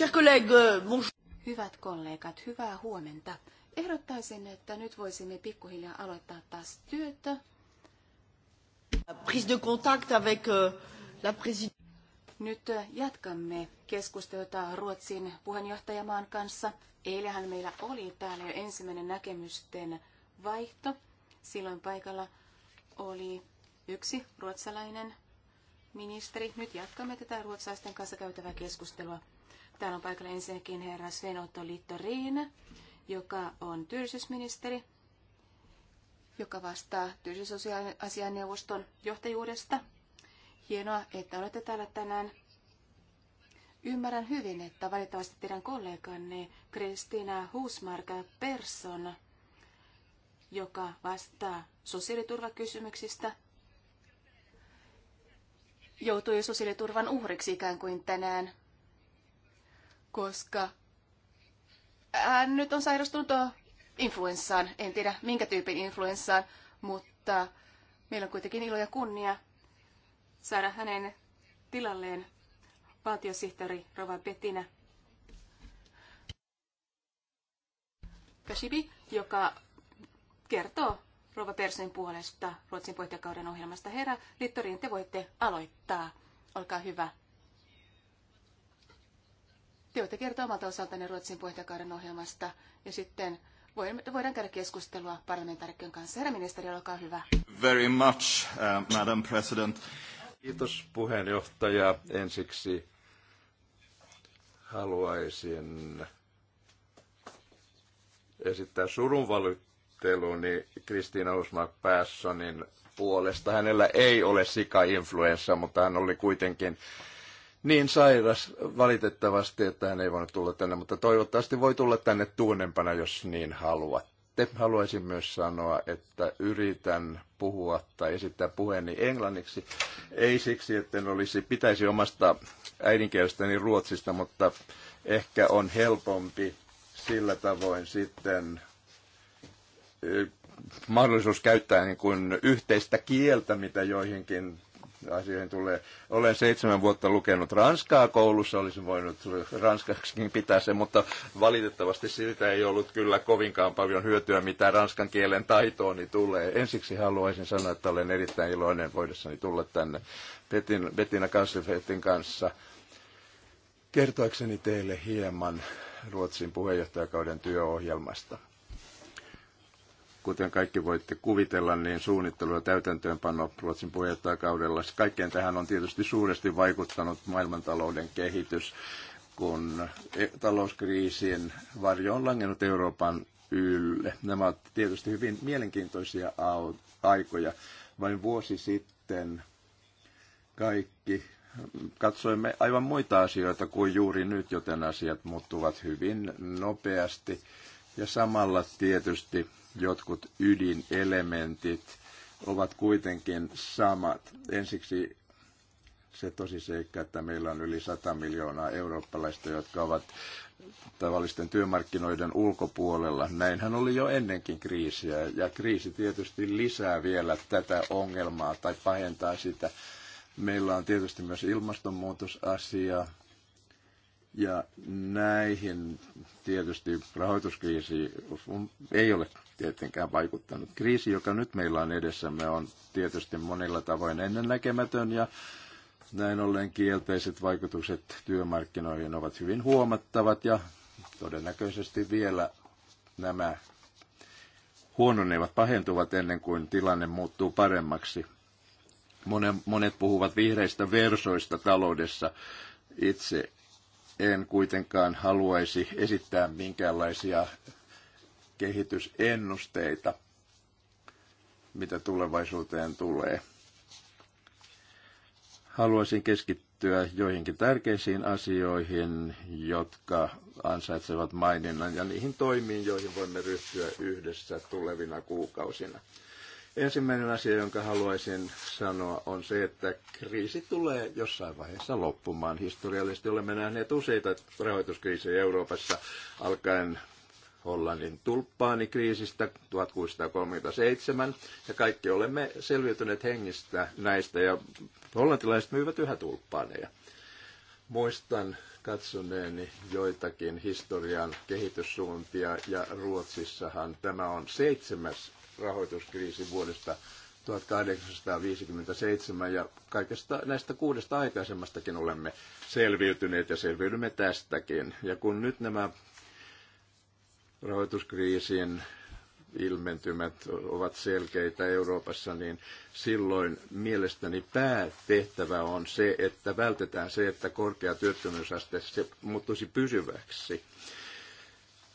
Euh, Hyvät kollegat, hyvää huomenta. Ehdottaisin, että nyt voisimme pikkuhiljaa aloittaa taas työtä. Prise de contact avec euh, la Nyt äh, jatkamme keskustelua Ruotsin puheenjohtajamaan kanssa. Eilähän meillä oli täällä jo ensimmäinen näkemysten vaihto. Silloin paikalla oli yksi ruotsalainen ministeri. Nyt jatkamme tätä ruotsalaisten kanssa käytävää keskustelua. Täällä on paikalla ensinnäkin herra Sven Otto Littorin, joka on työllisyysministeri, joka vastaa työllisyysasianneuvoston johtajuudesta. Hienoa, että olette täällä tänään. Ymmärrän hyvin, että valitettavasti teidän kolleganne Kristina Husmark Persson, joka vastaa sosiaaliturvakysymyksistä, joutui sosiaaliturvan uhriksi ikään kuin tänään koska hän nyt on sairastunut influenssaan. En tiedä minkä tyypin influenssaan, mutta meillä on kuitenkin ilo ja kunnia saada hänen tilalleen valtiosihteeri Rova Bettina Kashibi, joka kertoo Rova Persin puolesta Ruotsin puheenjohtajakauden ohjelmasta. Herra Littorin, te voitte aloittaa. Olkaa hyvä. Te voitte kertoa omalta osaltanne Ruotsin puheenjohtajakauden ohjelmasta ja sitten voidaan käydä keskustelua parlamentaarikkojen kanssa. Herra ministeri, olkaa hyvä. Very much, uh, Madam President. Kiitos puheenjohtaja. Ensiksi haluaisin esittää surunvalitteluni Kristiina Usmark Päässonin puolesta. Hänellä ei ole sika-influenssa, mutta hän oli kuitenkin niin sairas valitettavasti, että hän ei voinut tulla tänne, mutta toivottavasti voi tulla tänne tuonempana, jos niin haluatte. Haluaisin myös sanoa, että yritän puhua tai esittää puheeni englanniksi. Ei siksi, että en olisi, pitäisi omasta äidinkielestäni ruotsista, mutta ehkä on helpompi sillä tavoin sitten eh, mahdollisuus käyttää niin kuin yhteistä kieltä, mitä joihinkin asioihin tulee. Olen seitsemän vuotta lukenut Ranskaa koulussa, olisin voinut Ranskaksikin pitää sen, mutta valitettavasti siitä ei ollut kyllä kovinkaan paljon hyötyä, mitä ranskan kielen taitooni tulee. Ensiksi haluaisin sanoa, että olen erittäin iloinen voidessani tulla tänne Betin, Betina Kassifetin kanssa kertoakseni teille hieman Ruotsin puheenjohtajakauden työohjelmasta. Kuten kaikki voitte kuvitella, niin suunnittelu ja täytäntöönpano Ruotsin puheenjohtajakaudella. Kaikkeen tähän on tietysti suuresti vaikuttanut maailmantalouden kehitys, kun e- talouskriisin varjo on langennut Euroopan ylle. Nämä ovat tietysti hyvin mielenkiintoisia aikoja. Vain vuosi sitten kaikki katsoimme aivan muita asioita kuin juuri nyt, joten asiat muuttuvat hyvin nopeasti. Ja samalla tietysti jotkut ydinelementit ovat kuitenkin samat. Ensiksi se tosiseikka, että meillä on yli 100 miljoonaa eurooppalaista, jotka ovat tavallisten työmarkkinoiden ulkopuolella. Näinhän oli jo ennenkin kriisiä, ja kriisi tietysti lisää vielä tätä ongelmaa tai pahentaa sitä. Meillä on tietysti myös ilmastonmuutosasia, ja näihin tietysti rahoituskriisi ei ole tietenkään vaikuttanut. Kriisi, joka nyt meillä on edessämme, on tietysti monilla tavoin ennennäkemätön ja näin ollen kielteiset vaikutukset työmarkkinoihin ovat hyvin huomattavat ja todennäköisesti vielä nämä huononevat, pahentuvat ennen kuin tilanne muuttuu paremmaksi. Monet puhuvat vihreistä versoista taloudessa. Itse en kuitenkaan haluaisi esittää minkäänlaisia kehitysennusteita, mitä tulevaisuuteen tulee. Haluaisin keskittyä joihinkin tärkeisiin asioihin, jotka ansaitsevat maininnan ja niihin toimiin, joihin voimme ryhtyä yhdessä tulevina kuukausina. Ensimmäinen asia, jonka haluaisin sanoa, on se, että kriisi tulee jossain vaiheessa loppumaan. Historiallisesti olemme nähneet useita rahoituskriisejä Euroopassa alkaen Hollannin tulppaanikriisistä 1637, ja kaikki olemme selviytyneet hengistä näistä, ja hollantilaiset myyvät yhä tulppaaneja. Muistan katsoneeni joitakin historian kehityssuuntia, ja Ruotsissahan tämä on seitsemäs rahoituskriisi vuodesta 1857 ja kaikesta näistä kuudesta aikaisemmastakin olemme selviytyneet ja selviydymme tästäkin. Ja kun nyt nämä rahoituskriisin ilmentymät ovat selkeitä Euroopassa, niin silloin mielestäni päätehtävä on se, että vältetään se, että korkea työttömyysaste se muuttuisi pysyväksi.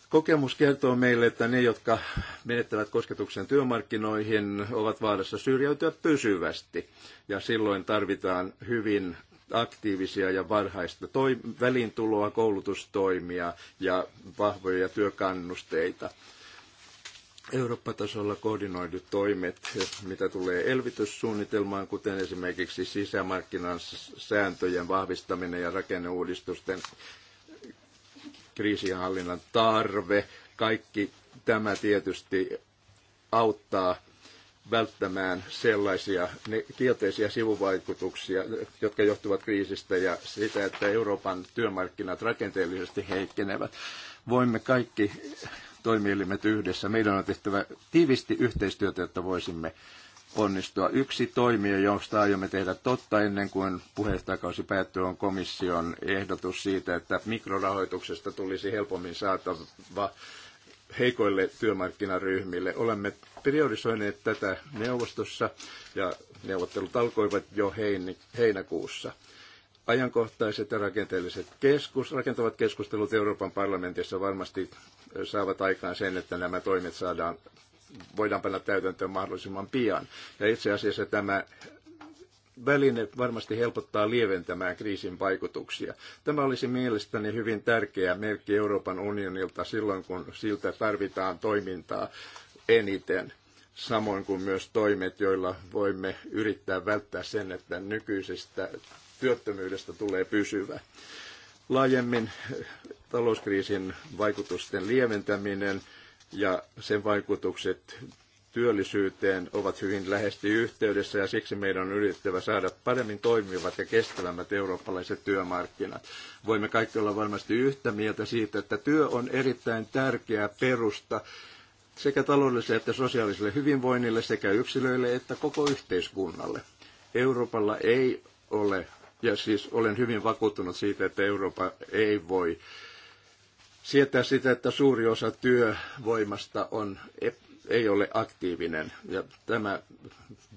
Kokemus kertoo meille, että ne, jotka menettävät kosketuksen työmarkkinoihin, ovat vaarassa syrjäytyä pysyvästi. Ja silloin tarvitaan hyvin aktiivisia ja varhaista toi, välintuloa, koulutustoimia ja vahvoja työkannusteita. Eurooppa-tasolla koordinoidut toimet, mitä tulee elvytyssuunnitelmaan, kuten esimerkiksi sisämarkkinan sääntöjen vahvistaminen ja rakenneuudistusten kriisinhallinnan tarve, kaikki tämä tietysti auttaa välttämään sellaisia ne kielteisiä sivuvaikutuksia, jotka johtuvat kriisistä ja sitä, että Euroopan työmarkkinat rakenteellisesti heikkenevät. Voimme kaikki toimielimet yhdessä. Meidän on tehtävä tiivisti yhteistyötä, jotta voisimme onnistua. Yksi toimija, josta aiomme tehdä totta ennen kuin puheenjohtajakausi päättyy, on komission ehdotus siitä, että mikrorahoituksesta tulisi helpommin saatava heikoille työmarkkinaryhmille. Olemme priorisoineet tätä neuvostossa ja neuvottelut alkoivat jo heinäkuussa. Ajankohtaiset ja rakenteelliset keskus, rakentavat keskustelut Euroopan parlamentissa varmasti saavat aikaan sen, että nämä toimet saadaan, voidaan panna täytäntöön mahdollisimman pian. Ja itse asiassa tämä väline varmasti helpottaa lieventämään kriisin vaikutuksia. Tämä olisi mielestäni hyvin tärkeä merkki Euroopan unionilta silloin, kun siltä tarvitaan toimintaa eniten. Samoin kuin myös toimet, joilla voimme yrittää välttää sen, että nykyisestä työttömyydestä tulee pysyvä. Laajemmin talouskriisin vaikutusten lieventäminen ja sen vaikutukset työllisyyteen ovat hyvin lähesti yhteydessä ja siksi meidän on yritettävä saada paremmin toimivat ja kestävämmät eurooppalaiset työmarkkinat. Voimme kaikki olla varmasti yhtä mieltä siitä, että työ on erittäin tärkeä perusta sekä taloudelliselle että sosiaaliselle hyvinvoinnille sekä yksilöille että koko yhteiskunnalle. Euroopalla ei ole, ja siis olen hyvin vakuuttunut siitä, että Eurooppa ei voi sietää sitä, että suuri osa työvoimasta on ei ole aktiivinen. Ja tämä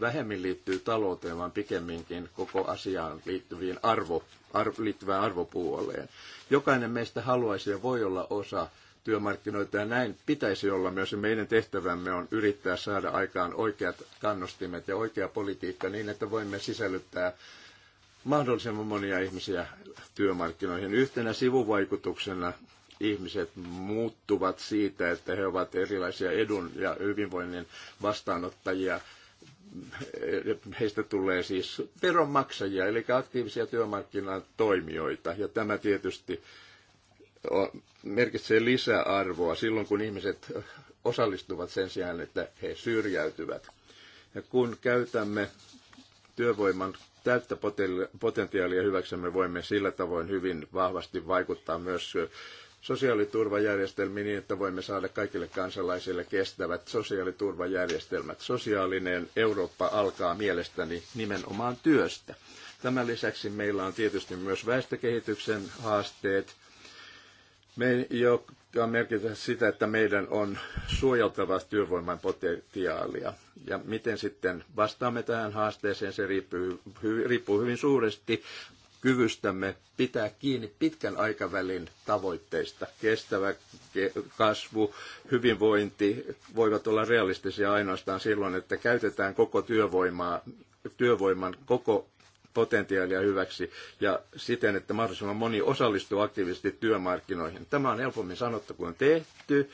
vähemmin liittyy talouteen, vaan pikemminkin koko asiaan liittyviin arvo, arv, liittyvään arvopuoleen. Jokainen meistä haluaisi ja voi olla osa työmarkkinoita ja näin pitäisi olla myös. Meidän tehtävämme on yrittää saada aikaan oikeat kannustimet ja oikea politiikka niin, että voimme sisällyttää mahdollisimman monia ihmisiä työmarkkinoihin. Yhtenä sivuvaikutuksena ihmiset muuttuvat siitä, että he ovat erilaisia edun ja hyvinvoinnin vastaanottajia. Heistä tulee siis veronmaksajia, eli aktiivisia työmarkkinatoimijoita. Ja tämä tietysti merkitsee lisäarvoa silloin, kun ihmiset osallistuvat sen sijaan, että he syrjäytyvät. Ja kun käytämme työvoiman täyttä potentiaalia hyväksemme, voimme sillä tavoin hyvin vahvasti vaikuttaa myös sosiaaliturvajärjestelmiin niin, että voimme saada kaikille kansalaisille kestävät sosiaaliturvajärjestelmät. Sosiaalinen Eurooppa alkaa mielestäni nimenomaan työstä. Tämän lisäksi meillä on tietysti myös väestökehityksen haasteet, joka merkitä sitä, että meidän on suojeltava työvoiman potentiaalia. Ja miten sitten vastaamme tähän haasteeseen, se riippuu, riippuu hyvin suuresti kyvystämme pitää kiinni pitkän aikavälin tavoitteista. Kestävä kasvu, hyvinvointi voivat olla realistisia ainoastaan silloin, että käytetään koko työvoimaa, työvoiman koko potentiaalia hyväksi ja siten, että mahdollisimman moni osallistuu aktiivisesti työmarkkinoihin. Tämä on helpommin sanottu kuin tehty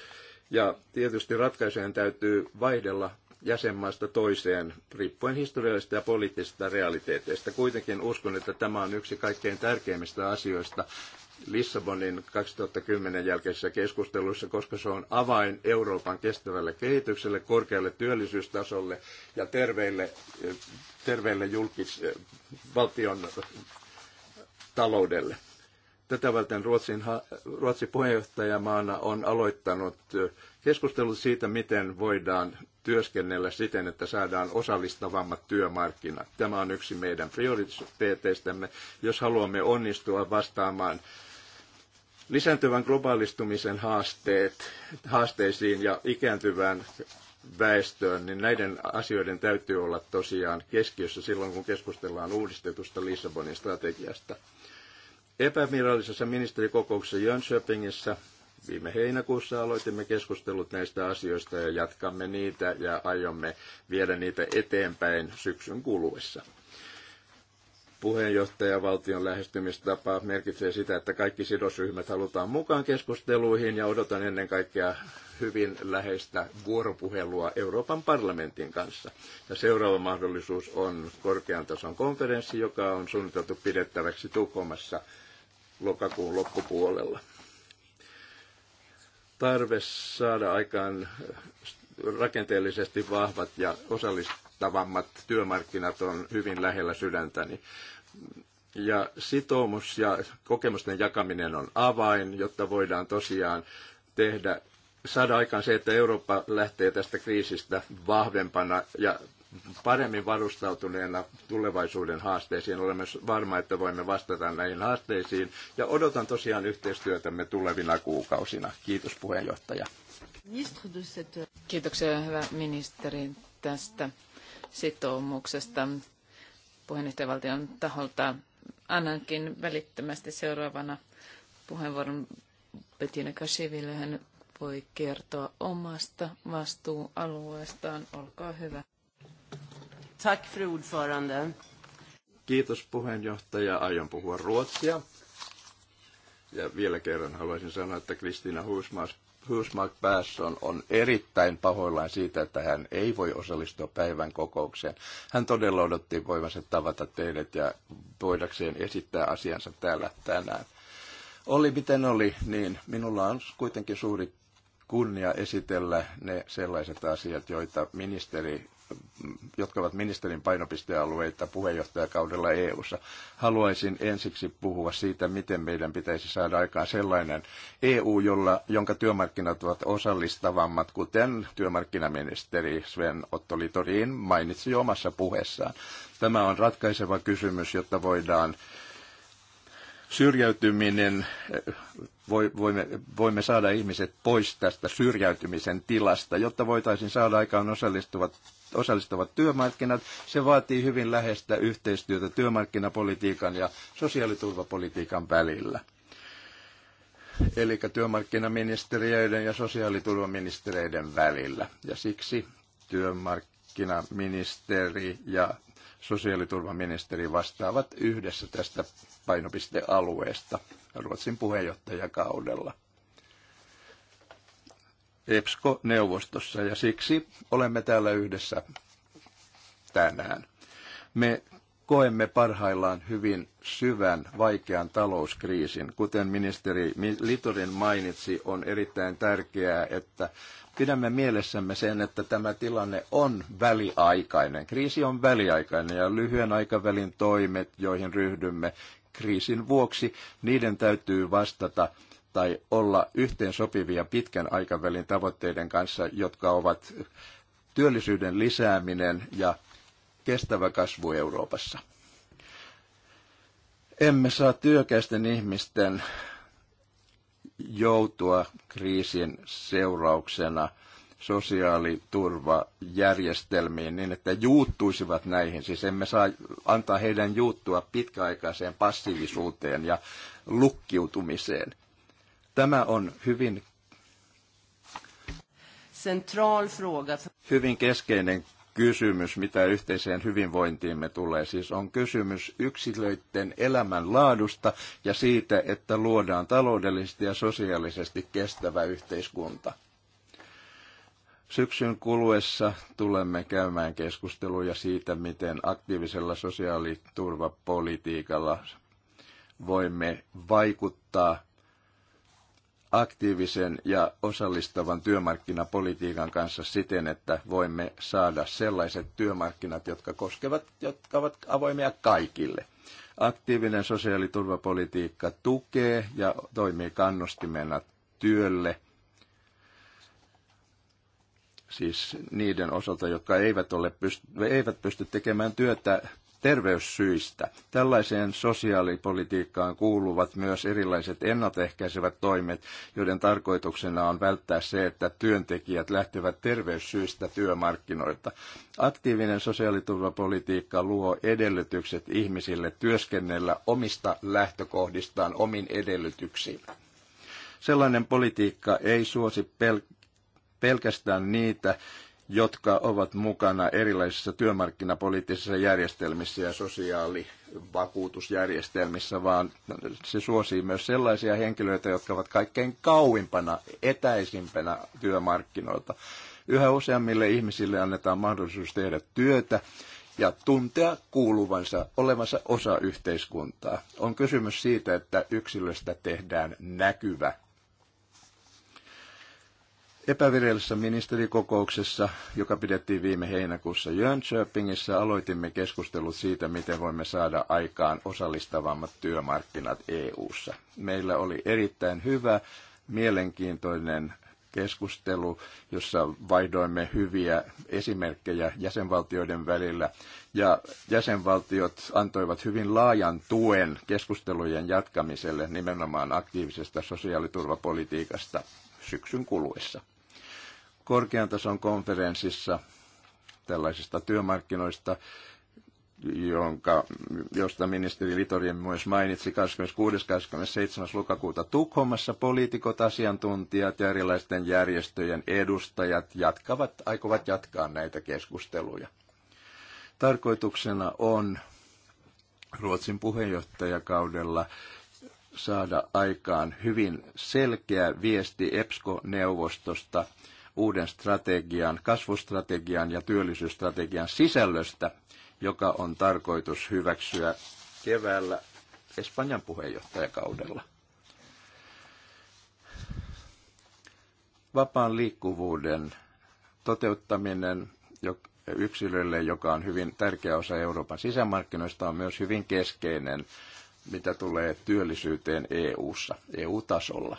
ja tietysti ratkaisujen täytyy vaihdella jäsenmaasta toiseen, riippuen historiallisista ja poliittisista realiteeteista. Kuitenkin uskon, että tämä on yksi kaikkein tärkeimmistä asioista Lissabonin 2010 jälkeisissä keskusteluissa, koska se on avain Euroopan kestävälle kehitykselle, korkealle työllisyystasolle ja terveille, terveille julkis, valtion taloudelle. Tätä varten Ruotsin, Ruotsin puheenjohtajamaana on aloittanut keskustelut siitä, miten voidaan työskennellä siten, että saadaan osallistavammat työmarkkinat. Tämä on yksi meidän prioriteeteistämme, jos haluamme onnistua vastaamaan lisääntyvän globaalistumisen haasteet, haasteisiin ja ikääntyvään väestöön, niin näiden asioiden täytyy olla tosiaan keskiössä silloin, kun keskustellaan uudistetusta Lissabonin strategiasta. Epävirallisessa ministerikokouksessa Jönköpingissä Viime heinäkuussa aloitimme keskustelut näistä asioista ja jatkamme niitä ja aiomme viedä niitä eteenpäin syksyn kuluessa puheenjohtajavaltion lähestymistapa merkitsee sitä, että kaikki sidosryhmät halutaan mukaan keskusteluihin ja odotan ennen kaikkea hyvin läheistä vuoropuhelua Euroopan parlamentin kanssa. Ja seuraava mahdollisuus on korkean tason konferenssi, joka on suunniteltu pidettäväksi Tukomassa lokakuun loppupuolella tarve saada aikaan rakenteellisesti vahvat ja osallistavammat työmarkkinat on hyvin lähellä sydäntäni. Ja sitoumus ja kokemusten jakaminen on avain, jotta voidaan tosiaan tehdä, saada aikaan se, että Eurooppa lähtee tästä kriisistä vahvempana ja paremmin varustautuneena tulevaisuuden haasteisiin. Olemme varma, että voimme vastata näihin haasteisiin ja odotan tosiaan yhteistyötämme tulevina kuukausina. Kiitos puheenjohtaja. Kiitoksia hyvä ministeri tästä sitoumuksesta puheenjohtajavaltion taholta. Annankin välittömästi seuraavana puheenvuoron Petina Kashiville. Hän voi kertoa omasta vastuualueestaan. Olkaa hyvä. Tack, fru ordförande. Kiitos puheenjohtaja. Aion puhua ruotsia. Ja vielä kerran haluaisin sanoa, että Kristiina Husmark Persson on erittäin pahoillaan siitä, että hän ei voi osallistua päivän kokoukseen. Hän todella odotti voivansa tavata teidät ja voidakseen esittää asiansa täällä tänään. Oli miten oli, niin minulla on kuitenkin suuri kunnia esitellä ne sellaiset asiat, joita ministeri jotka ovat ministerin painopistealueita puheenjohtajakaudella EU:ssa. Haluaisin ensiksi puhua siitä, miten meidän pitäisi saada aikaan sellainen EU, jolla, jonka työmarkkinat ovat osallistavammat, kuten työmarkkinaministeri Sven Otto Litorin mainitsi omassa puheessaan. Tämä on ratkaiseva kysymys, jotta voidaan syrjäytyminen, voimme, voimme saada ihmiset pois tästä syrjäytymisen tilasta, jotta voitaisiin saada aikaan osallistuvat osallistavat työmarkkinat. Se vaatii hyvin läheistä yhteistyötä työmarkkinapolitiikan ja sosiaaliturvapolitiikan välillä. Eli työmarkkinaministeriöiden ja sosiaaliturvaministeriöiden välillä. Ja siksi työmarkkinaministeri ja sosiaaliturvaministeri vastaavat yhdessä tästä painopistealueesta Ruotsin puheenjohtajakaudella. EPSCO-neuvostossa ja siksi olemme täällä yhdessä tänään. Me koemme parhaillaan hyvin syvän, vaikean talouskriisin. Kuten ministeri Litorin mainitsi, on erittäin tärkeää, että pidämme mielessämme sen, että tämä tilanne on väliaikainen. Kriisi on väliaikainen ja lyhyen aikavälin toimet, joihin ryhdymme kriisin vuoksi, niiden täytyy vastata tai olla yhteensopivia pitkän aikavälin tavoitteiden kanssa, jotka ovat työllisyyden lisääminen ja kestävä kasvu Euroopassa. Emme saa työkäisten ihmisten joutua kriisin seurauksena sosiaaliturvajärjestelmiin niin, että juuttuisivat näihin. Siis emme saa antaa heidän juuttua pitkäaikaiseen passiivisuuteen ja lukkiutumiseen. Tämä on hyvin, Central fråga. hyvin keskeinen kysymys, mitä yhteiseen hyvinvointiimme tulee. Siis on kysymys yksilöiden elämänlaadusta ja siitä, että luodaan taloudellisesti ja sosiaalisesti kestävä yhteiskunta. Syksyn kuluessa tulemme käymään keskusteluja siitä, miten aktiivisella sosiaaliturvapolitiikalla voimme vaikuttaa aktiivisen ja osallistavan työmarkkinapolitiikan kanssa siten, että voimme saada sellaiset työmarkkinat, jotka koskevat, jotka ovat avoimia kaikille. Aktiivinen sosiaaliturvapolitiikka tukee ja toimii kannustimena työlle, siis niiden osalta, jotka eivät, ole pyst, eivät pysty tekemään työtä terveyssyistä. Tällaiseen sosiaalipolitiikkaan kuuluvat myös erilaiset ennaltaehkäisevät toimet, joiden tarkoituksena on välttää se, että työntekijät lähtevät terveyssyistä työmarkkinoilta. Aktiivinen sosiaaliturvapolitiikka luo edellytykset ihmisille työskennellä omista lähtökohdistaan omin edellytyksiin. Sellainen politiikka ei suosi pel- pelkästään niitä, jotka ovat mukana erilaisissa työmarkkinapoliittisissa järjestelmissä ja sosiaalivakuutusjärjestelmissä, vaan se suosii myös sellaisia henkilöitä, jotka ovat kaikkein kauimpana, etäisimpänä työmarkkinoilta. Yhä useammille ihmisille annetaan mahdollisuus tehdä työtä ja tuntea kuuluvansa, olevansa osa yhteiskuntaa. On kysymys siitä, että yksilöstä tehdään näkyvä Epävirallisessa ministerikokouksessa, joka pidettiin viime heinäkuussa Jönköpingissä, aloitimme keskustelut siitä, miten voimme saada aikaan osallistavammat työmarkkinat EU:ssa. Meillä oli erittäin hyvä, mielenkiintoinen keskustelu, jossa vaihdoimme hyviä esimerkkejä jäsenvaltioiden välillä. Ja jäsenvaltiot antoivat hyvin laajan tuen keskustelujen jatkamiselle nimenomaan aktiivisesta sosiaaliturvapolitiikasta syksyn kuluessa korkean tason konferenssissa tällaisista työmarkkinoista, jonka, josta ministeri Litorien myös mainitsi 26. 27. lokakuuta Tukholmassa. Poliitikot, asiantuntijat ja erilaisten järjestöjen edustajat jatkavat, aikovat jatkaa näitä keskusteluja. Tarkoituksena on Ruotsin puheenjohtajakaudella saada aikaan hyvin selkeä viesti EPSCO-neuvostosta – uuden strategian, kasvustrategian ja työllisyysstrategian sisällöstä, joka on tarkoitus hyväksyä keväällä Espanjan puheenjohtajakaudella. Vapaan liikkuvuuden toteuttaminen yksilölle, joka on hyvin tärkeä osa Euroopan sisämarkkinoista, on myös hyvin keskeinen, mitä tulee työllisyyteen EU-ssa, EU-tasolla.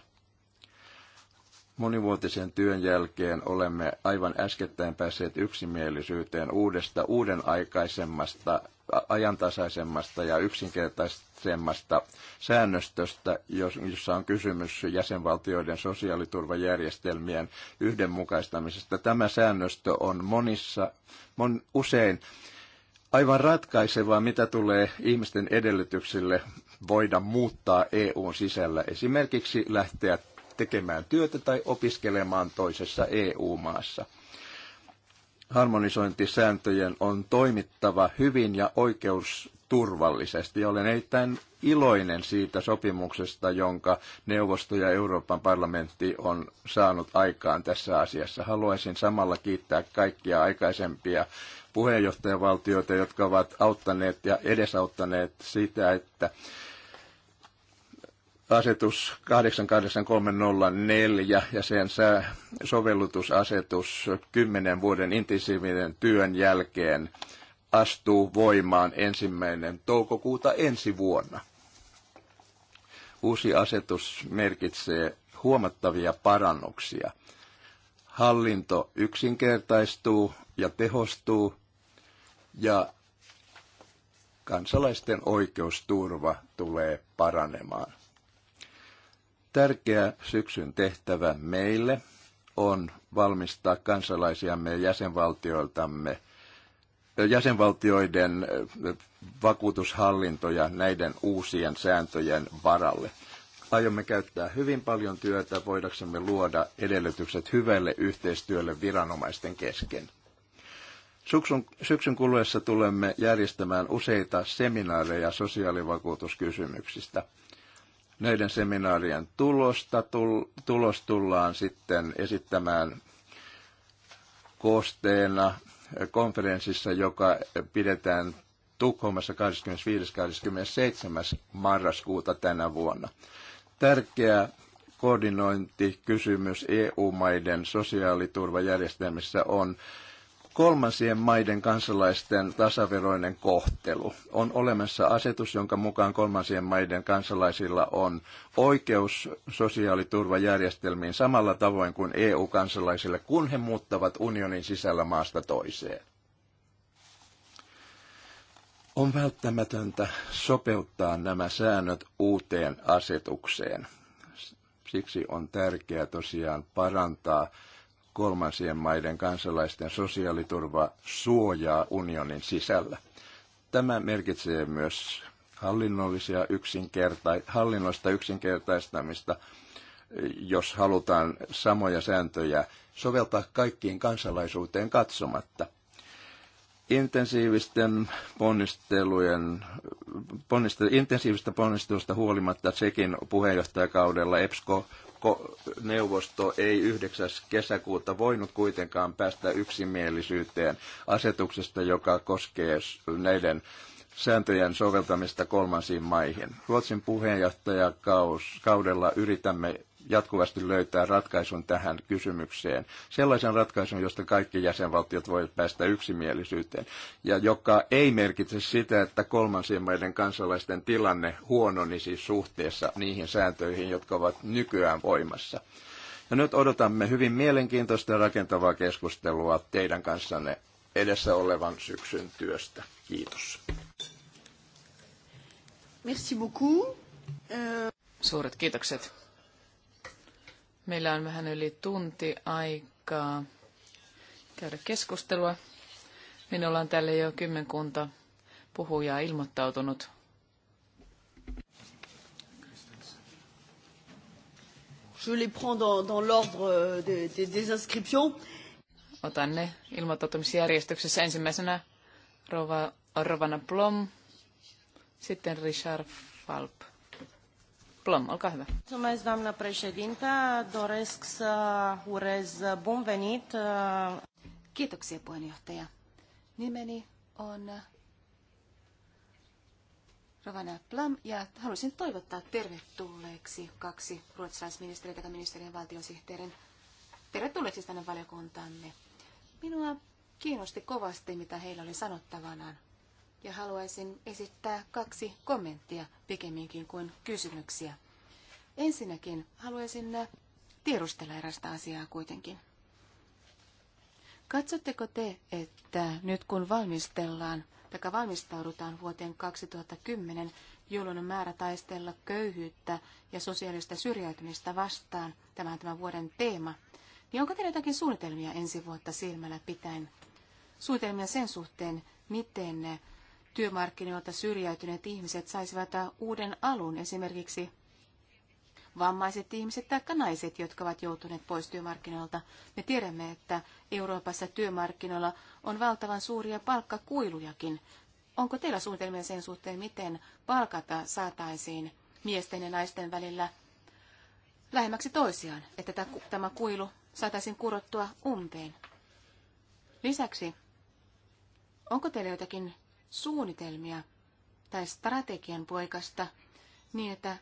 Monivuotisen työn jälkeen olemme aivan äskettäin päässeet yksimielisyyteen uudesta, uuden aikaisemmasta, ajantasaisemmasta ja yksinkertaisemmasta säännöstöstä, jossa on kysymys jäsenvaltioiden sosiaaliturvajärjestelmien yhdenmukaistamisesta. Tämä säännöstö on monissa, mon, usein aivan ratkaisevaa, mitä tulee ihmisten edellytyksille voida muuttaa EUn sisällä. Esimerkiksi lähteä tekemään työtä tai opiskelemaan toisessa EU-maassa. Harmonisointisääntöjen on toimittava hyvin ja oikeusturvallisesti. turvallisesti. olen erittäin iloinen siitä sopimuksesta, jonka neuvosto ja Euroopan parlamentti on saanut aikaan tässä asiassa. Haluaisin samalla kiittää kaikkia aikaisempia puheenjohtajavaltioita, jotka ovat auttaneet ja edesauttaneet sitä, että asetus 88304 ja sen sovellutusasetus 10 vuoden intensiivinen työn jälkeen astuu voimaan ensimmäinen toukokuuta ensi vuonna. Uusi asetus merkitsee huomattavia parannuksia. Hallinto yksinkertaistuu ja tehostuu ja kansalaisten oikeusturva tulee paranemaan. Tärkeä syksyn tehtävä meille on valmistaa kansalaisiamme ja jäsenvaltioiltamme jäsenvaltioiden vakuutushallintoja näiden uusien sääntöjen varalle. Aiomme käyttää hyvin paljon työtä voidaksemme luoda edellytykset hyvälle yhteistyölle viranomaisten kesken. Syksyn, syksyn kuluessa tulemme järjestämään useita seminaareja sosiaalivakuutuskysymyksistä – Näiden seminaarien tulosta, tul, tulos tullaan sitten esittämään koosteena konferenssissa, joka pidetään Tukholmassa 25.–27. marraskuuta tänä vuonna. Tärkeä koordinointikysymys EU-maiden sosiaaliturvajärjestelmissä on kolmansien maiden kansalaisten tasaveroinen kohtelu. On olemassa asetus, jonka mukaan kolmansien maiden kansalaisilla on oikeus sosiaaliturvajärjestelmiin samalla tavoin kuin EU-kansalaisille, kun he muuttavat unionin sisällä maasta toiseen. On välttämätöntä sopeuttaa nämä säännöt uuteen asetukseen. Siksi on tärkeää tosiaan parantaa kolmansien maiden kansalaisten sosiaaliturva suojaa unionin sisällä. Tämä merkitsee myös hallinnollisia yksinkertai- hallinnollista yksinkertaistamista, jos halutaan samoja sääntöjä soveltaa kaikkiin kansalaisuuteen katsomatta. Intensiivisten ponnistelujen, ponnistel, intensiivistä ponnistelusta huolimatta Tsekin puheenjohtajakaudella EPSCO neuvosto ei 9. kesäkuuta voinut kuitenkaan päästä yksimielisyyteen asetuksesta, joka koskee näiden sääntöjen soveltamista kolmansiin maihin. Ruotsin puheenjohtajakaudella yritämme jatkuvasti löytää ratkaisun tähän kysymykseen. Sellaisen ratkaisun, josta kaikki jäsenvaltiot voivat päästä yksimielisyyteen, ja joka ei merkitse sitä, että kolmansien maiden kansalaisten tilanne huononisi suhteessa niihin sääntöihin, jotka ovat nykyään voimassa. Ja nyt odotamme hyvin mielenkiintoista ja rakentavaa keskustelua teidän kanssanne edessä olevan syksyn työstä. Kiitos. Merci beaucoup. Suuret kiitokset. Meillä on vähän yli tunti aikaa käydä keskustelua. Minulla on tälle jo kymmenkunta puhujaa ilmoittautunut. Je les prends dans, dans l'ordre des, des, des inscriptions. Otan ne ilmoittautumisjärjestyksessä ensimmäisenä Rova, Rovana Plom, sitten Richard Falp. Plum, olkaa hyvä. Mulțumesc, doamnă președintă. Doresc să urez bun venit. Kiitoksia, uh, puheenjohtaja. Nimeni on Rovana Plam ja haluaisin toivottaa tervetulleeksi kaksi ruotsalaisministeriä sekä ministerin valtiosihteerin tervetulleeksi tänne valiokuntaanne. Minua kiinnosti kovasti, mitä heillä oli sanottavanaan ja haluaisin esittää kaksi kommenttia pikemminkin kuin kysymyksiä. Ensinnäkin haluaisin äh, tiedustella erästä asiaa kuitenkin. Katsotteko te, että nyt kun valmistellaan tai valmistaudutaan vuoteen 2010, jolloin on määrä taistella köyhyyttä ja sosiaalista syrjäytymistä vastaan, tämä on tämän vuoden teema, niin onko teillä jotakin suunnitelmia ensi vuotta silmällä pitäen? Suunnitelmia sen suhteen, miten äh, työmarkkinoilta syrjäytyneet ihmiset saisivat äh, uuden alun, esimerkiksi vammaiset ihmiset tai naiset, jotka ovat joutuneet pois työmarkkinoilta. Me tiedämme, että Euroopassa työmarkkinoilla on valtavan suuria palkkakuilujakin. Onko teillä suunnitelmia sen suhteen, miten palkata saataisiin miesten ja naisten välillä lähemmäksi toisiaan, että tämä kuilu saataisiin kurottua umpeen? Lisäksi, onko teillä jotakin suunnitelmia tai strategian poikasta niin, että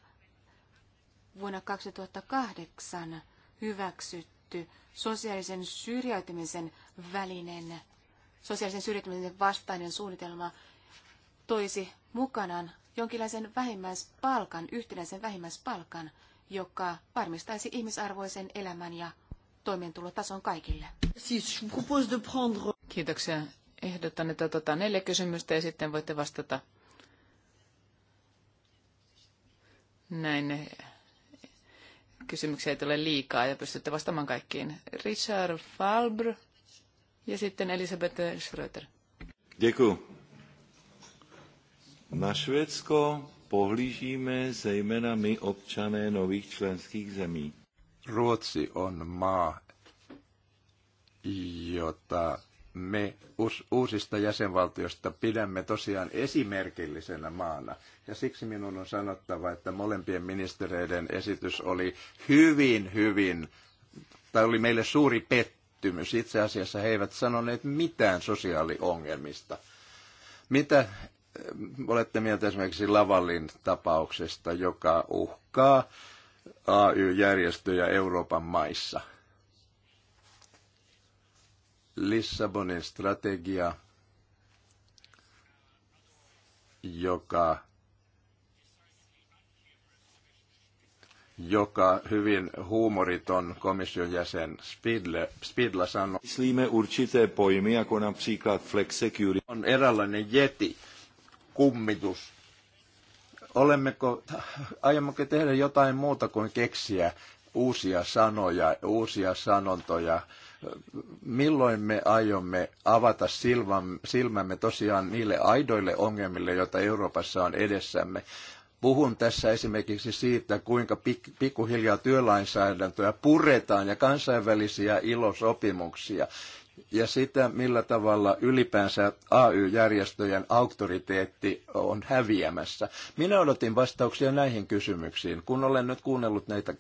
vuonna 2008 hyväksytty sosiaalisen syrjäytymisen välinen, sosiaalisen syrjäytymisen vastainen suunnitelma toisi mukanaan jonkinlaisen vähimmäispalkan, yhtenäisen vähimmäispalkan, joka varmistaisi ihmisarvoisen elämän ja toimeentulotason kaikille. Kiitoksia ehdotan, että otetaan neljä kysymystä ja sitten voitte vastata näin eh, kysymyksiä ei tule liikaa ja pystytte vastaamaan kaikkiin. Richard Falbr ja sitten Elisabeth Schröter. Děkuji. Na Švédsko pohlížíme zejména my občané nových členských zemí. Ruotsi on maa, jota me uusista jäsenvaltioista pidämme tosiaan esimerkillisenä maana. Ja siksi minun on sanottava, että molempien ministereiden esitys oli hyvin, hyvin, tai oli meille suuri pettymys. Itse asiassa he eivät sanoneet mitään sosiaaliongelmista. Mitä eh, olette mieltä esimerkiksi Lavallin tapauksesta, joka uhkaa AY-järjestöjä Euroopan maissa? Lissabonin strategia, joka, joka hyvin huumoriton komission jäsen Spidle, Spidla sanoi, Myslíme určité pojmy, On eräänlainen jeti, kummitus. Olemmeko, aiommeko tehdä jotain muuta kuin keksiä uusia sanoja, uusia sanontoja, milloin me aiomme avata silmämme tosiaan niille aidoille ongelmille, joita Euroopassa on edessämme. Puhun tässä esimerkiksi siitä, kuinka pikkuhiljaa työlainsäädäntöä puretaan ja kansainvälisiä ilosopimuksia ja sitä, millä tavalla ylipäänsä AY-järjestöjen auktoriteetti on häviämässä. Minä odotin vastauksia näihin kysymyksiin. Kun olen nyt kuunnellut näitä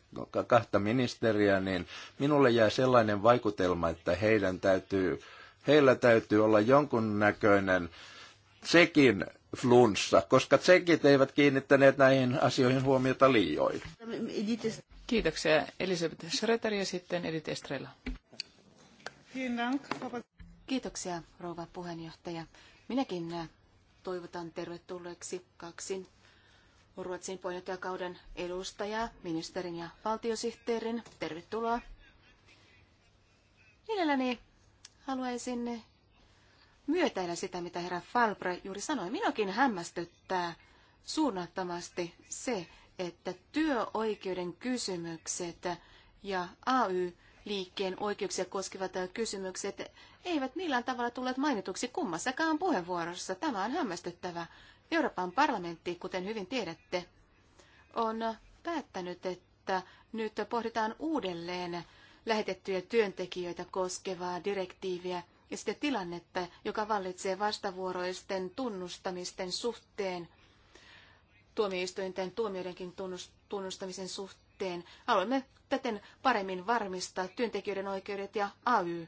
kahta ministeriä, niin minulle jää sellainen vaikutelma, että heidän täytyy, heillä täytyy olla jonkunnäköinen sekin flunssa, koska tsekit eivät kiinnittäneet näihin asioihin huomiota liioin. Kiitoksia Elisabeth Schröter ja sitten Edith Estrella. Kiitoksia, rouva puheenjohtaja. Minäkin toivotan tervetulleeksi kaksi Ruotsin puheenjohtajakauden edustajaa, ministerin ja valtiosihteerin. Tervetuloa. Mielelläni haluaisin myötäillä sitä, mitä herra Falbre juuri sanoi. Minäkin hämmästyttää suunnattomasti se, että työoikeuden kysymykset ja AY liikkeen oikeuksia koskevat äh, kysymykset eivät millään tavalla tulleet mainituksi kummassakaan puheenvuorossa. Tämä on hämmästyttävä. Euroopan parlamentti, kuten hyvin tiedätte, on päättänyt, että nyt pohditaan uudelleen lähetettyjä työntekijöitä koskevaa direktiiviä ja sitä tilannetta, joka vallitsee vastavuoroisten tunnustamisten suhteen, tuomioistuinten tuomioidenkin tunnustamisen suhteen suhteen. Haluamme täten paremmin varmistaa työntekijöiden oikeudet ja AY,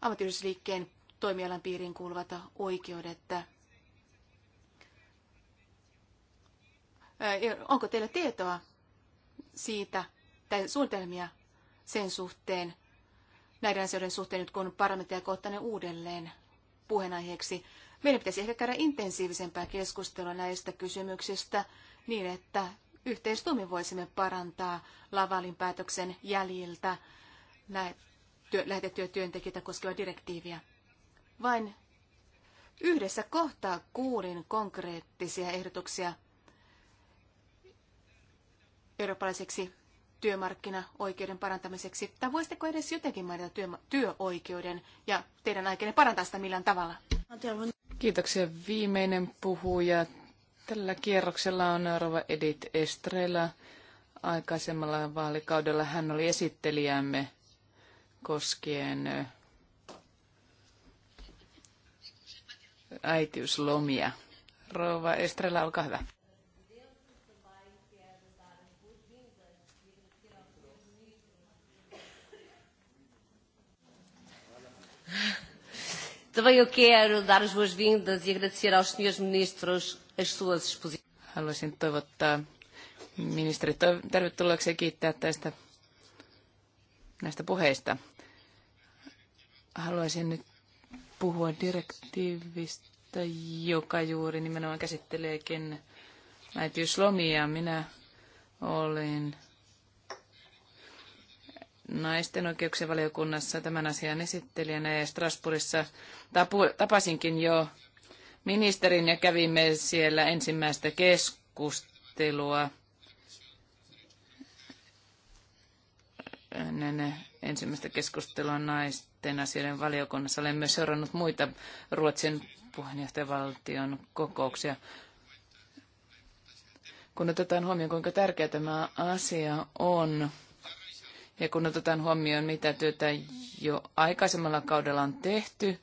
ammattiyhdysliikkeen toimialan piiriin kuuluvat oikeudet. Onko teillä tietoa siitä tai suunnitelmia sen suhteen, näiden asioiden suhteen nyt kun parlamenttia kohtainen uudelleen puheenaiheeksi? Meidän pitäisi ehkä käydä intensiivisempää keskustelua näistä kysymyksistä niin, että yhteistuomin voisimme parantaa Lavalin päätöksen jäljiltä lähetettyä työntekijöitä koskeva direktiiviä. Vain yhdessä kohtaa kuulin konkreettisia ehdotuksia eurooppalaiseksi työmarkkinaoikeuden parantamiseksi? Tai voisitteko edes jotenkin mainita työoikeuden ja teidän aikeenne parantaa sitä millään tavalla? Kiitoksia. Viimeinen puhuja Tällä kierroksella on Rova Edith Estrella. Aikaisemmalla vaalikaudella hän oli esittelijämme koskien äitiyslomia. Rova Estrella, olkaa hyvä. Também eu quero dar as boas-vindas e agradecer aos senhores ministros Haluaisin toivottaa ministeri tervetulleeksi ja kiittää tästä näistä puheista. Haluaisin nyt puhua direktiivistä, joka juuri nimenomaan käsitteleekin äitiyslomia. Minä olin naisten oikeuksien valiokunnassa tämän asian esittelijänä ja Strasbourgissa tapasinkin jo ministerin ja kävimme siellä ensimmäistä keskustelua ennen ensimmäistä keskustelua naisten asioiden valiokunnassa. Olen myös seurannut muita Ruotsin puheenjohtajavaltion kokouksia. Kun otetaan huomioon, kuinka tärkeä tämä asia on, ja kun otetaan huomioon, mitä työtä jo aikaisemmalla kaudella on tehty,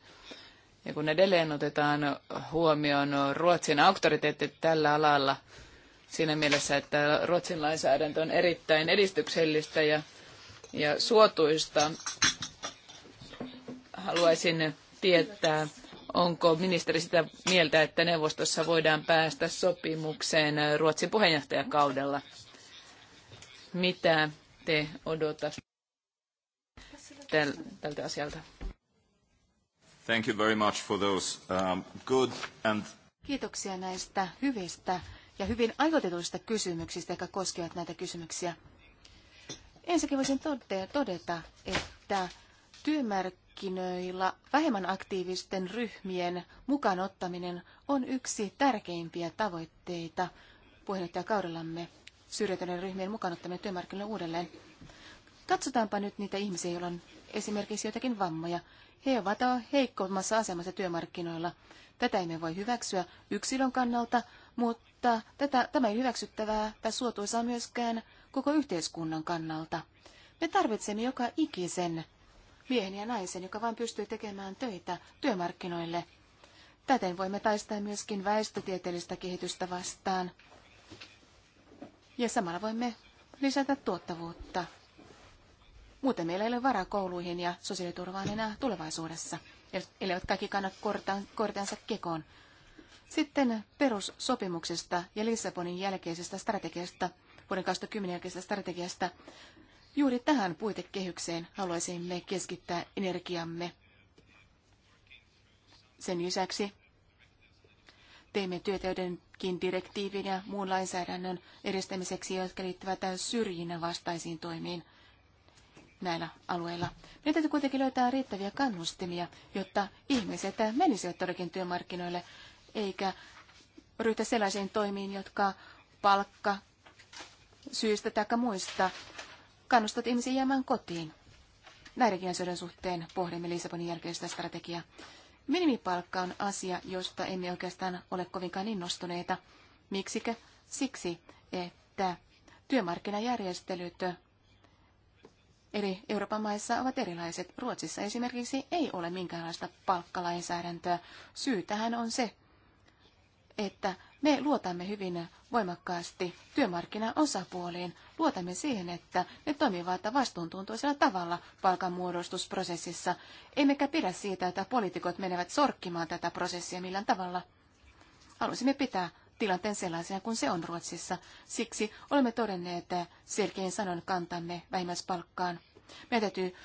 ja kun edelleen otetaan huomioon Ruotsin auktoriteetti tällä alalla siinä mielessä, että Ruotsin lainsäädäntö on erittäin edistyksellistä ja, ja suotuista, haluaisin tietää, onko ministeri sitä mieltä, että neuvostossa voidaan päästä sopimukseen Ruotsin puheenjohtajakaudella? Mitä te odotatte tältä asialta? Thank you very much for those um, good and... Kiitoksia näistä hyvistä ja hyvin ajoitetuista kysymyksistä, jotka koskevat näitä kysymyksiä. Ensinnäkin voisin todeta, että työmarkkinoilla vähemmän aktiivisten ryhmien mukaan ottaminen on yksi tärkeimpiä tavoitteita puheenjohtajakaudellamme syrjäytyneiden ryhmien mukaan ottaminen työmarkkinoille uudelleen. Katsotaanpa nyt niitä ihmisiä, joilla on esimerkiksi joitakin vammoja he ovat heikommassa asemassa työmarkkinoilla. Tätä emme voi hyväksyä yksilön kannalta, mutta tätä, tämä ei hyväksyttävää tai suotuisaa myöskään koko yhteiskunnan kannalta. Me tarvitsemme joka ikisen miehen ja naisen, joka vain pystyy tekemään töitä työmarkkinoille. Täten voimme taistaa myöskin väestötieteellistä kehitystä vastaan. Ja samalla voimme lisätä tuottavuutta. Muuten meillä ei ole varaa kouluihin ja sosiaaliturvaan enää tulevaisuudessa, ovat kaikki kanna kortensa kekoon. Sitten perussopimuksesta ja Lissabonin jälkeisestä strategiasta, vuoden 2010 jälkeisestä strategiasta, juuri tähän puitekehykseen haluaisimme keskittää energiamme. Sen lisäksi teimme työtäydenkin direktiivin ja muun lainsäädännön edistämiseksi, jotka liittyvät syrjinnän vastaisiin toimiin – näillä alueilla. Meidän täytyy kuitenkin löytää riittäviä kannustimia, jotta ihmiset menisivät todellakin työmarkkinoille, eikä ryhtyä sellaisiin toimiin, jotka palkka syystä tai muista kannustavat ihmisiä jäämään kotiin. Näidenkin asioiden suhteen pohdimme Lissabonin jälkeistä strategiaa. Minimipalkka on asia, josta emme oikeastaan ole kovinkaan innostuneita. Miksikä? Siksi, että työmarkkinajärjestelyt eri Euroopan maissa ovat erilaiset. Ruotsissa esimerkiksi ei ole minkäänlaista palkkalainsäädäntöä. Syy tähän on se, että me luotamme hyvin voimakkaasti työmarkkinaosapuoliin. Luotamme siihen, että ne toimivat vastuuntuntoisella tavalla palkanmuodostusprosessissa. Emmekä pidä siitä, että poliitikot menevät sorkkimaan tätä prosessia millään tavalla. Haluaisimme pitää tilanteen sellaisena kuin se on Ruotsissa. Siksi olemme todenneet selkein sanon kantamme vähimmäispalkkaan. Meidän täytyy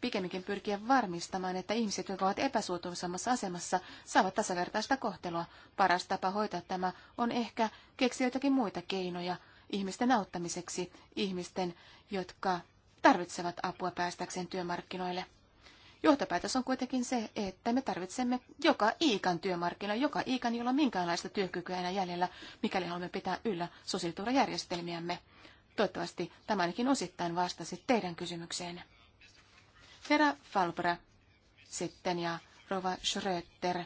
pikemminkin pyrkiä varmistamaan, että ihmiset, jotka ovat epäsuotuisammassa asemassa, saavat tasavertaista kohtelua. Paras tapa hoitaa tämä on ehkä keksiä jotakin muita keinoja ihmisten auttamiseksi, ihmisten, jotka tarvitsevat apua päästäkseen työmarkkinoille. Johtopäätös on kuitenkin se, että me tarvitsemme joka iikan työmarkkina, joka iikan, jolla minkäänlaista työkykyä enää jäljellä, mikäli haluamme pitää yllä sosiaaliturvajärjestelmiämme. Toivottavasti tämä ainakin osittain vastasi teidän kysymykseen. Herra Falbra sitten ja Rova Schröter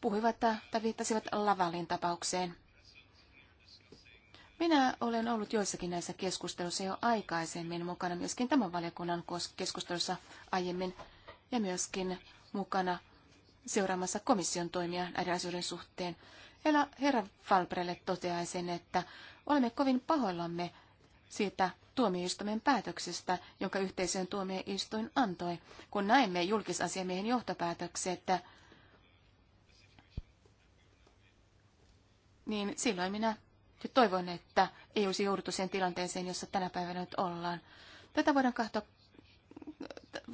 puhuivat tai viittasivat Lavalin tapaukseen. Minä olen ollut joissakin näissä keskusteluissa jo aikaisemmin mukana, myöskin tämän valiokunnan keskustelussa aiemmin ja myöskin mukana seuraamassa komission toimia näiden asioiden suhteen. Ja herra Falbrelle toteaisin, että olemme kovin pahoillamme siitä tuomioistuimen päätöksestä, jonka yhteisön tuomioistuin antoi, kun näimme julkisasiamiehen että niin silloin minä toivon, että ei olisi jouduttu sen tilanteeseen, jossa tänä päivänä nyt ollaan. Tätä voidaan katsoa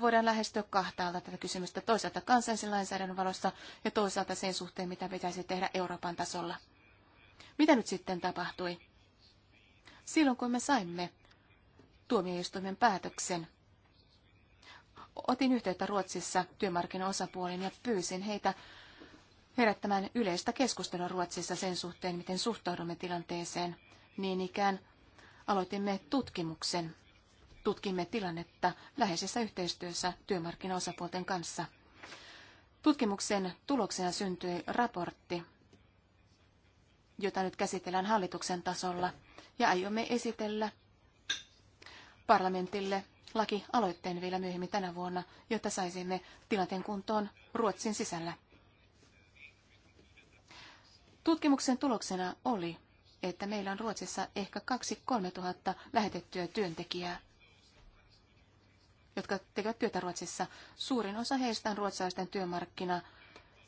voidaan lähestyä kahtaalta tätä kysymystä, toisaalta kansallisen lainsäädännön valossa ja toisaalta sen suhteen, mitä pitäisi tehdä Euroopan tasolla. Mitä nyt sitten tapahtui? Silloin kun me saimme tuomioistuimen päätöksen, otin yhteyttä Ruotsissa työmarkkinaosapuoliin ja pyysin heitä herättämään yleistä keskustelua Ruotsissa sen suhteen, miten suhtaudumme tilanteeseen. Niin ikään aloitimme tutkimuksen tutkimme tilannetta läheisessä yhteistyössä työmarkkinaosapuolten kanssa. Tutkimuksen tuloksena syntyi raportti, jota nyt käsitellään hallituksen tasolla, ja aiomme esitellä parlamentille lakialoitteen vielä myöhemmin tänä vuonna, jotta saisimme tilanteen kuntoon Ruotsin sisällä. Tutkimuksen tuloksena oli, että meillä on Ruotsissa ehkä 2-3 tuhatta lähetettyä työntekijää jotka tekevät työtä Ruotsissa. Suurin osa heistä on ruotsalaisten työmarkkina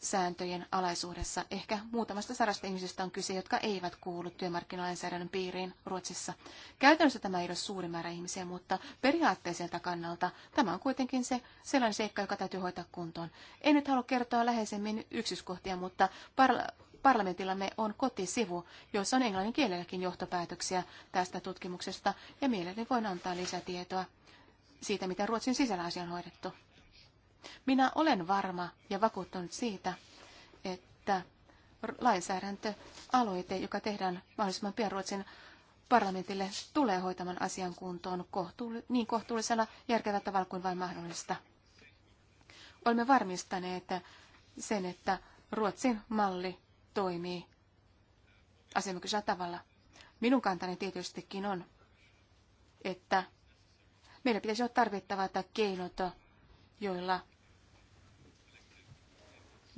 sääntöjen alaisuudessa. Ehkä muutamasta sarasta ihmisistä on kyse, jotka eivät kuulu työmarkkinalainsäädännön piiriin Ruotsissa. Käytännössä tämä ei ole suuri määrä ihmisiä, mutta periaatteiselta kannalta tämä on kuitenkin se sellainen seikka, joka täytyy hoitaa kuntoon. En nyt halua kertoa läheisemmin yksityiskohtia, mutta par- parlamentillamme on kotisivu, jossa on englannin kielelläkin johtopäätöksiä tästä tutkimuksesta, ja mielelläni voin antaa lisätietoa siitä, miten Ruotsin sisällä asia on hoidettu. Minä olen varma ja vakuuttunut siitä, että lainsäädäntöaloite, joka tehdään mahdollisimman pian Ruotsin parlamentille, tulee hoitamaan asian kuntoon kohtuull- niin kohtuullisella järkevällä tavalla kuin vain mahdollista. Olemme varmistaneet sen, että Ruotsin malli toimii asianmukaisella tavalla. Minun kantani tietystikin on, että Meillä pitäisi olla tarvittavat keinot, joilla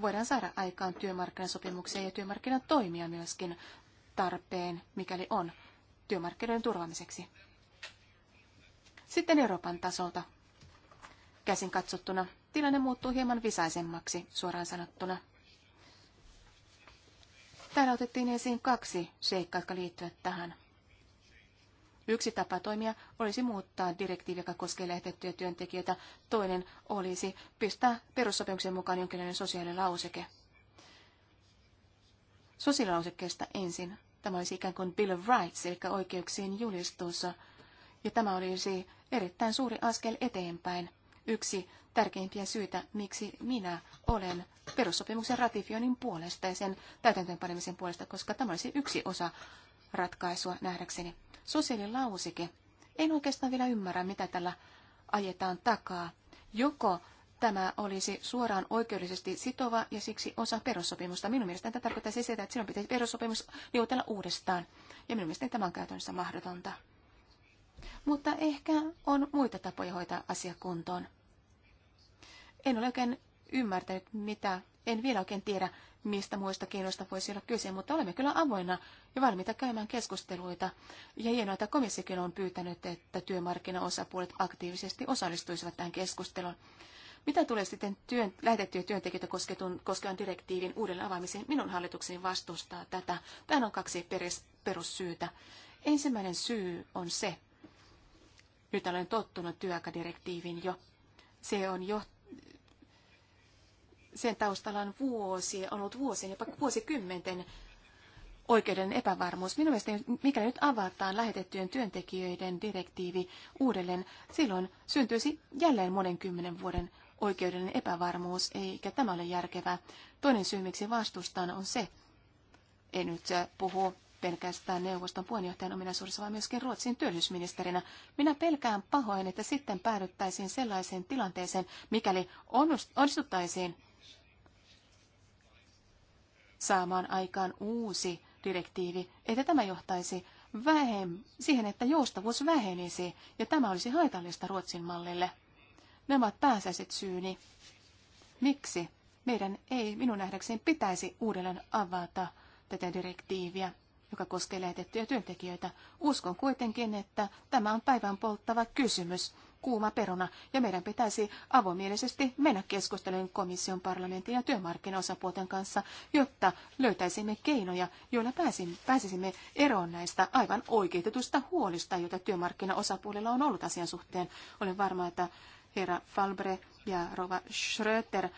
voidaan saada aikaan työmarkkinasopimuksia ja työmarkkinatoimia myöskin tarpeen, mikäli on, työmarkkinoiden turvaamiseksi. Sitten Euroopan tasolta. Käsin katsottuna tilanne muuttuu hieman visaisemmaksi, suoraan sanottuna. Täällä otettiin esiin kaksi seikkaa, jotka liittyvät tähän – Yksi tapa toimia olisi muuttaa direktiivi, joka koskee lähetettyjä työntekijöitä. Toinen olisi pistää perussopimuksen mukaan jonkinlainen sosiaalilauseke. Sosiaalilausekkeesta ensin. Tämä olisi ikään kuin Bill of Rights, eli oikeuksien julistus. Ja tämä olisi erittäin suuri askel eteenpäin. Yksi tärkeimpiä syitä, miksi minä olen perussopimuksen ratifioinnin puolesta ja sen täytäntöönpanemisen puolesta, koska tämä olisi yksi osa ratkaisua nähdäkseni. Sosiaalilauseke. En oikeastaan vielä ymmärrä, mitä tällä ajetaan takaa. Joko tämä olisi suoraan oikeudellisesti sitova ja siksi osa perussopimusta. Minun mielestäni tämä tarkoittaa sitä, että silloin pitäisi perussopimus neuvotella uudestaan. Ja minun mielestäni tämä on käytännössä mahdotonta. Mutta ehkä on muita tapoja hoitaa asia kuntoon. En ole oikein ymmärtänyt, mitä, en vielä oikein tiedä, mistä muista keinoista voisi olla kyse, mutta olemme kyllä avoinna ja valmiita käymään keskusteluita. Ja hienoa, että komissiokin on pyytänyt, että työmarkkinaosapuolet aktiivisesti osallistuisivat tähän keskusteluun. Mitä tulee sitten työn, lähetettyjä työntekijöitä kosketun, koskevan direktiivin uudelle avaamiseen, minun hallitukseni vastustaa tätä. Tähän on kaksi peris, perussyytä. Ensimmäinen syy on se, nyt olen tottunut työaikadirektiivin jo, se on johtanut sen taustalla on vuosi, on ollut vuosien, jopa vuosikymmenten oikeuden epävarmuus. Minun mielestäni, mikäli nyt avataan lähetettyjen työntekijöiden direktiivi uudelleen, silloin syntyisi jälleen monen kymmenen vuoden oikeuden epävarmuus, eikä tämä ole järkevää. Toinen syy, miksi vastustan, on se, en nyt äh, puhu pelkästään neuvoston puheenjohtajan ominaisuudessa, vaan myöskin Ruotsin työllisyysministerinä. Minä pelkään pahoin, että sitten päädyttäisiin sellaiseen tilanteeseen, mikäli onnistuttaisiin saamaan aikaan uusi direktiivi, että tämä johtaisi vähem, siihen, että joustavuus vähenisi, ja tämä olisi haitallista Ruotsin mallille. Nämä ovat pääsäiset syyni. Miksi meidän ei minun nähdäkseni pitäisi uudelleen avata tätä direktiiviä, joka koskee lähetettyjä työntekijöitä? Uskon kuitenkin, että tämä on päivän polttava kysymys, kuuma peruna, ja meidän pitäisi avomielisesti mennä keskusteluun komission, parlamentin ja työmarkkinaosapuolten kanssa, jotta löytäisimme keinoja, joilla pääsisimme eroon näistä aivan oikeutetusta huolista, joita työmarkkinaosapuolilla on ollut asian suhteen. Olen varma, että herra Falbre ja rova Schröter,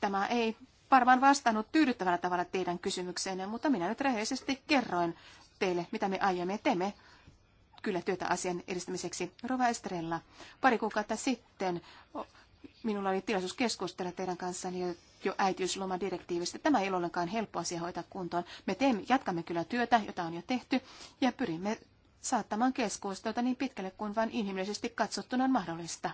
tämä ei varmaan vastannut tyydyttävällä tavalla teidän kysymykseenne, mutta minä nyt rehellisesti kerroin teille, mitä me aiemmin teemme kyllä työtä asian edistämiseksi. Rova Estrella, pari kuukautta sitten minulla oli tilaisuus keskustella teidän kanssanne jo äitiyslomadirektiivistä. Tämä ei ole ollenkaan helppo asia hoitaa kuntoon. Me teemme, jatkamme kyllä työtä, jota on jo tehty, ja pyrimme saattamaan keskustelua niin pitkälle kuin vain inhimillisesti katsottuna on mahdollista.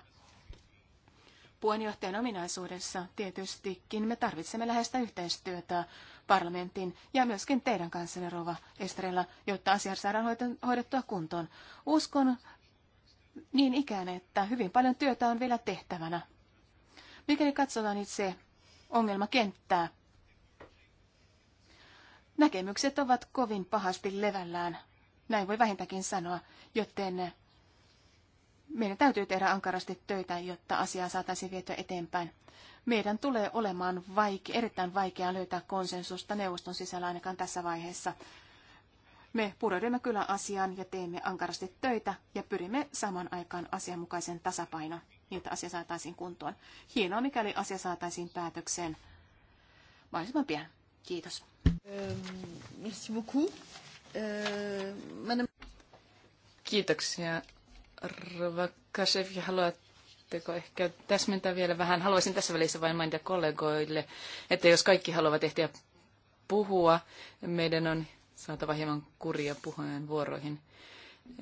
Puheenjohtajan ominaisuudessa tietystikin me tarvitsemme läheistä yhteistyötä parlamentin ja myöskin teidän kanssanne, Rova Estrella, jotta asia saadaan hoidettua kuntoon. Uskon niin ikään, että hyvin paljon työtä on vielä tehtävänä. Mikäli katsotaan itse ongelmakenttää, näkemykset ovat kovin pahasti levällään, näin voi vähintäkin sanoa, joten meidän täytyy tehdä ankarasti töitä, jotta asiaa saataisiin vietyä eteenpäin. Meidän tulee olemaan vaike- erittäin vaikeaa löytää konsensusta neuvoston sisällä ainakaan tässä vaiheessa. Me pureudumme kyllä asiaan ja teemme ankarasti töitä ja pyrimme saman aikaan asianmukaisen tasapaino, niin että asia saataisiin kuntoon. Hienoa, mikäli asia saataisiin päätökseen mahdollisimman pian. Kiitos. Merci beaucoup. Euh, Kiitoksia Rova Kashev, haluatteko ehkä täsmentää vielä vähän? Haluaisin tässä välissä vain mainita kollegoille, että jos kaikki haluavat ehtiä puhua, meidän on saatava hieman kuria puheen vuoroihin.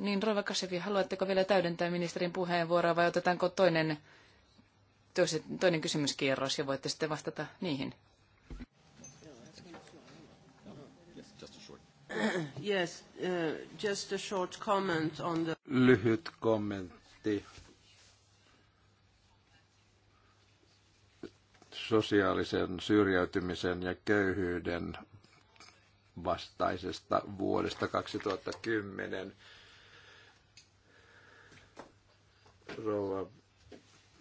Niin Rova Kashevi, haluatteko vielä täydentää ministerin puheenvuoroa vai otetaanko toinen, toinen kysymyskierros ja voitte sitten vastata niihin? Yes, uh, just a short comment on the... Lyhyt kommentti. sosiaalisen syrjäytymisen ja köyhyyden vastaisesta vuodesta 2010. Rouva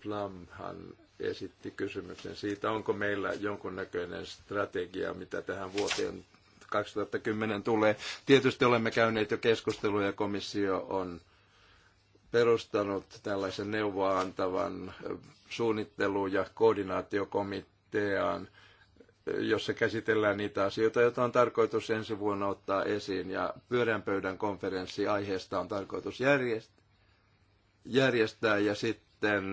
Plamhan esitti kysymyksen siitä, onko meillä jonkunnäköinen strategia, mitä tähän vuoteen 2010 tulee. Tietysti olemme käyneet jo keskusteluja, komissio on perustanut tällaisen neuvoa antavan suunnittelu- ja koordinaatiokomitean, jossa käsitellään niitä asioita, joita on tarkoitus ensi vuonna ottaa esiin. Ja pyörän pöydän konferenssi aiheesta on tarkoitus järjestää ja sitten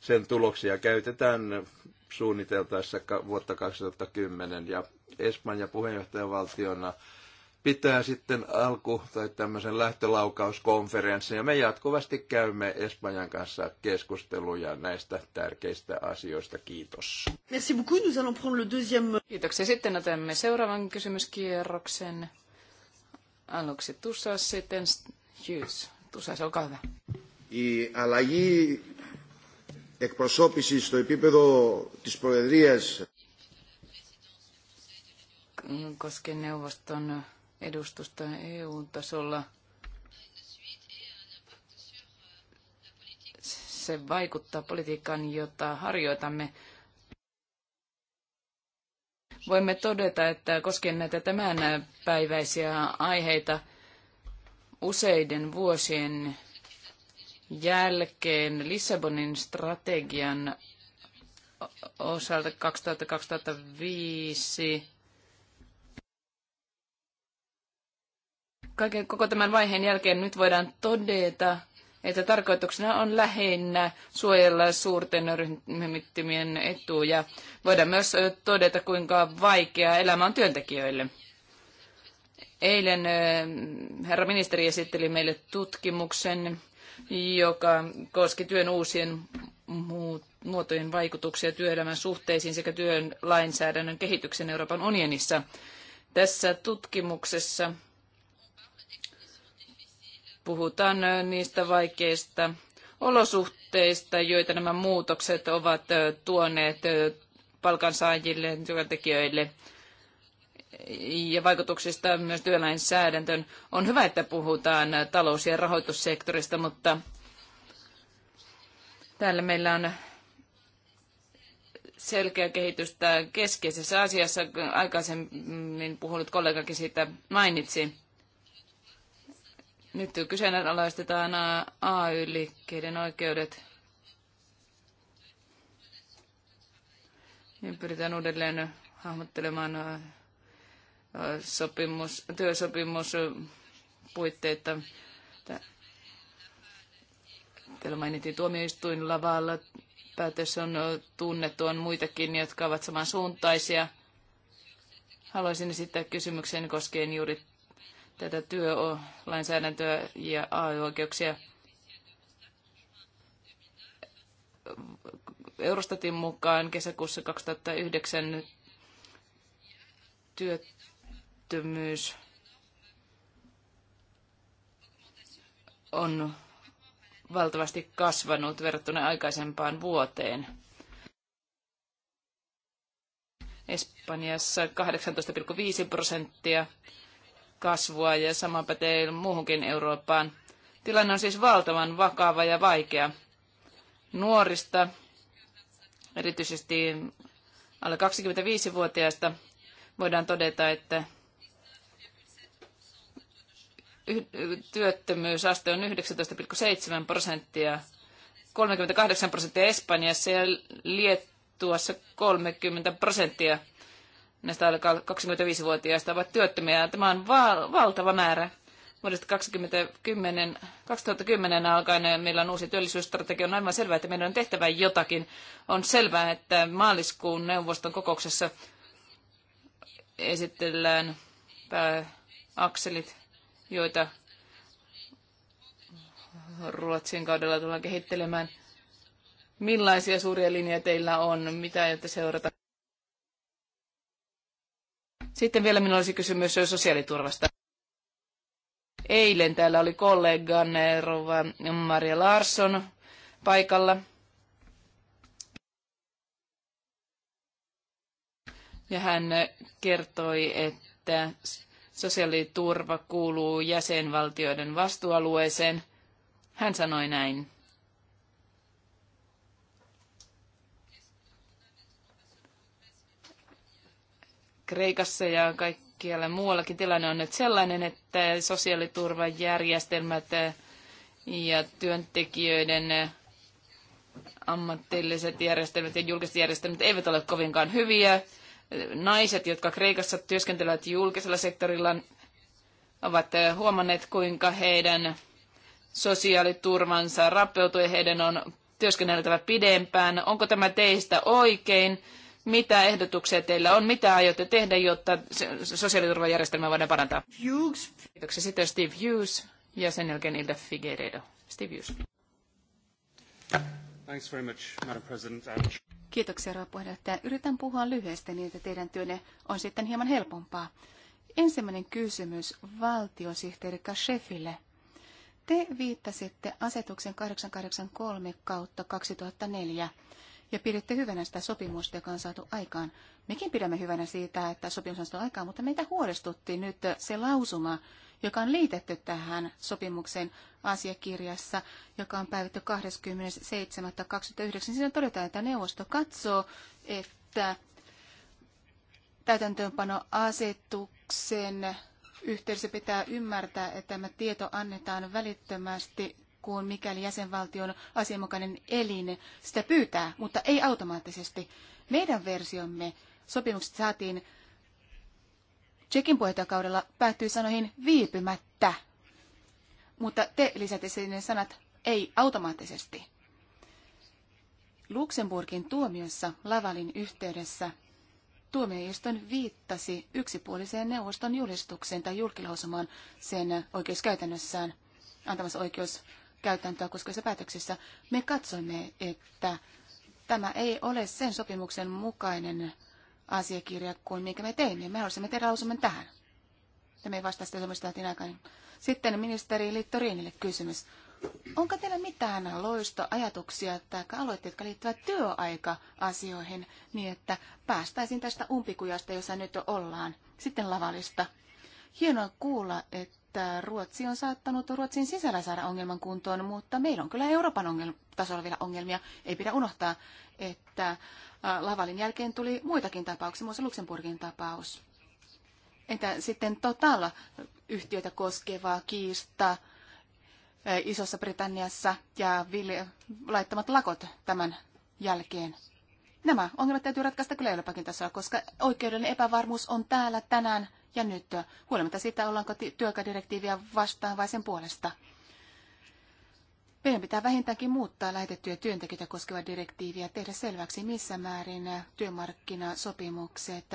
sen tuloksia käytetään suunniteltaessa vuotta 2010 ja Espanja puheenjohtajavaltiona pitää sitten alku- tai tämmöisen lähtölaukauskonferenssin. Ja me jatkuvasti käymme Espanjan kanssa keskusteluja näistä tärkeistä asioista. Kiitos. Merci beaucoup. Nous allons prendre le deuxième... Kiitoksia. Sitten otamme seuraavan kysymyskierroksen. Aluksi Tussa, sitten Hughes. se olkaa hyvä. Η αλλαγή εκπροσώπηση στο επίπεδο της Προεδρίας koske neuvoston edustusta EU-tasolla. Se vaikuttaa politiikkaan, jota harjoitamme. Voimme todeta, että koskien näitä tämänpäiväisiä aiheita useiden vuosien jälkeen Lissabonin strategian osalta 2000-2005 kaiken koko tämän vaiheen jälkeen nyt voidaan todeta, että tarkoituksena on lähinnä suojella suurten ryhmittymien etuja. Voidaan myös todeta, kuinka vaikeaa elämä on työntekijöille. Eilen herra ministeri esitteli meille tutkimuksen, joka koski työn uusien muotojen vaikutuksia työelämän suhteisiin sekä työn lainsäädännön kehityksen Euroopan unionissa. Tässä tutkimuksessa puhutaan niistä vaikeista olosuhteista, joita nämä muutokset ovat tuoneet palkansaajille, työntekijöille ja vaikutuksista myös työlainsäädäntöön. On hyvä, että puhutaan talous- ja rahoitussektorista, mutta täällä meillä on selkeä kehitystä keskeisessä asiassa. Aikaisemmin puhunut kollegakin siitä mainitsi. Nyt kyseenalaistetaan AY-liikkeiden oikeudet ja niin pyritään uudelleen hahmottelemaan sopimus, työsopimuspuitteita. Täällä mainittiin tuomioistuin lavalla. Päätös on tunnettu, on muitakin, jotka ovat samansuuntaisia. Haluaisin esittää kysymyksen koskien juuri tätä työlainsäädäntöä ja AY-oikeuksia. Eurostatin mukaan kesäkuussa 2009 työttömyys on valtavasti kasvanut verrattuna aikaisempaan vuoteen. Espanjassa 18,5 prosenttia kasvua ja sama pätee muuhunkin Eurooppaan. Tilanne on siis valtavan vakava ja vaikea. Nuorista, erityisesti alle 25-vuotiaista, voidaan todeta, että työttömyysaste on 19,7 prosenttia, 38 prosenttia Espanjassa ja Liettuassa 30 prosenttia näistä alle 25-vuotiaista ovat työttömiä. Tämä on val- valtava määrä. Vuodesta 2010, 2010 alkaen eh, meillä on uusi työllisyysstrategia. On aivan selvää, että meidän on tehtävä jotakin. On selvää, että maaliskuun neuvoston kokouksessa esitellään pääakselit, joita Ruotsin kaudella tullaan kehittelemään. Millaisia suuria linjoja teillä on? Mitä ajatte seurata? Sitten vielä minulla olisi kysymys sosiaaliturvasta. Eilen täällä oli kolleganne Rova Maria Larsson paikalla. Ja hän kertoi, että sosiaaliturva kuuluu jäsenvaltioiden vastuualueeseen. Hän sanoi näin. Kreikassa ja kaikkialla muuallakin tilanne on nyt sellainen, että sosiaaliturvajärjestelmät ja työntekijöiden ammatilliset järjestelmät ja julkiset järjestelmät eivät ole kovinkaan hyviä. Naiset, jotka Kreikassa työskentelevät julkisella sektorilla, ovat huomanneet, kuinka heidän sosiaaliturvansa rappeutuu ja heidän on työskenneltävä pidempään. Onko tämä teistä oikein? Mitä ehdotuksia teillä on? Mitä aiotte tehdä, jotta sosiaaliturvajärjestelmää voidaan parantaa? Hughes. Kiitoksia. Sitten Steve Hughes ja sen jälkeen Ilda Figueiredo. Steve Hughes. Thanks very much, Madam President. Um, Kiitoksia, rouva puheenjohtaja. Yritän puhua lyhyesti niin, että teidän työnne on sitten hieman helpompaa. Ensimmäinen kysymys valtiosihteeri Kashefille. Te viittasitte asetuksen 883 kautta 2004 ja pidätte hyvänä sitä sopimusta, joka on saatu aikaan. Mekin pidämme hyvänä siitä, että sopimus on saatu aikaan, mutta meitä huolestutti nyt se lausuma, joka on liitetty tähän sopimuksen asiakirjassa, joka on päivätty 27.29. Siinä todetaan, että neuvosto katsoo, että täytäntöönpanoasetuksen yhteydessä pitää ymmärtää, että tämä tieto annetaan välittömästi kuin mikäli jäsenvaltion asianmukainen elin sitä pyytää, mutta ei automaattisesti. Meidän versiomme sopimukset saatiin Tsekin puheenjohtajakaudella päättyi sanoihin viipymättä, mutta te lisäätte sinne sanat ei automaattisesti. Luxemburgin tuomiossa Lavalin yhteydessä tuomioistuin viittasi yksipuoliseen neuvoston julistukseen tai julkilausumaan sen oikeuskäytännössään antamassa oikeus käytäntöä se päätöksessä me katsoimme, että tämä ei ole sen sopimuksen mukainen asiakirja kuin minkä me teimme. Me haluaisimme tehdä lausuman tähän. Ja me ei vastaa sitä aikana. Sitten ministeri Littoriinille kysymys. Onko teillä mitään ajatuksia tai aloitteita, jotka liittyvät työaika-asioihin niin, että päästäisiin tästä umpikujasta, jossa nyt ollaan, sitten lavalista? Hienoa kuulla, että että Ruotsi on saattanut Ruotsin sisällä saada ongelman kuntoon, mutta meillä on kyllä Euroopan ongelma, tasolla vielä ongelmia. Ei pidä unohtaa, että äh, Lavalin jälkeen tuli muitakin tapauksia, muun Luxemburgin tapaus. Entä sitten Total yhtiötä koskevaa kiista äh, Isossa Britanniassa ja laittamat lakot tämän jälkeen? Nämä ongelmat täytyy ratkaista kyllä Euroopankin tasolla, koska oikeudellinen epävarmuus on täällä tänään ja nyt, huolimatta siitä, ollaanko työkadirektiiviä vastaan vai sen puolesta. Meidän pitää vähintäänkin muuttaa lähetettyjä työntekijöitä koskeva direktiiviä ja tehdä selväksi, missä määrin työmarkkinasopimukset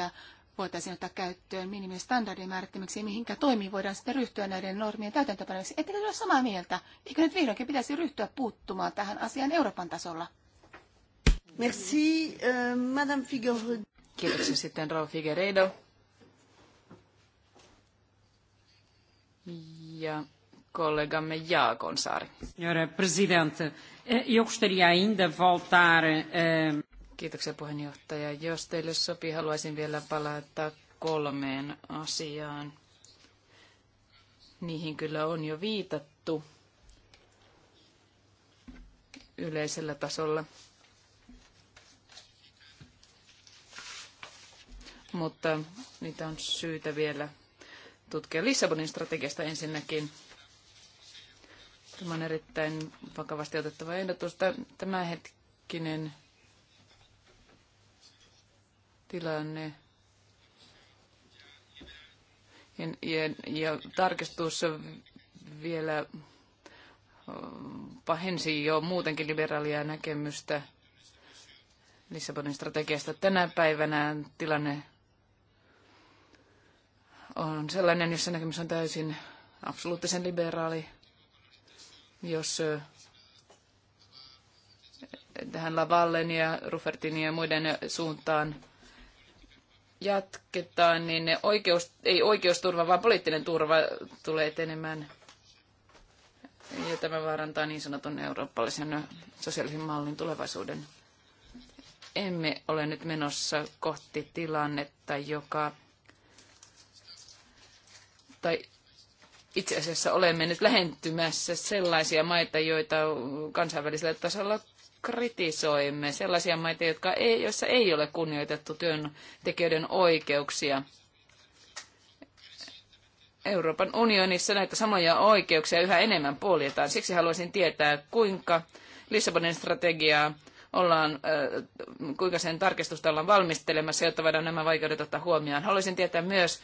voitaisiin ottaa käyttöön minimistandardin määrittämiksi ja mihinkä toimiin voidaan sitten ryhtyä näiden normien täytäntöpanemiksi. Ettei ole samaa mieltä? Eikö nyt vihdoinkin pitäisi ryhtyä puuttumaan tähän asiaan Euroopan tasolla? Merci, äh, Madame Figueredo. Kiitoksia sitten Rauha Figueredo. Ja kollegamme Jaakonsaari. Senhora Presidente, eh, eu ainda voltar... Eh, Kiitoksia puheenjohtaja. Jos teille sopii, haluaisin vielä palata kolmeen asiaan. Niihin kyllä on jo viitattu yleisellä tasolla. mutta niitä on syytä vielä tutkia Lissabonin strategiasta ensinnäkin. Tämä on erittäin vakavasti otettava ehdotus. Tämänhetkinen tilanne ja, ja, ja tarkistus vielä pahensi jo muutenkin liberaalia näkemystä Lissabonin strategiasta. Tänä päivänä tilanne on sellainen, jossa näkemys on täysin absoluuttisen liberaali, jos tähän Lavallen ja Ruffertin ja muiden suuntaan jatketaan, niin ne oikeus, ei oikeusturva, vaan poliittinen turva tulee etenemään. Ja tämä vaarantaa niin sanotun eurooppalaisen sosiaalisen mallin tulevaisuuden. Emme ole nyt menossa kohti tilannetta, joka tai itse asiassa olemme nyt lähentymässä sellaisia maita, joita kansainvälisellä tasolla kritisoimme, sellaisia maita, jotka ei, joissa ei ole kunnioitettu työntekijöiden oikeuksia. Euroopan unionissa näitä samoja oikeuksia yhä enemmän poljetaan. Siksi haluaisin tietää, kuinka Lissabonin strategiaa ollaan, kuinka sen tarkistusta ollaan valmistelemassa, jotta voidaan nämä vaikeudet ottaa huomioon. Haluaisin tietää myös,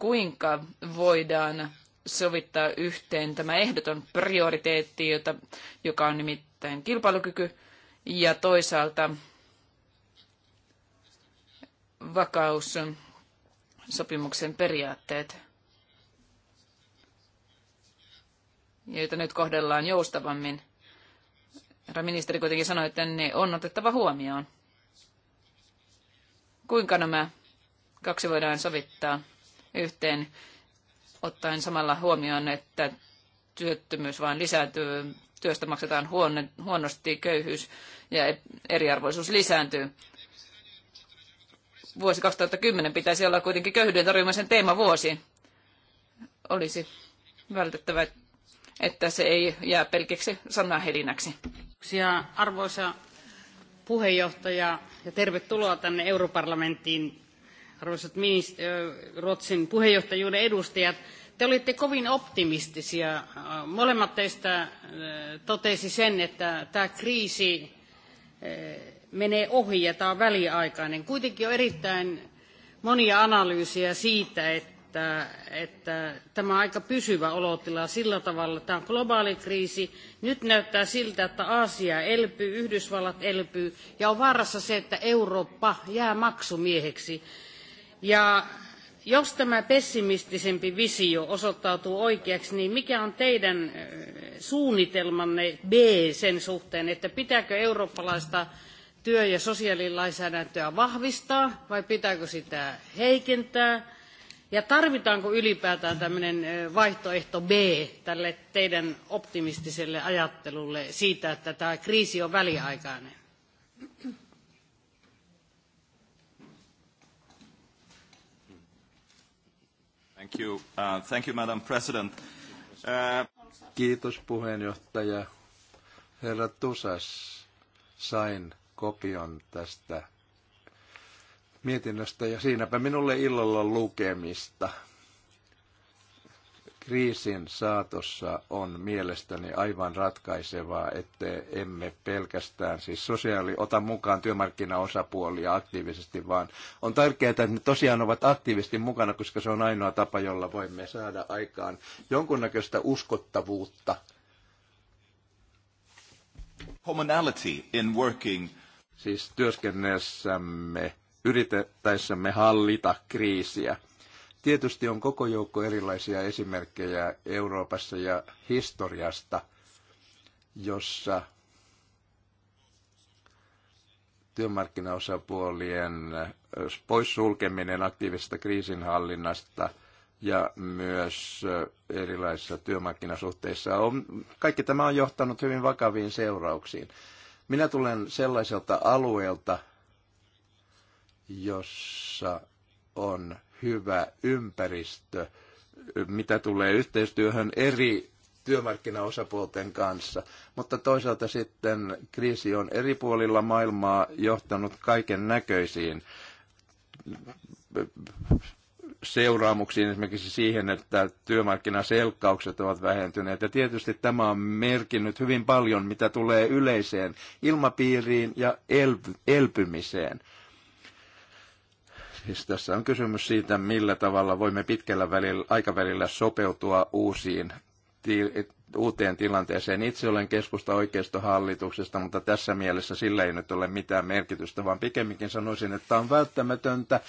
kuinka voidaan sovittaa yhteen tämä ehdoton prioriteetti, jota, joka on nimittäin kilpailukyky, ja toisaalta vakaus sopimuksen periaatteet, joita nyt kohdellaan joustavammin. Herra ministeri kuitenkin sanoi, että ne on otettava huomioon. Kuinka nämä kaksi voidaan sovittaa? yhteen, ottaen samalla huomioon, että työttömyys vain lisääntyy, työstä maksetaan huone, huonosti, köyhyys ja eriarvoisuus lisääntyy. Vuosi 2010 pitäisi olla kuitenkin köyhyyden torjumisen teemavuosi. Olisi vältettävä, että se ei jää pelkäksi sanahelinäksi. Arvoisa puheenjohtaja ja tervetuloa tänne europarlamenttiin arvoisat Ruotsin puheenjohtajuuden edustajat, te olitte kovin optimistisia. Molemmat teistä totesi sen, että tämä kriisi menee ohi ja tämä on väliaikainen. Kuitenkin on erittäin monia analyysiä siitä, että, että tämä on aika pysyvä olotila sillä tavalla. Että tämä on globaali kriisi. Nyt näyttää siltä, että Aasia elpyy, Yhdysvallat elpyy ja on vaarassa se, että Eurooppa jää maksumieheksi. Ja jos tämä pessimistisempi visio osoittautuu oikeaksi, niin mikä on teidän suunnitelmanne B sen suhteen, että pitääkö eurooppalaista työ- ja sosiaalilainsäädäntöä vahvistaa vai pitääkö sitä heikentää? Ja tarvitaanko ylipäätään tämmöinen vaihtoehto B tälle teidän optimistiselle ajattelulle siitä, että tämä kriisi on väliaikainen? Thank you. Uh, thank you, Madam President. Uh, Kiitos puheenjohtaja. Herra Tusas, sain kopion tästä mietinnöstä ja siinäpä minulle illalla lukemista kriisin saatossa on mielestäni aivan ratkaisevaa, että emme pelkästään siis sosiaali ota mukaan työmarkkinaosapuolia aktiivisesti, vaan on tärkeää, että ne tosiaan ovat aktiivisesti mukana, koska se on ainoa tapa, jolla voimme saada aikaan jonkunnäköistä uskottavuutta. Commonality in working. Siis työskennessämme, yritettäessämme hallita kriisiä – Tietysti on koko joukko erilaisia esimerkkejä Euroopassa ja historiasta, jossa työmarkkinaosapuolien äh, poissulkeminen aktiivisesta kriisinhallinnasta ja myös äh, erilaisissa työmarkkinasuhteissa on, kaikki tämä on johtanut hyvin vakaviin seurauksiin. Minä tulen sellaiselta alueelta, jossa on hyvä ympäristö, mitä tulee yhteistyöhön eri työmarkkinaosapuolten kanssa. Mutta toisaalta sitten kriisi on eri puolilla maailmaa johtanut kaiken näköisiin seuraamuksiin, esimerkiksi siihen, että työmarkkinaselkkaukset ovat vähentyneet. Ja tietysti tämä on merkinnyt hyvin paljon, mitä tulee yleiseen ilmapiiriin ja elpymiseen. Siis tässä on kysymys siitä, millä tavalla voimme pitkällä välillä, aikavälillä sopeutua uusiin uuteen tilanteeseen. Itse olen keskusta oikeistohallituksesta, mutta tässä mielessä sillä ei nyt ole mitään merkitystä, vaan pikemminkin sanoisin, että on välttämätöntä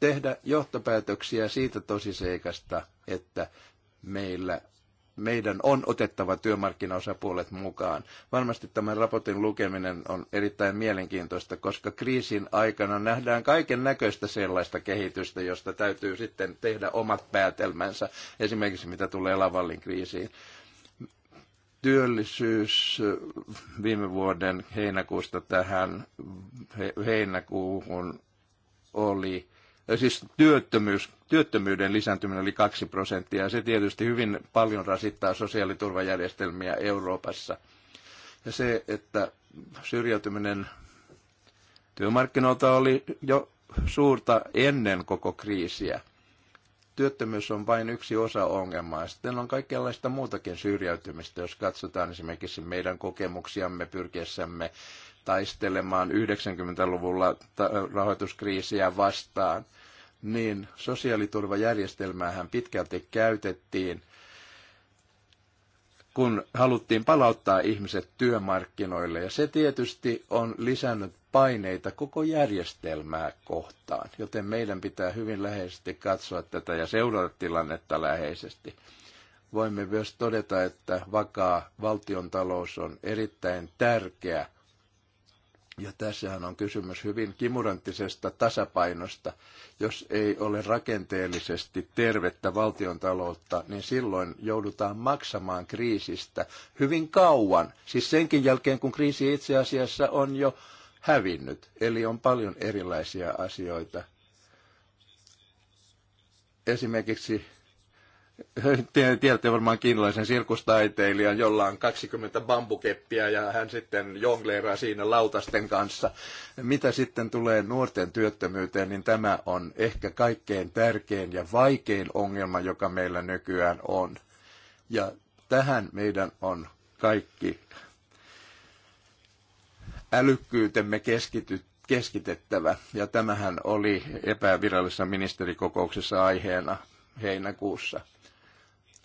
tehdä johtopäätöksiä siitä tosiseikasta, että meillä meidän on otettava työmarkkinaosapuolet mukaan. Varmasti tämän raportin lukeminen on erittäin mielenkiintoista, koska kriisin aikana nähdään kaiken näköistä sellaista kehitystä, josta täytyy sitten tehdä omat päätelmänsä, esimerkiksi mitä tulee Lavallin kriisiin. Työllisyys viime vuoden heinäkuusta tähän heinäkuuhun oli siis työttömyys, työttömyyden lisääntyminen oli 2 prosenttia, ja se tietysti hyvin paljon rasittaa sosiaaliturvajärjestelmiä Euroopassa. Ja se, että syrjäytyminen työmarkkinoilta oli jo suurta ennen koko kriisiä. Työttömyys on vain yksi osa ongelmaa. Sitten on kaikenlaista muutakin syrjäytymistä, jos katsotaan esimerkiksi meidän kokemuksiamme pyrkiessämme taistelemaan 90-luvulla rahoituskriisiä vastaan, niin sosiaaliturvajärjestelmäähän pitkälti käytettiin, kun haluttiin palauttaa ihmiset työmarkkinoille. Ja se tietysti on lisännyt paineita koko järjestelmää kohtaan, joten meidän pitää hyvin läheisesti katsoa tätä ja seurata tilannetta läheisesti voimme myös todeta, että vakaa valtiontalous on erittäin tärkeä ja tässähän on kysymys hyvin kimuranttisesta tasapainosta. Jos ei ole rakenteellisesti tervettä valtion taloutta, niin silloin joudutaan maksamaan kriisistä hyvin kauan. Siis senkin jälkeen, kun kriisi itse asiassa on jo hävinnyt. Eli on paljon erilaisia asioita. Esimerkiksi tiedätte varmaan kiinalaisen sirkustaiteilijan, jolla on 20 bambukeppiä ja hän sitten jongleeraa siinä lautasten kanssa. Mitä sitten tulee nuorten työttömyyteen, niin tämä on ehkä kaikkein tärkein ja vaikein ongelma, joka meillä nykyään on. Ja tähän meidän on kaikki älykkyytemme keskityt keskitettävä, ja tämähän oli epävirallisessa ministerikokouksessa aiheena heinäkuussa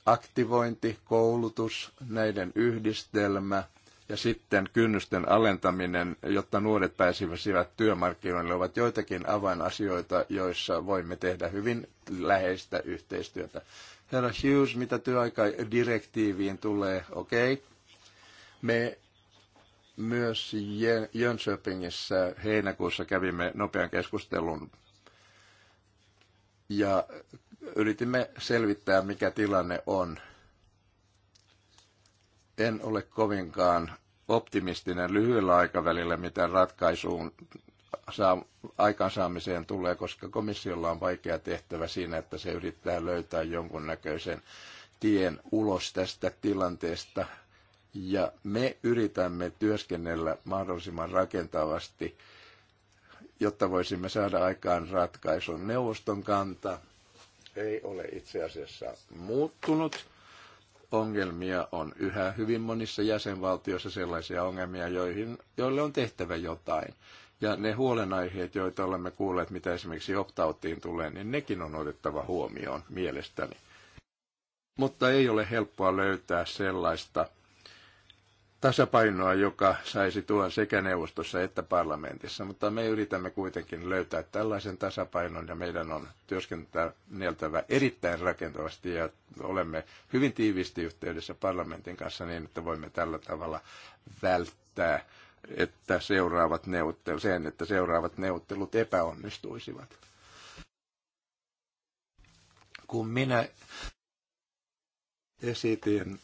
aktivointi, koulutus, näiden yhdistelmä ja sitten kynnysten alentaminen, jotta nuoret pääsivät työmarkkinoille, ovat joitakin avainasioita, joissa voimme tehdä hyvin läheistä yhteistyötä. Herra Hughes, mitä työaikadirektiiviin tulee, okei. Okay. Me myös Jönköpingissä heinäkuussa kävimme nopean keskustelun ja Yritimme selvittää, mikä tilanne on. En ole kovinkaan optimistinen lyhyellä aikavälillä, mitä ratkaisuun saa, aikaansaamiseen tulee, koska komissiolla on vaikea tehtävä siinä, että se yrittää löytää jonkunnäköisen tien ulos tästä tilanteesta. Ja me yritämme työskennellä mahdollisimman rakentavasti, jotta voisimme saada aikaan ratkaisun. Neuvoston kanta ei ole itse asiassa muuttunut. Ongelmia on yhä hyvin monissa jäsenvaltioissa sellaisia ongelmia, joihin, joille on tehtävä jotain. Ja ne huolenaiheet, joita olemme kuulleet, mitä esimerkiksi optautiin tulee, niin nekin on otettava huomioon mielestäni. Mutta ei ole helppoa löytää sellaista tasapainoa, joka saisi tuon sekä neuvostossa että parlamentissa, mutta me yritämme kuitenkin löytää tällaisen tasapainon ja meidän on työskenneltävä erittäin rakentavasti ja olemme hyvin tiiviisti yhteydessä parlamentin kanssa niin, että voimme tällä tavalla välttää että seuraavat neuvottelut, sen, että seuraavat neuvottelut epäonnistuisivat. Kun minä esitin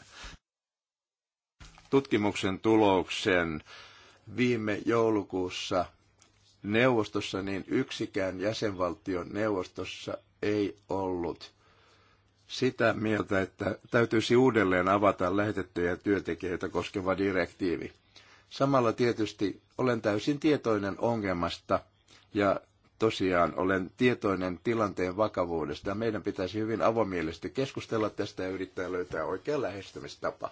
tutkimuksen tuloksen viime joulukuussa neuvostossa, niin yksikään jäsenvaltion neuvostossa ei ollut sitä mieltä, että täytyisi uudelleen avata lähetettyjä työntekijöitä koskeva direktiivi. Samalla tietysti olen täysin tietoinen ongelmasta ja tosiaan olen tietoinen tilanteen vakavuudesta. Meidän pitäisi hyvin avomielisesti keskustella tästä ja yrittää löytää oikea lähestymistapa.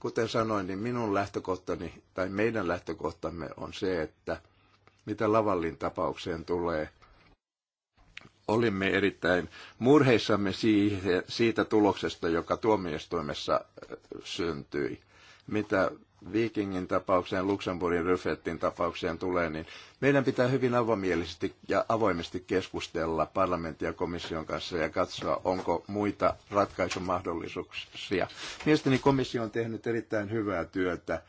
Kuten sanoin, niin minun lähtökohtani tai meidän lähtökohtamme on se, että mitä Lavallin tapaukseen tulee, olimme erittäin murheissamme siitä tuloksesta, joka tuomioistuimessa syntyi. Mitä Vikingin tapaukseen, Luxemburgin Ryfettin tapaukseen tulee, niin meidän pitää hyvin avomielisesti ja avoimesti keskustella parlamentin ja komission kanssa ja katsoa, onko muita ratkaisumahdollisuuksia. Mielestäni komissio on tehnyt erittäin hyvää työtä.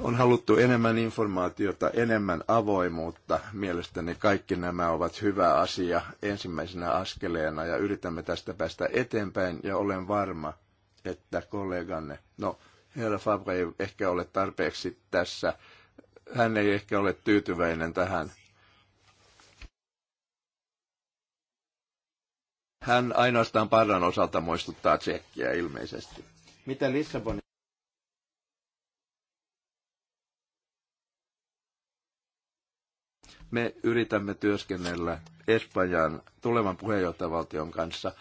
On haluttu enemmän informaatiota, enemmän avoimuutta. Mielestäni kaikki nämä ovat hyvä asia ensimmäisenä askeleena ja yritämme tästä päästä eteenpäin ja olen varma, että kolleganne, no Herra Fabre ei ehkä ole tarpeeksi tässä. Hän ei ehkä ole tyytyväinen tähän. Hän ainoastaan parran osalta muistuttaa tsekkiä ilmeisesti. Mitä Lissabon? me yritämme työskennellä Espanjan tulevan puheenjohtajavaltion kanssa,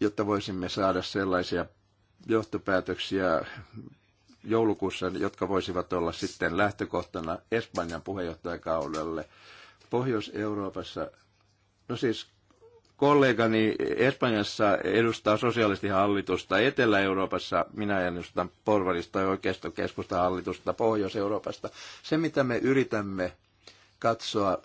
jotta voisimme saada sellaisia johtopäätöksiä joulukuussa, jotka voisivat olla sitten lähtökohtana Espanjan puheenjohtajakaudelle. Pohjois-Euroopassa, no siis kollegani Espanjassa edustaa sosialistihallitusta Etelä-Euroopassa, minä edustan porvarista ja oikeistokeskusta hallitusta Pohjois-Euroopasta. Se, mitä me yritämme katsoa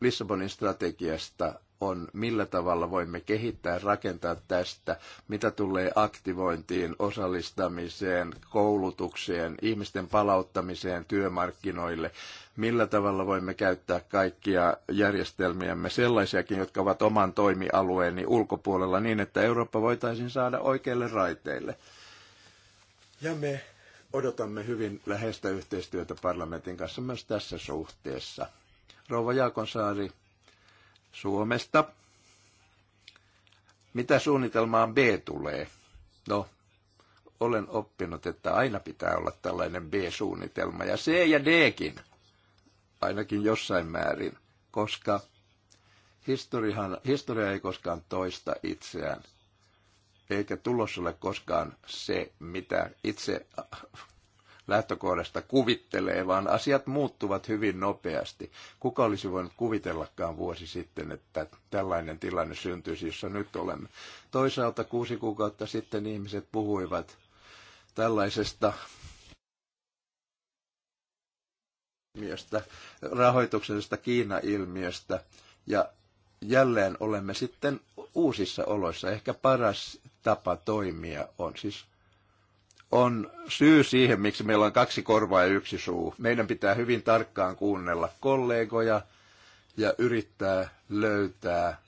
Lissabonin strategiasta, on, millä tavalla voimme kehittää rakentaa tästä, mitä tulee aktivointiin, osallistamiseen, koulutukseen, ihmisten palauttamiseen työmarkkinoille, millä tavalla voimme käyttää kaikkia järjestelmiämme, sellaisiakin, jotka ovat oman toimialueeni ulkopuolella, niin että Eurooppa voitaisiin saada oikeille raiteille. Ja me odotamme hyvin läheistä yhteistyötä parlamentin kanssa myös tässä suhteessa. Rouva Jaakonsaari, Suomesta. Mitä suunnitelmaan B tulee? No, olen oppinut, että aina pitää olla tällainen B-suunnitelma ja C ja Dkin, ainakin jossain määrin, koska historiahan, historia ei koskaan toista itseään, eikä tulos ole koskaan se, mitä itse lähtökohdasta kuvittelee, vaan asiat muuttuvat hyvin nopeasti. Kuka olisi voinut kuvitellakaan vuosi sitten, että tällainen tilanne syntyisi, jossa nyt olemme. Toisaalta kuusi kuukautta sitten ihmiset puhuivat tällaisesta ilmiöstä, rahoituksellisesta Kiina-ilmiöstä. Ja jälleen olemme sitten uusissa oloissa. Ehkä paras tapa toimia on siis on syy siihen, miksi meillä on kaksi korvaa ja yksi suu. Meidän pitää hyvin tarkkaan kuunnella kollegoja ja yrittää löytää,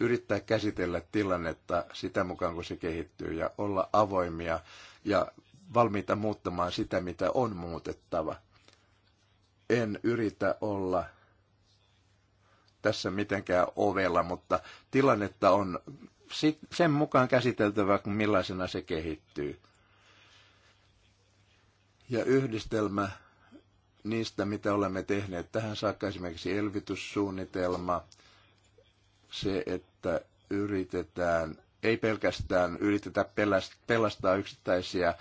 yrittää käsitellä tilannetta sitä mukaan, kun se kehittyy ja olla avoimia ja valmiita muuttamaan sitä, mitä on muutettava. En yritä olla tässä mitenkään ovella, mutta tilannetta on sen mukaan käsiteltävä, millaisena se kehittyy. Ja yhdistelmä niistä, mitä olemme tehneet tähän saakka, esimerkiksi elvytyssuunnitelma, se, että yritetään, ei pelkästään yritetä pelastaa yksittäisiä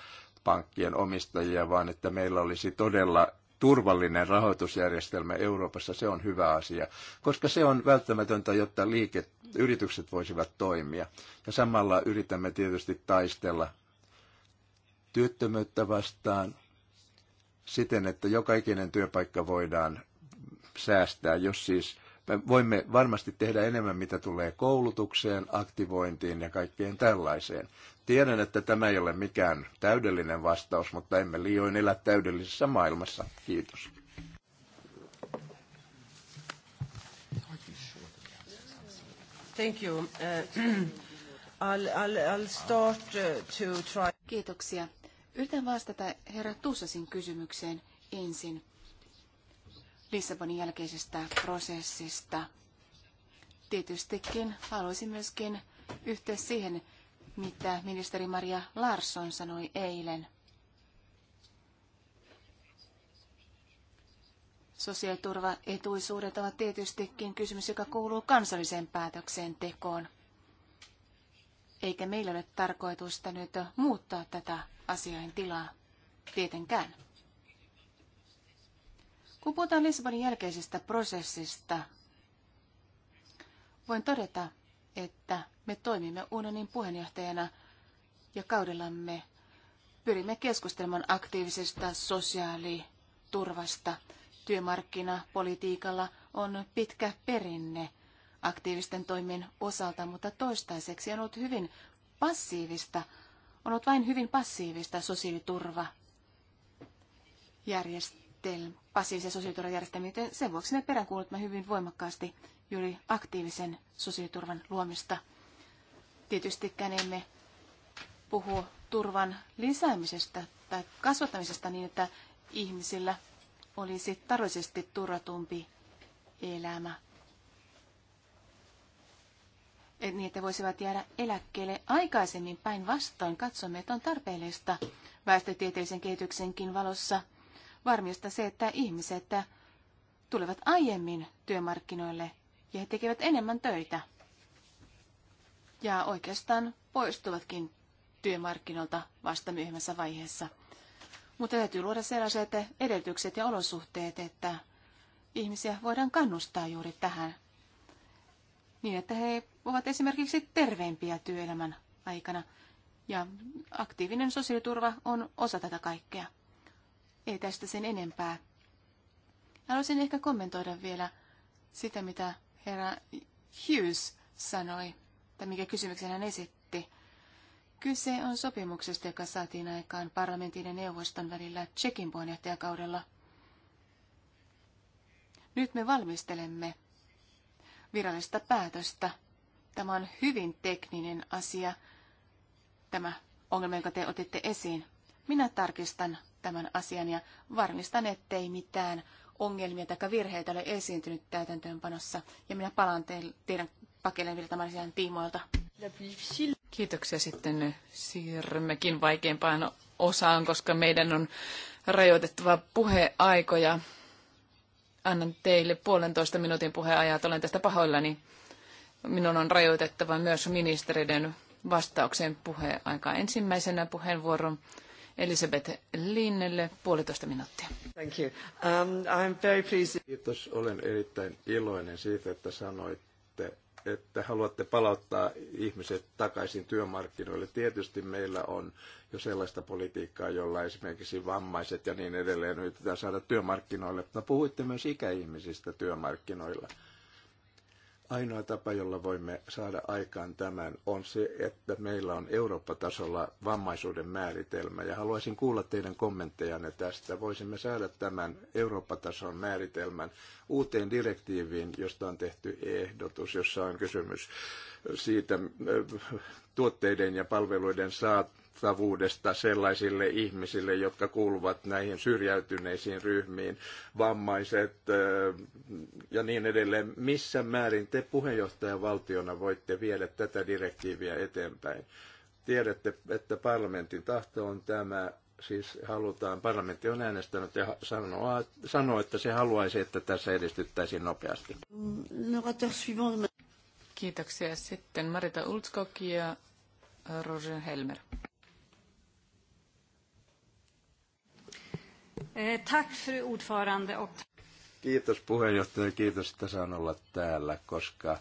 pankkien omistajia, vaan että meillä olisi todella turvallinen rahoitusjärjestelmä Euroopassa, se on hyvä asia, koska se on välttämätöntä, jotta liike, yritykset voisivat toimia. Ja samalla yritämme tietysti taistella työttömyyttä vastaan, siten, että joka ikinen työpaikka voidaan säästää, jos siis me voimme varmasti tehdä enemmän, mitä tulee koulutukseen, aktivointiin ja kaikkeen tällaiseen. Tiedän, että tämä ei ole mikään täydellinen vastaus, mutta emme liioin elä täydellisessä maailmassa. Kiitos. Thank you. Uh, I'll, I'll, I'll start uh, to try. Kiitoksia. Yritän vastata herra Tussasin kysymykseen ensin Lissabonin jälkeisestä prosessista. Tietystikin haluaisin myöskin yhtyä siihen, mitä ministeri Maria Larsson sanoi eilen. Sosiaaliturvaetuisuudet ovat tietystikin kysymys, joka kuuluu kansalliseen päätöksentekoon. Eikä meillä ole tarkoitusta nyt muuttaa tätä asiain tilaa tietenkään. Kun puhutaan Lissabonin jälkeisestä prosessista, voin todeta, että me toimimme unionin puheenjohtajana ja kaudellamme pyrimme keskustelemaan aktiivisesta sosiaaliturvasta. Työmarkkinapolitiikalla on pitkä perinne aktiivisten toimien osalta, mutta toistaiseksi on ollut hyvin passiivista on ollut vain hyvin passiivista sosiaaliturva järjestelmä, passiivisia sosiaaliturvajärjestelmiä, joten sen vuoksi me peräänkuulutamme hyvin voimakkaasti juuri aktiivisen sosiaaliturvan luomista. Tietystikään emme puhu turvan lisäämisestä tai kasvattamisesta niin, että ihmisillä olisi tarvitsisesti turvatumpi elämä niin että voisivat jäädä eläkkeelle aikaisemmin päinvastoin. Katsomme, että on tarpeellista väestötieteellisen kehityksenkin valossa varmistaa se, että ihmiset tulevat aiemmin työmarkkinoille ja he tekevät enemmän töitä. Ja oikeastaan poistuvatkin työmarkkinoilta vasta myöhemmässä vaiheessa. Mutta täytyy luoda sellaiset edellytykset ja olosuhteet, että ihmisiä voidaan kannustaa juuri tähän, niin että he ovat esimerkiksi terveempiä työelämän aikana. Ja aktiivinen sosiaaliturva on osa tätä kaikkea. Ei tästä sen enempää. Haluaisin ehkä kommentoida vielä sitä, mitä herra Hughes sanoi, tai mikä kysymyksen hän esitti. Kyse on sopimuksesta, joka saatiin aikaan parlamentin ja neuvoston välillä Tsekin puheenjohtajakaudella. Nyt me valmistelemme virallista päätöstä – Tämä on hyvin tekninen asia, tämä ongelma, jonka te otitte esiin. Minä tarkistan tämän asian ja varmistan, ettei mitään ongelmia tai virheitä ole esiintynyt täytäntöönpanossa. Ja minä palaan teille, teidän pakeleen vielä tämän asian tiimoilta. Kiitoksia sitten. Siirrymmekin vaikeimpaan osaan, koska meidän on rajoitettava puheaikoja. Annan teille puolentoista minuutin puheajat. Olen tästä pahoillani minun on rajoitettava myös ministeriden vastaukseen puheaika Ensimmäisenä puheenvuoron Elisabeth Linnelle puolitoista minuuttia. Thank you. Um, I'm very pleased. Kiitos. Olen erittäin iloinen siitä, että sanoitte, että haluatte palauttaa ihmiset takaisin työmarkkinoille. Tietysti meillä on jo sellaista politiikkaa, jolla esimerkiksi vammaiset ja niin edelleen yritetään saada työmarkkinoille. Mutta puhuitte myös ikäihmisistä työmarkkinoilla. Ainoa tapa, jolla voimme saada aikaan tämän, on se, että meillä on Eurooppa-tasolla vammaisuuden määritelmä. Ja haluaisin kuulla teidän kommenttejanne tästä. Voisimme saada tämän Eurooppa-tason määritelmän uuteen direktiiviin, josta on tehty ehdotus, jossa on kysymys siitä äh, tuotteiden ja palveluiden saat saavutettavuudesta sellaisille ihmisille, jotka kuuluvat näihin syrjäytyneisiin ryhmiin, vammaiset ja niin edelleen. Missä määrin te valtiona voitte viedä tätä direktiiviä eteenpäin? Tiedätte, että parlamentin tahto on tämä, siis halutaan, parlamentti on äänestänyt ja sanoo, sanoo että se haluaisi, että tässä edistyttäisiin nopeasti. Kiitoksia. Sitten Marita Ultskog ja Roger Helmer. Eh, tack fru ordförande. Kiitos puheenjohtaja, kiitos, että saan olla täällä, koska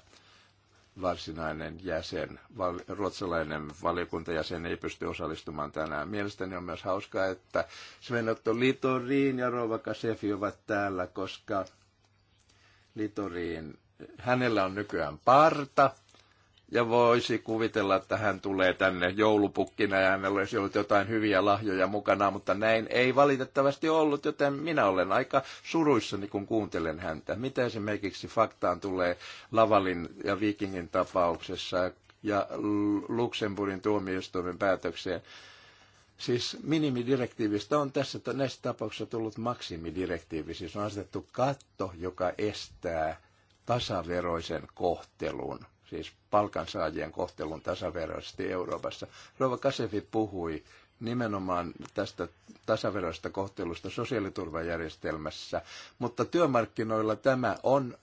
varsinainen jäsen, val, ruotsalainen valiokuntajäsen ei pysty osallistumaan tänään. Mielestäni on myös hauskaa, että Sven Otto Litoriin ja Rova Kasefi ovat täällä, koska Litoriin, hänellä on nykyään parta, ja voisi kuvitella, että hän tulee tänne joulupukkina ja hänellä olisi ollut jotain hyviä lahjoja mukana, mutta näin ei valitettavasti ollut, joten minä olen aika suruissani, kun kuuntelen häntä. Mitä esimerkiksi faktaan tulee Lavalin ja Vikingin tapauksessa ja Luxemburgin tuomioistuimen päätökseen? Siis minimidirektiivistä on tässä näissä tapauksissa tullut maksimidirektiivi, siis on asetettu katto, joka estää tasaveroisen kohtelun siis palkansaajien kohtelun tasaveroisesti Euroopassa. Rova Kasevi puhui nimenomaan tästä tasaveroista kohtelusta sosiaaliturvajärjestelmässä, mutta työmarkkinoilla tämä on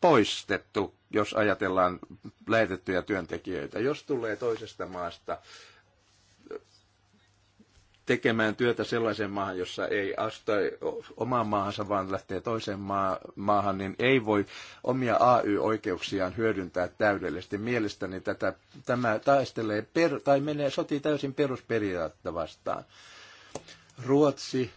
poistettu, jos ajatellaan lähetettyjä työntekijöitä. Jos tulee toisesta maasta tekemään työtä sellaiseen maahan, jossa ei astu omaan maahansa, vaan lähtee toiseen maahan, niin ei voi omia AY-oikeuksiaan hyödyntää täydellisesti. Mielestäni tätä, tämä taistelee per, tai menee, sotii täysin perusperiaatetta vastaan. Ruotsi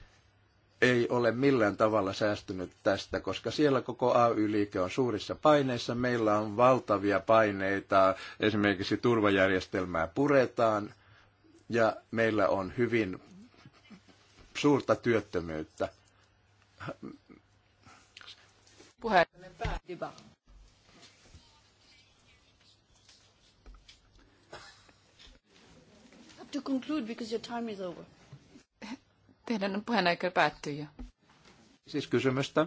ei ole millään tavalla säästynyt tästä, koska siellä koko AY-liike on suurissa paineissa. Meillä on valtavia paineita, esimerkiksi turvajärjestelmää puretaan – ja meillä on hyvin suurta työttömyyttä. Puheenjohtajan päädyvä. to conclude because your time is over. Teidän puheenaika päättyy jo. Siis kysymystä.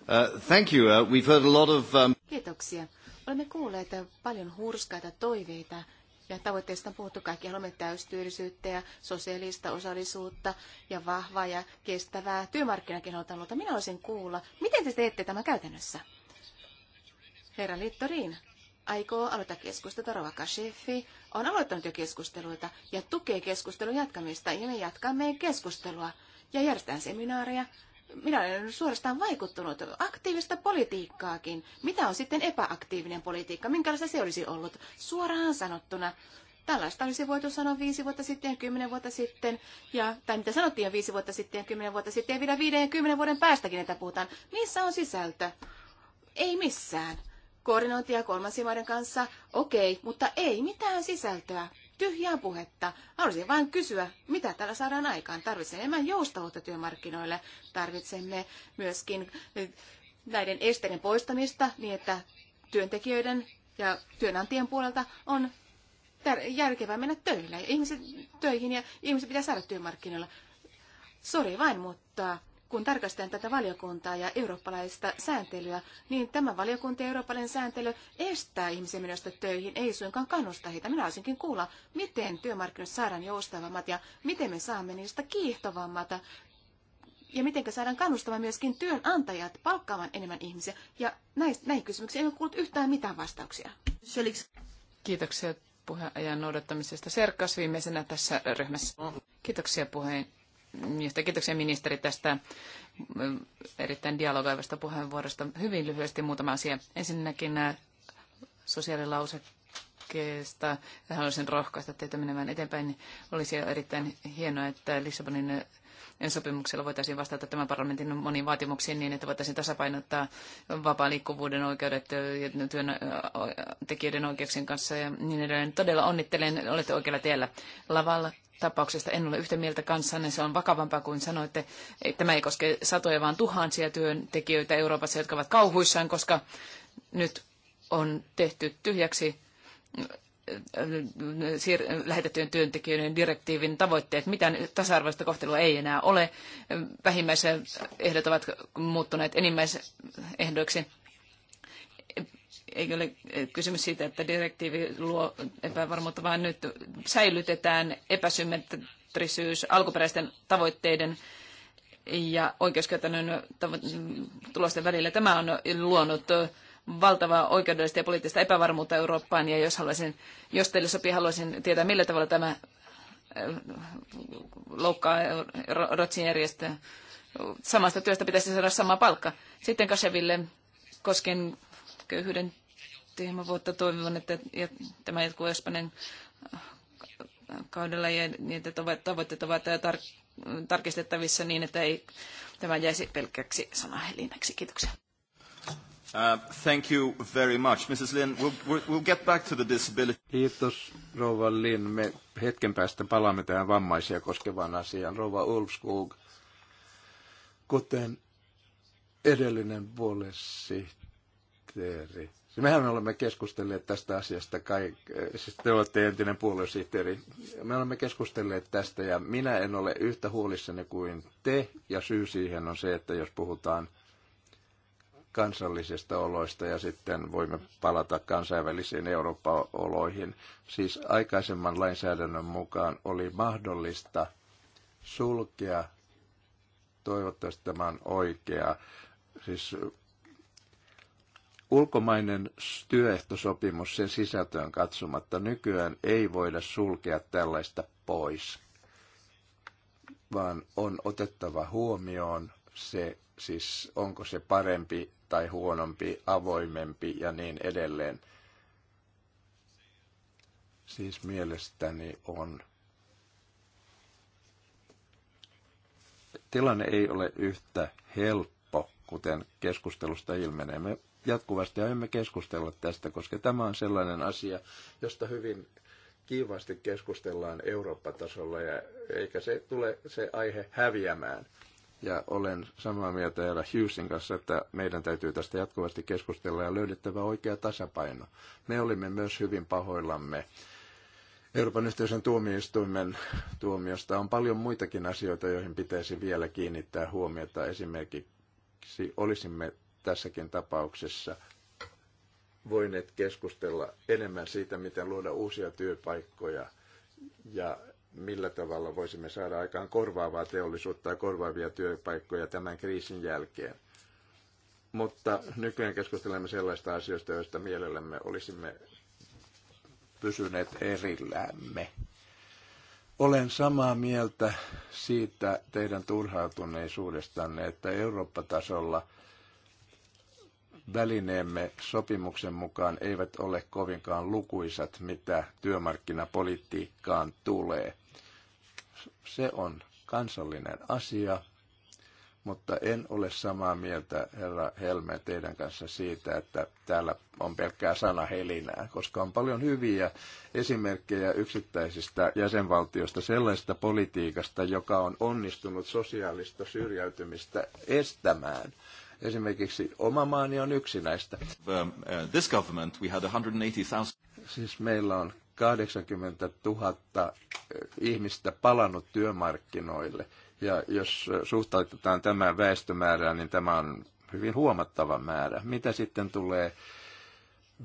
Uh, thank you. Uh, we've heard a lot of... Um... Kiitoksia. Olemme kuulleet paljon hurskaita toiveita ja tavoitteista on puhuttu kaikki. Haluamme täystyöllisyyttä ja sosiaalista osallisuutta ja vahvaa ja kestävää työmarkkinakin mutta minä olisin kuulla, miten te teette tämä käytännössä? Herra Littorin aikoo aloittaa keskustelua. Rovaka Sheffi on aloittanut jo keskusteluita ja tukee keskustelun jatkamista ja me jatkamme keskustelua ja järjestetään seminaareja minä olen suorastaan vaikuttunut aktiivista politiikkaakin. Mitä on sitten epäaktiivinen politiikka? Minkälaista se olisi ollut? Suoraan sanottuna, tällaista olisi voitu sanoa viisi vuotta sitten ja kymmenen vuotta sitten, ja, tai mitä sanottiin jo viisi vuotta sitten ja kymmenen vuotta sitten, ja vielä viiden ja kymmenen vuoden päästäkin, että puhutaan. Missä on sisältö? Ei missään. Koordinointia kolmansimaiden kanssa, okei, okay, mutta ei mitään sisältöä tyhjää puhetta. Haluaisin vain kysyä, mitä täällä saadaan aikaan. Tarvitsemme enemmän joustavuutta työmarkkinoille. Tarvitsemme myöskin eh, näiden esteiden poistamista niin, että työntekijöiden ja työnantajien puolelta on järkevää mennä töihin Ja ihmiset töihin ja ihmiset pitää saada työmarkkinoilla. Sori vain, mutta kun tarkastetaan tätä valiokuntaa ja eurooppalaista sääntelyä, niin tämä valiokunta ja eurooppalainen sääntely estää ihmisiä menosta töihin, ei suinkaan kannusta heitä. Minä olisinkin kuulla, miten työmarkkinoissa saadaan joustavammat ja miten me saamme niistä kiihtovammat ja miten saadaan kannustamaan myöskin työnantajat palkkaamaan enemmän ihmisiä. Ja näistä, näihin kysymyksiin ei ole kuullut yhtään mitään vastauksia. Kiitoksia puheenajan noudattamisesta. Serkas viimeisenä tässä ryhmässä. Kiitoksia puheen josta kiitoksia ministeri tästä erittäin dialogoivasta puheenvuorosta. Hyvin lyhyesti muutama asia. Ensinnäkin sosiaalilausekkeesta haluaisin rohkaista teitä menemään eteenpäin. Olisi erittäin hienoa, että Lissabonin sopimuksella voitaisiin vastata tämän parlamentin moniin vaatimuksiin niin, että voitaisiin tasapainottaa vapaa liikkuvuuden oikeudet ja työntekijöiden oikeuksien kanssa ja niin edelleen. Todella onnittelen, olette oikealla tiellä. Lavalla tapauksesta en ole yhtä mieltä kanssanne. Se on vakavampaa kuin sanoitte. Tämä ei koske satoja, vaan tuhansia työntekijöitä Euroopassa, jotka ovat kauhuissaan, koska nyt on tehty tyhjäksi lähetettyjen työntekijöiden direktiivin tavoitteet. Mitään tasa-arvoista kohtelua ei enää ole. Vähimmäisehdot ovat muuttuneet enimmäisehdoiksi ei ole kysymys siitä, että direktiivi luo epävarmuutta, vaan nyt säilytetään epäsymmetrisyys alkuperäisten tavoitteiden ja oikeuskäytännön tulosten välillä. Tämä on luonut valtavaa oikeudellista ja poliittista epävarmuutta Eurooppaan, ja jos, haluaisin, jos teille sopii, haluaisin tietää, millä tavalla tämä äh, loukkaa Rotsin järjestöä. Samasta työstä pitäisi saada sama palkka. Sitten Kaseville koskien köyhyyden teemavuotta. Toivon, että ja tämä jatkuu Espanjan äh, kaudella ja niitä tavoitteet ovat äh, tar- tarkistettavissa niin, että ei tämä jäisi pelkäksi sanahelinäksi. Kiitoksia. Uh, thank you very much. Mrs. Lin, we'll, we'll get back to the disability. Kiitos, rouva Lin. Me hetken päästä palaamme tähän vammaisia koskevaan asiaan. Rouva Ulfskog, kuten edellinen puolesihteeri, puoluesihteeri. Mehän olemme keskustelleet tästä asiasta, kai, eh, siis te olette entinen puoluesihteeri. Me olemme keskustelleet tästä ja minä en ole yhtä huolissani kuin te. Ja syy siihen on se, että jos puhutaan kansallisista oloista ja sitten voimme palata kansainvälisiin Euroopan oloihin. Siis aikaisemman lainsäädännön mukaan oli mahdollista sulkea, toivottavasti tämä on oikea, siis ulkomainen työehtosopimus sen sisältöön katsomatta nykyään ei voida sulkea tällaista pois, vaan on otettava huomioon se, siis onko se parempi tai huonompi, avoimempi ja niin edelleen. Siis mielestäni on. Tilanne ei ole yhtä helppo, kuten keskustelusta ilmenee. Me jatkuvasti aiomme keskustella tästä, koska tämä on sellainen asia, josta hyvin kiivaasti keskustellaan Eurooppa-tasolla, ja eikä se tule se aihe häviämään. Ja olen samaa mieltä Ella Hughesin kanssa, että meidän täytyy tästä jatkuvasti keskustella ja löydettävä oikea tasapaino. Me olimme myös hyvin pahoillamme Euroopan yhteisön tuomioistuimen tuomiosta on paljon muitakin asioita, joihin pitäisi vielä kiinnittää huomiota. Esimerkiksi olisimme tässäkin tapauksessa voineet keskustella enemmän siitä, miten luoda uusia työpaikkoja ja millä tavalla voisimme saada aikaan korvaavaa teollisuutta ja korvaavia työpaikkoja tämän kriisin jälkeen. Mutta nykyään keskustelemme sellaista asioista, joista mielellämme olisimme pysyneet erillämme. Olen samaa mieltä siitä teidän turhautuneisuudestanne, että Eurooppa-tasolla – välineemme sopimuksen mukaan eivät ole kovinkaan lukuisat, mitä työmarkkinapolitiikkaan tulee. Se on kansallinen asia, mutta en ole samaa mieltä, herra Helme, teidän kanssa siitä, että täällä on pelkkää Helinää, koska on paljon hyviä esimerkkejä yksittäisistä jäsenvaltioista sellaisesta politiikasta, joka on onnistunut sosiaalista syrjäytymistä estämään – Esimerkiksi oma maani on yksi näistä. Uh, this government, we had 180 000. Siis meillä on 80 000 ihmistä palannut työmarkkinoille. Ja jos suhtautetaan tämän väestömäärään, niin tämä on hyvin huomattava määrä. Mitä sitten tulee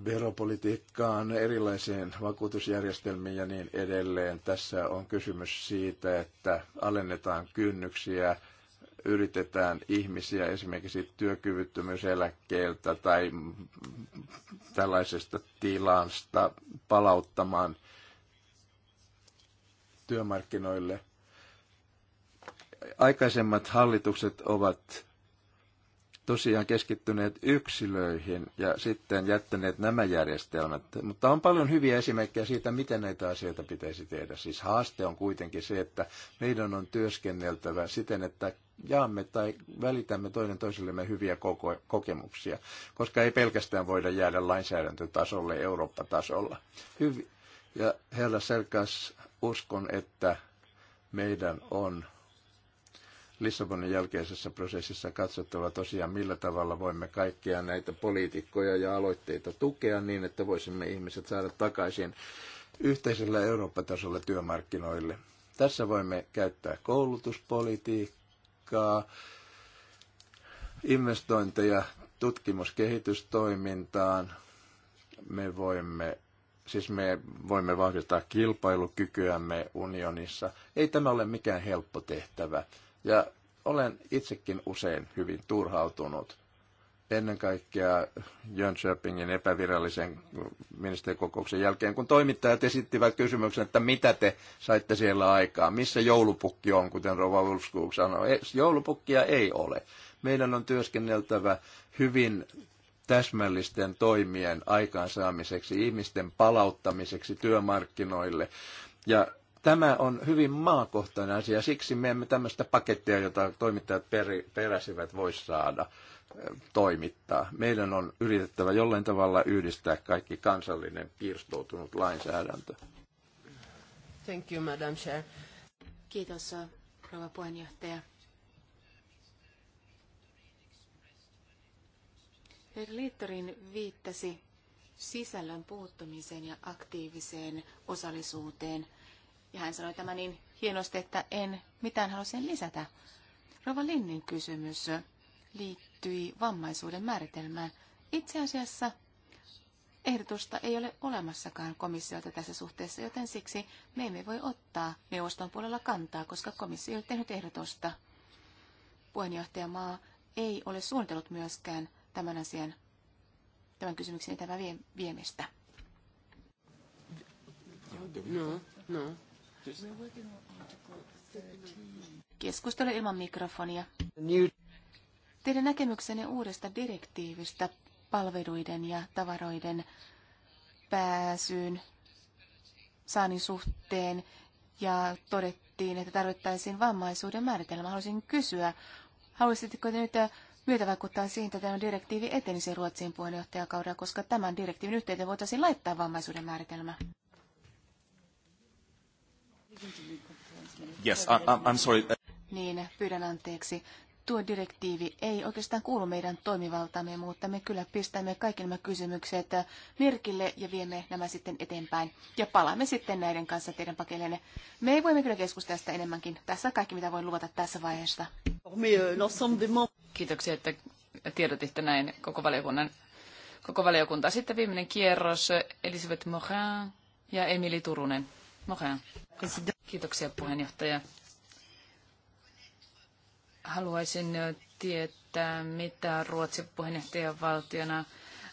veropolitiikkaan, erilaisiin vakuutusjärjestelmiin ja niin edelleen. Tässä on kysymys siitä, että alennetaan kynnyksiä yritetään ihmisiä esimerkiksi työkyvyttömyyseläkkeeltä tai tällaisesta tilasta palauttamaan työmarkkinoille. Aikaisemmat hallitukset ovat tosiaan keskittyneet yksilöihin ja sitten jättäneet nämä järjestelmät. Mutta on paljon hyviä esimerkkejä siitä, miten näitä asioita pitäisi tehdä. Siis haaste on kuitenkin se, että meidän on työskenneltävä siten, että jaamme tai välitämme toinen toisillemme hyviä kokemuksia, koska ei pelkästään voida jäädä lainsäädäntötasolle Eurooppa-tasolla. Hyvi. Ja herra Selkäs, uskon, että meidän on Lissabonin jälkeisessä prosessissa katsottava tosiaan, millä tavalla voimme kaikkia näitä poliitikkoja ja aloitteita tukea niin, että voisimme ihmiset saada takaisin yhteisellä Eurooppa-tasolla työmarkkinoille. Tässä voimme käyttää koulutuspolitiikkaa aikaa investointeja tutkimuskehitystoimintaan. Me voimme, siis me voimme vahvistaa kilpailukykyämme unionissa. Ei tämä ole mikään helppo tehtävä. Ja olen itsekin usein hyvin turhautunut ennen kaikkea Jönköpingin epävirallisen ministerikokouksen jälkeen, kun toimittajat esittivät kysymyksen, että mitä te saitte siellä aikaa, missä joulupukki on, kuten Rova Ulskuk sanoi. E, joulupukkia ei ole. Meidän on työskenneltävä hyvin täsmällisten toimien aikaansaamiseksi, ihmisten palauttamiseksi työmarkkinoille. Ja tämä on hyvin maakohtainen asia, siksi me emme tämmöistä pakettia, jota toimittajat peräsivät, voi saada toimittaa. Meidän on yritettävä jollain tavalla yhdistää kaikki kansallinen pirstoutunut lainsäädäntö. Thank you, Madam Chair. Kiitos, rouva puheenjohtaja. Herra Liittorin viittasi sisällön puuttumiseen ja aktiiviseen osallisuuteen. Ja hän sanoi tämä niin hienosti, että en mitään halua sen lisätä. Rova Linnin kysymys liittyy liittyi vammaisuuden määritelmään. Itse asiassa ehdotusta ei ole olemassakaan komissiolta tässä suhteessa, joten siksi me emme voi ottaa neuvoston puolella kantaa, koska komissio ei ole tehnyt ehdotusta. Puheenjohtajamaa ei ole suunnitellut myöskään tämän asian, tämän kysymyksen eteenpäin viemistä. No, no. Keskustelu ilman mikrofonia. Teidän näkemyksenne uudesta direktiivistä palveluiden ja tavaroiden pääsyyn saannin suhteen ja todettiin, että tarvittaisiin vammaisuuden määritelmä. Haluaisin kysyä, haluaisitteko te nyt vaikuttaa siihen, että tämä direktiivi etenisi Ruotsin puheenjohtajakaudella, koska tämän direktiivin yhteyteen voitaisiin laittaa vammaisuuden määritelmä? Yes, I, I'm sorry. Niin, pyydän anteeksi tuo direktiivi ei oikeastaan kuulu meidän toimivaltamme, mutta me kyllä pistämme kaikki nämä kysymykset merkille ja viemme nämä sitten eteenpäin. Ja palaamme sitten näiden kanssa teidän pakelleenne. Me voimme kyllä keskustella sitä enemmänkin. Tässä kaikki, mitä voin luvata tässä vaiheessa. Kiitoksia, että tiedotitte näin koko valiokunnan koko valiokunta. Sitten viimeinen kierros, Elisabeth Morin ja Emili Turunen. Morin. Kiitoksia puheenjohtaja. Haluaisin tietää, mitä Ruotsi puheenjohtajan valtiona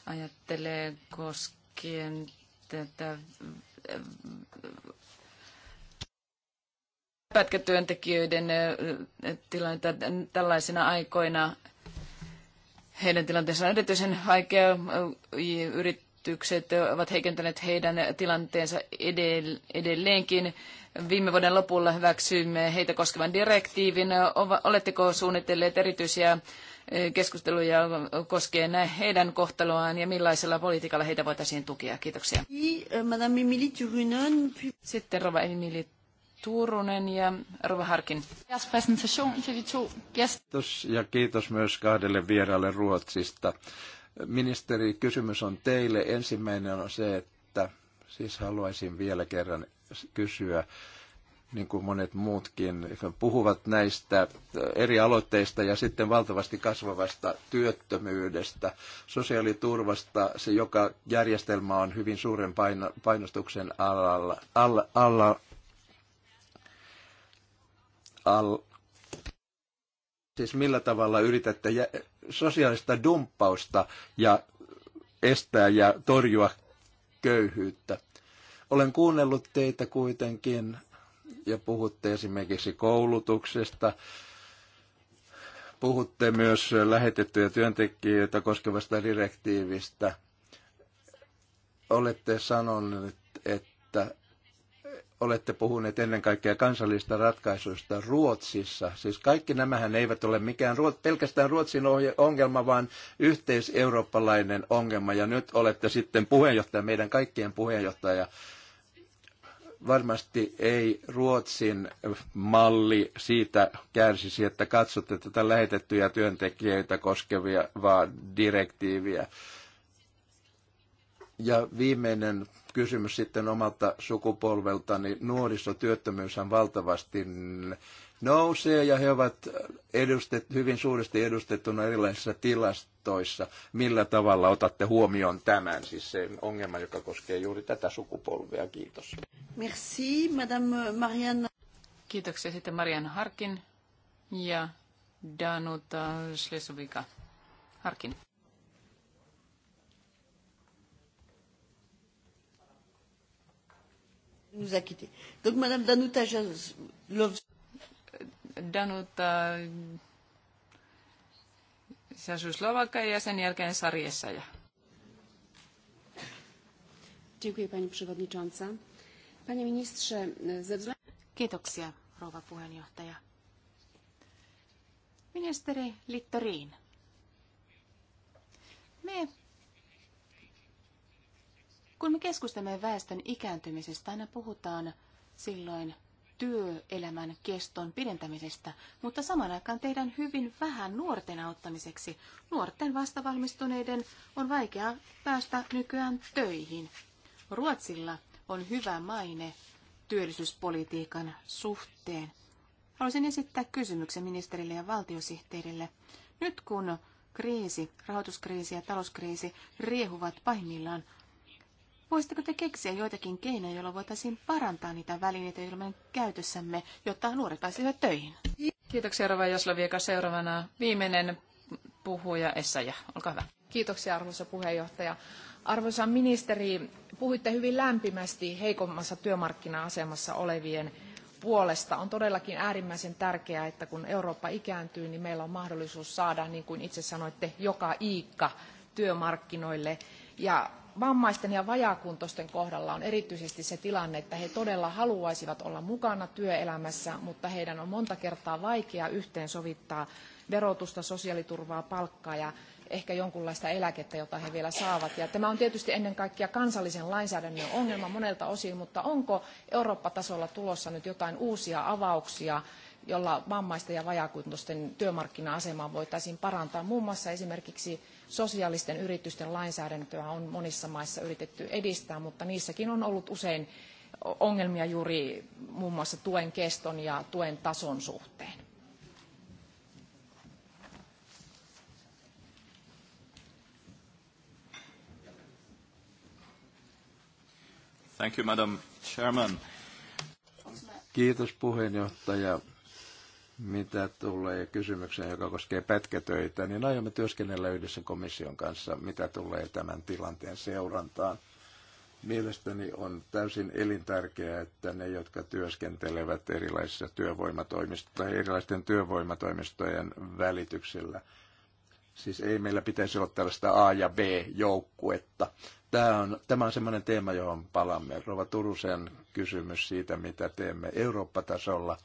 ajattelee koskien tätä pätkätyöntekijöiden tilannetta tällaisina aikoina. Heidän tilanteensa on erityisen vaikea. Yritykset ovat heikentäneet heidän tilanteensa edelleenkin viime vuoden lopulla hyväksyimme heitä koskevan direktiivin. Oletteko suunnitelleet erityisiä keskusteluja koskien heidän kohtaloaan ja millaisella politiikalla heitä voitaisiin tukea? Kiitoksia. Sitten Rova Emili Turunen ja Rova Harkin. Kiitos ja kiitos myös kahdelle vieraalle Ruotsista. Ministeri, kysymys on teille. Ensimmäinen on se, että siis haluaisin vielä kerran kysyä, niin kuin monet muutkin, puhuvat näistä eri aloitteista ja sitten valtavasti kasvavasta työttömyydestä, sosiaaliturvasta, se joka järjestelmä on hyvin suuren painostuksen alalla, alla, alla, alla, siis millä tavalla yritätte sosiaalista dumppausta ja estää ja torjua köyhyyttä. Olen kuunnellut teitä kuitenkin ja puhutte esimerkiksi koulutuksesta, puhutte myös lähetettyjä työntekijöitä koskevasta direktiivistä. Olette sanoneet, että olette puhuneet ennen kaikkea kansallista ratkaisuista Ruotsissa. Siis kaikki nämähän eivät ole mikään pelkästään Ruotsin ongelma, vaan yhteiseurooppalainen ongelma. Ja nyt olette sitten puheenjohtaja, meidän kaikkien puheenjohtaja. Varmasti ei Ruotsin malli siitä kärsisi, että katsotte tätä lähetettyjä työntekijöitä koskevia vaan direktiiviä. Ja viimeinen kysymys sitten omalta sukupolveltani. Nuorisotyöttömyyshän valtavasti nousee ja he ovat edustet, hyvin suuresti edustettuna erilaisissa tilastoissa. Millä tavalla otatte huomioon tämän, siis se ongelma, joka koskee juuri tätä sukupolvea? Kiitos. Merci, Madame Marianne. Kiitoksia sitten Marianne Harkin ja Danuta Schleswiga. Harkin. nous a quittés. Donc Madame Danuta Danuta Jazlowska ja sen jälkeen Sarjessa. Ja. Dziękuję Pani Przewodnicząca. Panie Ministrze, ze względu... Kiitoksia, rouva puheenjohtaja. Ministeri Littorin. Me kun me keskustelemme väestön ikääntymisestä, aina puhutaan silloin työelämän keston pidentämisestä, mutta saman aikaan tehdään hyvin vähän nuorten auttamiseksi. Nuorten vastavalmistuneiden on vaikea päästä nykyään töihin. Ruotsilla on hyvä maine työllisyyspolitiikan suhteen. Haluaisin esittää kysymyksen ministerille ja valtiosihteerille. Nyt kun kriisi, rahoituskriisi ja talouskriisi riehuvat pahimmillaan, Voisitteko te keksiä joitakin keinoja, joilla voitaisiin parantaa niitä välineitä, joilla käytössämme, jotta nuoret pääsevät töihin? Kiitoksia Rova Joslavieka. Seuraavana viimeinen puhuja Essaja. Olkaa hyvä. Kiitoksia arvoisa puheenjohtaja. Arvoisa ministeri, puhuitte hyvin lämpimästi heikommassa työmarkkina-asemassa olevien puolesta. On todellakin äärimmäisen tärkeää, että kun Eurooppa ikääntyy, niin meillä on mahdollisuus saada, niin kuin itse sanoitte, joka iikka työmarkkinoille. Ja vammaisten ja vajakuntoisten kohdalla on erityisesti se tilanne, että he todella haluaisivat olla mukana työelämässä, mutta heidän on monta kertaa vaikea yhteensovittaa verotusta, sosiaaliturvaa, palkkaa ja ehkä jonkunlaista eläkettä, jota he vielä saavat. Ja tämä on tietysti ennen kaikkea kansallisen lainsäädännön ongelma monelta osin, mutta onko Eurooppa-tasolla tulossa nyt jotain uusia avauksia jolla vammaisten ja vajakuntoisten työmarkkina-asemaa voitaisiin parantaa. Muun muassa esimerkiksi sosiaalisten yritysten lainsäädäntöä on monissa maissa yritetty edistää, mutta niissäkin on ollut usein ongelmia juuri muun muassa tuen keston ja tuen tason suhteen. Thank you, Madam Chairman. Kiitos puheenjohtaja mitä tulee kysymykseen, joka koskee pätkätöitä, niin aiomme työskennellä yhdessä komission kanssa, mitä tulee tämän tilanteen seurantaan. Mielestäni on täysin elintärkeää, että ne, jotka työskentelevät erilaisissa työvoimatoimistoissa tai erilaisten työvoimatoimistojen välityksellä, siis ei meillä pitäisi olla tällaista A- ja B-joukkuetta. Tämä on, tämä on semmoinen teema, johon palamme. Rova Turusen kysymys siitä, mitä teemme Eurooppa-tasolla –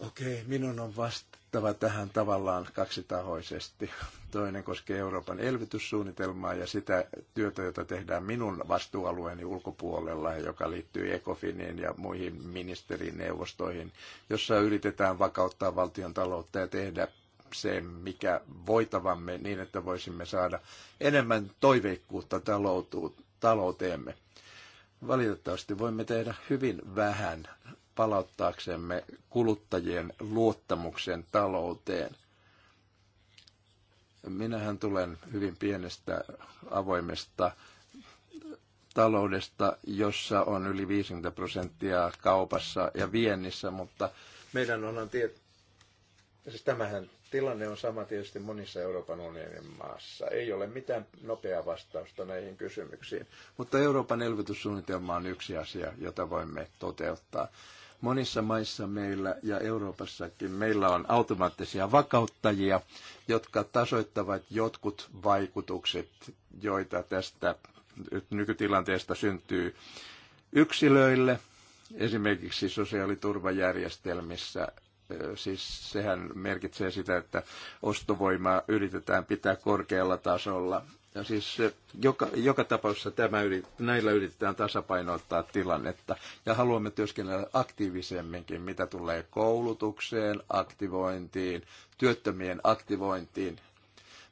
Okei, minun on vastattava tähän tavallaan kaksitahoisesti. Toinen koskee Euroopan elvytyssuunnitelmaa ja sitä työtä, jota tehdään minun vastuualueeni ulkopuolella, joka liittyy Ecofiniin ja muihin ministerineuvostoihin, jossa yritetään vakauttaa valtion taloutta ja tehdä se, mikä voitavamme niin, että voisimme saada enemmän toiveikkuutta talouteemme. Valitettavasti voimme tehdä hyvin vähän palauttaaksemme kuluttajien luottamuksen talouteen. Minähän tulen hyvin pienestä avoimesta taloudesta, jossa on yli 50 prosenttia kaupassa ja viennissä, mutta meidän onhan tiet... Siis tämähän tilanne on sama tietysti monissa Euroopan unionin maassa. Ei ole mitään nopeaa vastausta näihin kysymyksiin, mutta Euroopan elvytyssuunnitelma on yksi asia, jota voimme toteuttaa. Monissa maissa meillä ja Euroopassakin meillä on automaattisia vakauttajia, jotka tasoittavat jotkut vaikutukset, joita tästä nykytilanteesta syntyy yksilöille, esimerkiksi sosiaaliturvajärjestelmissä. Siis sehän merkitsee sitä, että ostovoimaa yritetään pitää korkealla tasolla ja siis eh, joka, joka tapauksessa tämä yrit, näillä yritetään tasapainottaa tilannetta. Ja haluamme työskennellä aktiivisemminkin, mitä tulee koulutukseen, aktivointiin, työttömien aktivointiin.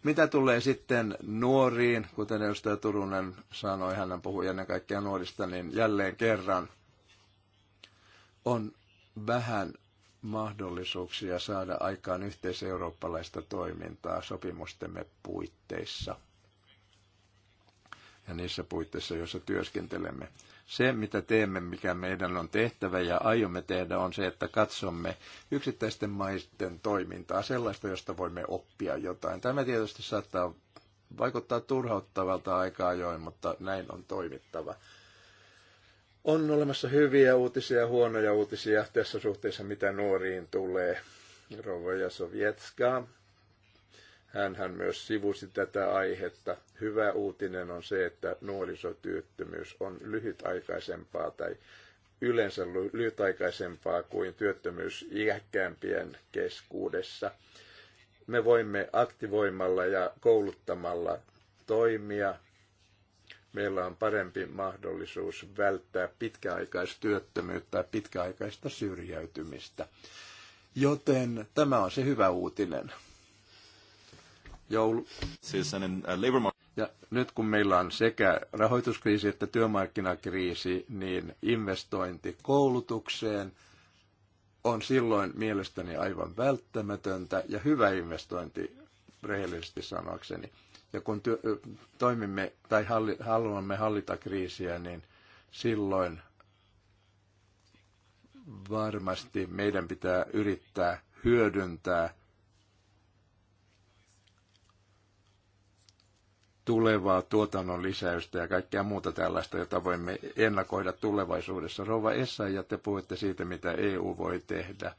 Mitä tulee sitten nuoriin, kuten edustaja Turunen sanoi, hän puhui ennen kaikkea nuorista, niin jälleen kerran on vähän mahdollisuuksia saada aikaan yhteiseurooppalaista toimintaa sopimustemme puitteissa – ja niissä puitteissa, joissa työskentelemme. Se, mitä teemme, mikä meidän on tehtävä ja aiomme tehdä, on se, että katsomme yksittäisten maisten toimintaa, sellaista, josta voimme oppia jotain. Tämä tietysti saattaa vaikuttaa turhauttavalta aika ajoin, mutta näin on toimittava. On olemassa hyviä uutisia ja huonoja uutisia tässä suhteessa, mitä nuoriin tulee. Rovoja Sovietskaa hän myös sivusi tätä aihetta. Hyvä uutinen on se, että nuorisotyöttömyys on lyhytaikaisempaa tai yleensä lyhytaikaisempaa kuin työttömyys iäkkäämpien keskuudessa. Me voimme aktivoimalla ja kouluttamalla toimia. Meillä on parempi mahdollisuus välttää pitkäaikaistyöttömyyttä tai pitkäaikaista syrjäytymistä. Joten tämä on se hyvä uutinen joulu. Siis äh, ja nyt kun meillä on sekä rahoituskriisi että työmarkkinakriisi, niin investointi koulutukseen on silloin mielestäni aivan välttämätöntä ja hyvä investointi, rehellisesti sanokseni. Ja kun työ, toimimme tai halli, haluamme hallita kriisiä, niin silloin varmasti meidän pitää yrittää hyödyntää – tulevaa tuotannon lisäystä ja kaikkea muuta tällaista, jota voimme ennakoida tulevaisuudessa. Rova Essa, ja te puhutte siitä, mitä EU voi tehdä.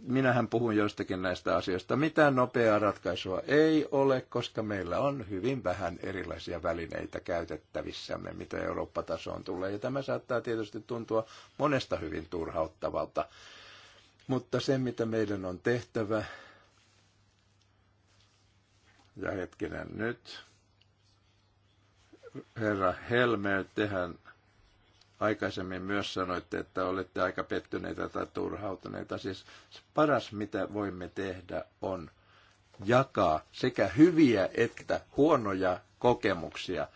Minähän puhun joistakin näistä asioista. Mitään nopeaa ratkaisua ei ole, koska meillä on hyvin vähän erilaisia välineitä käytettävissämme, mitä Eurooppa-tasoon tulee. Ja tämä saattaa tietysti tuntua monesta hyvin turhauttavalta. Mutta se, mitä meidän on tehtävä, ja hetkinen nyt. Herra Helme, tehän aikaisemmin myös sanoitte, että olette aika pettyneitä tai turhautuneita. Siis paras, mitä voimme tehdä, on jakaa sekä hyviä että huonoja kokemuksia –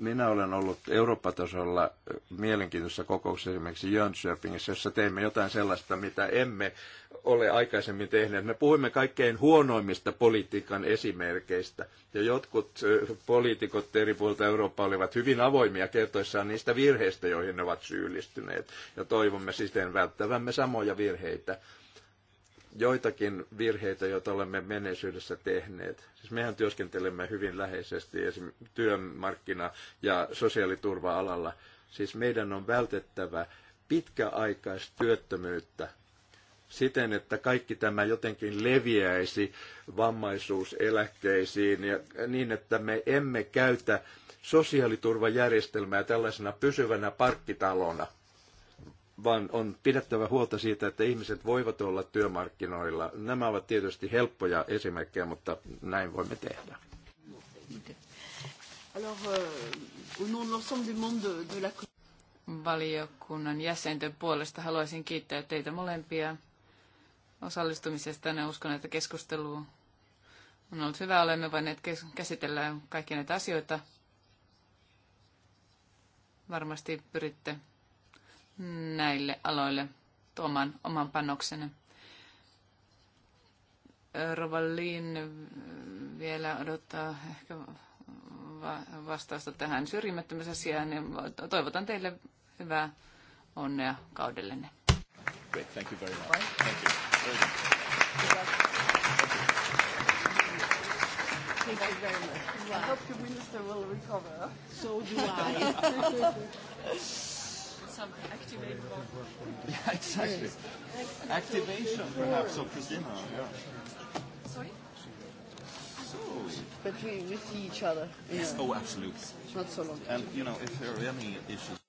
minä olen ollut Eurooppa-tasolla mielenkiintoisessa kokouksessa esimerkiksi Jönsöpingissä, jossa teimme jotain sellaista, mitä emme ole aikaisemmin tehneet. Me puhuimme kaikkein huonoimmista politiikan esimerkeistä, ja jotkut poliitikot eri puolilta Eurooppaa olivat hyvin avoimia kertoissaan niistä virheistä, joihin ne ovat syyllistyneet, ja toivomme siten välttävämme samoja virheitä joitakin virheitä, joita olemme menneisyydessä tehneet. Siis mehän työskentelemme hyvin läheisesti esimerkiksi työmarkkina- ja sosiaaliturva-alalla. Siis meidän on vältettävä pitkäaikaistyöttömyyttä siten, että kaikki tämä jotenkin leviäisi vammaisuuseläkkeisiin ja niin, että me emme käytä sosiaaliturvajärjestelmää tällaisena pysyvänä parkkitalona – vaan on pidettävä huolta siitä, että ihmiset voivat olla työmarkkinoilla. Nämä ovat tietysti helppoja esimerkkejä, mutta näin voimme tehdä. Euh, Valiokunnan jäsenten puolesta haluaisin kiittää teitä molempia osallistumisesta. Ne uskon, että keskustelu on ollut hyvä. Olemme voineet käsitellä kaikkia näitä asioita. Varmasti pyritte näille aloille tuomaan oman panoksenne. Lin vielä odottaa ehkä vastausta tähän syrjimättömyysasiaan. Niin toivotan teille hyvää onnea kaudellenne. Great, thank you very much. Thank you. Thank you. Thank you very much. I hope the minister will recover. So do I. some activate Yeah, exactly. Activation, perhaps, of Christina. Yeah. Sorry? But we, we see each other. Yes, oh, absolutely. Not so long. And, you know, if there are any issues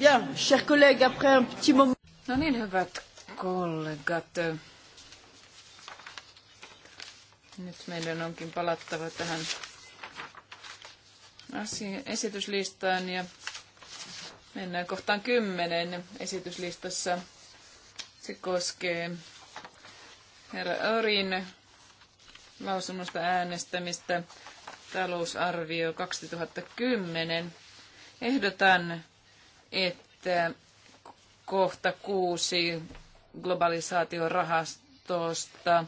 Bien, chers collègues, après un petit moment... No niin, hyvät kollegat. Nyt meidän onkin palattava tähän esityslistaan ja mennään kohtaan kymmenen esityslistassa. Se koskee herra Orin lausunnosta äänestämistä talousarvio 2010. Ehdotan, että kohta kuusi globalisaatiorahastosta, eh,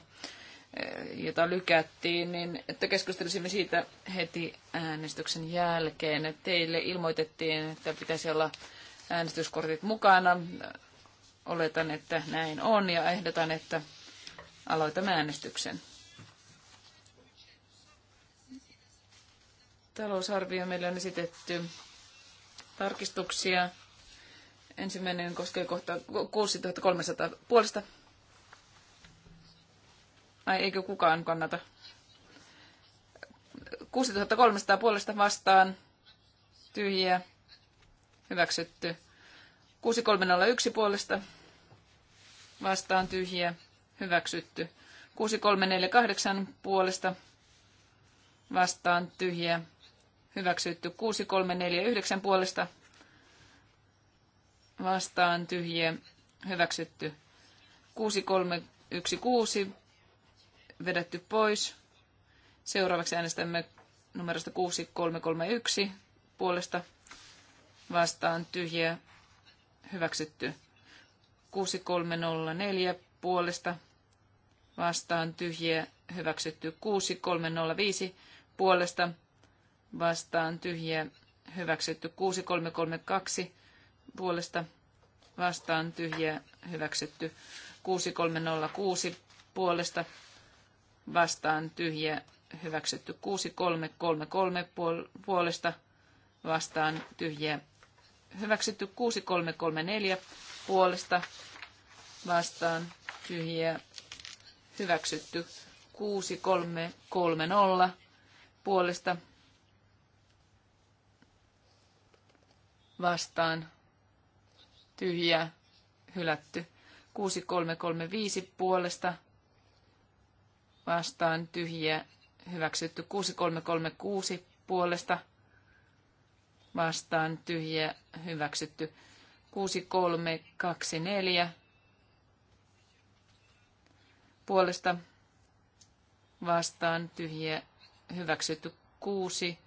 jota lykättiin, niin että keskustelisimme siitä heti äänestyksen jälkeen. Teille ilmoitettiin, että pitäisi olla äänestyskortit mukana. Oletan, että näin on ja ehdotan, että aloitamme äänestyksen. Talousarvio meille on esitetty tarkistuksia. Ensimmäinen koskee kohta 6300 puolesta. Ai eikö kukaan kannata? 6300 puolesta vastaan. Tyhjiä. Hyväksytty. 6301 puolesta vastaan tyhjiä. Hyväksytty. 6348 puolesta vastaan tyhjiä. Hyväksytty 6349 puolesta vastaan tyhjiä. Hyväksytty 6316 vedetty pois. Seuraavaksi äänestämme numerosta 6331 puolesta vastaan tyhjiä. Hyväksytty 6304 puolesta vastaan tyhjiä hyväksytty 6305 puolesta vastaan tyhjiä hyväksytty. 6332 puolesta vastaan tyhjiä hyväksytty. 6306 puolesta vastaan tyhjiä hyväksytty. 6333 puolesta vastaan tyhjiä hyväksytty. 6334 puolesta vastaan tyhjiä hyväksytty. 6330 puolesta vastaan Tyhjä, hylätty. 6335 puolesta vastaan Tyhjä, hyväksytty 6336 puolesta vastaan Tyhjä, hyväksytty 6324 puolesta vastaan Tyhjä, hyväksytty 6